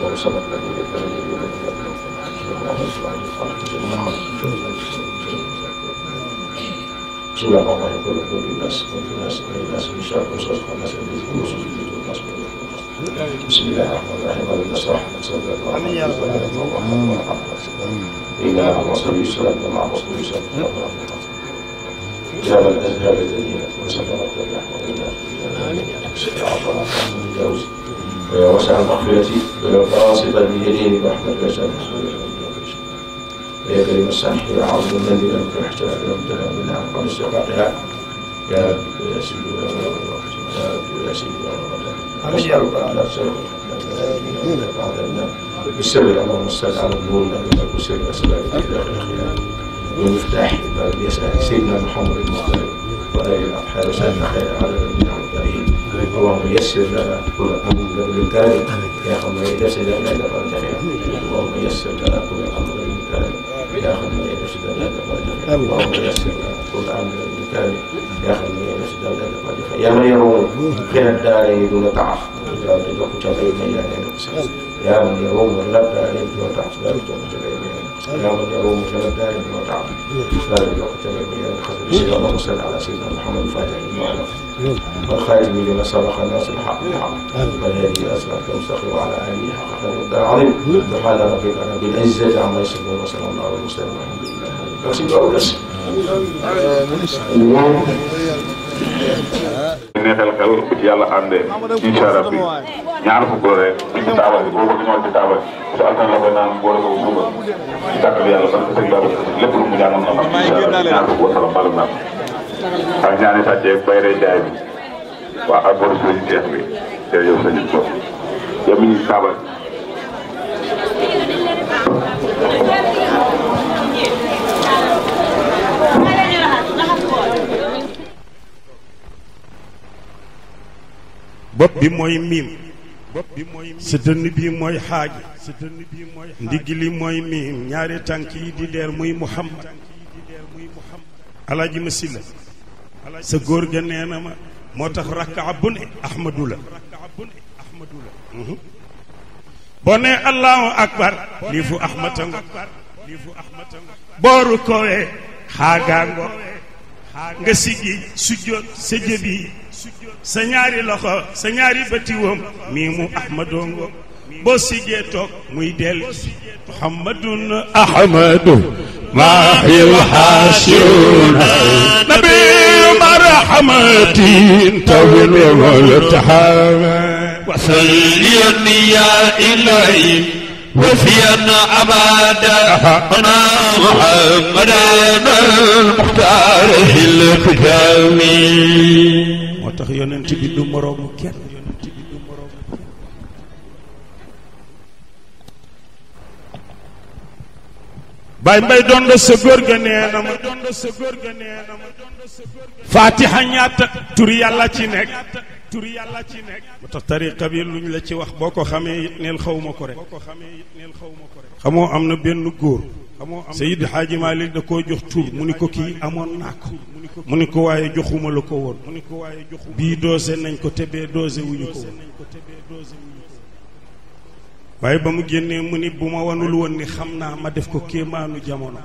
اللهم صل على نبيك ونبينا بسم الله الرحمن الرحيم قل اعوذ بالناس والناس والناس من شر الوسواس والناس من الوسوس والناس بسم الله الرحمن الرحيم اللهم اشرح لك صدرك امين يا رب العالمين إنا مع الرسول يسرا مع الرسول يسرا جاب الأزهار الذين وسلمت بالرحمة الله آمين يا رب العالمين وسع مغفرتي وفاصل من يديني برحمتك وسع يا كريم السمح والعظيم الذي لم تحتاج لم تلام من عقب استقاقها يا يا سيدي يا سيدي نسألك على سرك بعد النار بالسر اللهم صل على النور لك وسر اسباب داخل الخلاف ومفتاح الباب يسأل سيدنا محمد المختار وآل الأبحار وسلم خير على النبي اللهم يسر لنا كل امر بالكامل يا خمر يسر لنا دبر جميعا اللهم يسر لنا كل امر بالكامل يا خمر يسر لنا دبر جميعا اللهم يسر لنا كل امر بالكامل يا خمر يسر لنا دبر جميعا يا من يروم خير الدارين دون تعف يا من يروم الدارين دون تعف لا تجوع تعف اللهم ادعوه مجاب وطعم لا يبلغ تمنيا خير اللهم صل على سيدنا محمد الفاتح لما ألف والخير بما سبق الناس الحق بالحق والهادي أسلك المستقيم وعلى آله حق قدر العظيم سبحان ربك رب العزة عما يصفون وسلام على المرسلين والحمد لله رب العالمين neexal xel bu ci yàlla àndee incha allah bi ñaar fukk la rek ci taabal bi boobu ñëw ci taabal su altan la koy naan boole ko suba ci tàkkal yàlla parce que sëñ Babacar lépp lu mu ñaanoon na xam incha allah ñaar fukk wasala mbalum naam ak ñaani sàccee bayre jaay bi waa ak boru suñu teex bi jërëjëf sëñ bi yow mi ñu taabal bopp bi mooy miim sa dënn bi mooy xaaj xaaji ndigg li mooy miim ñaari tànk yi di deer muy muhammad alaaji ma silla sa góor ga na ma moo tax rakka bu ne ahmadu la mhm. boo nee allahu akbar lii fu ahmata ngo booru kowee xaagaa ngo nga sigi sujjoot sa jëbi sa ñaari loxo sa ñaari bëti woom mii mu ahmadongo boo siggee toog muy del muhammadun ahmadu maahil haasiruna nabi marhamatin tawil multahama wasalliyan ya ilahi وفينا عبادا أنا محمد المختار الختامي moo tax yonent bi du moroomu kenn bay mbay doon da sa góor ga nee na faatiha ñaata turi yàlla ci nekk turi yàlla ci nekk moo tax tariqa bi luñ la ci wax boo ko xamee it neel xaw ma ko rek xamoo am na benn góor Seydi Xaaji Maalik da koo jox tur mu ni ko kii amoon naa ko mu ni ko waaye joxuma la ko woon bii doose nañ ko te bee doose wuñu ko woon waaye ba mu génnee mu ni bu ma wanul woon ni xam naa ma def ko kéemaanu jamono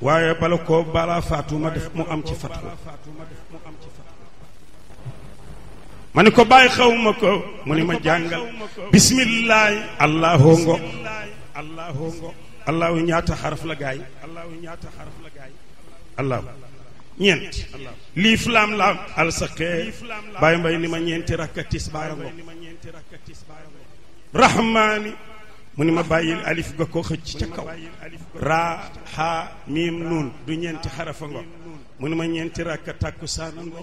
waaye bala koo balaa faatu ma def mu am ci fatku ma ni ko bàyyi xaw ma ko mu ni ma jàngal bismillaahi allahoo ngo allahoo ngo allahu ñaata xaraf la gaay allahu ñaata xaraf la gaay allahu ñeent liif laam laam alsaqee bàyyi mbay ni ma ñeenti rakka tisbaar ngo rahmaani mu ni ma bàyyil alif ga ko xëcc ca kaw raa xaa miim nuun du ñeenti xarafa ngo mu ni ma ñeenti rakka tàkkusaan ngo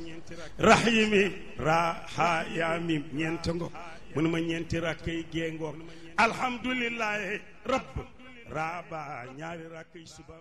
rahiimi raa xaa yaa miim ñeent ngo mu ni ma ñeenti rakka yi gee ngo alhamdulillahi rabb raaba ñaari rakk yi suba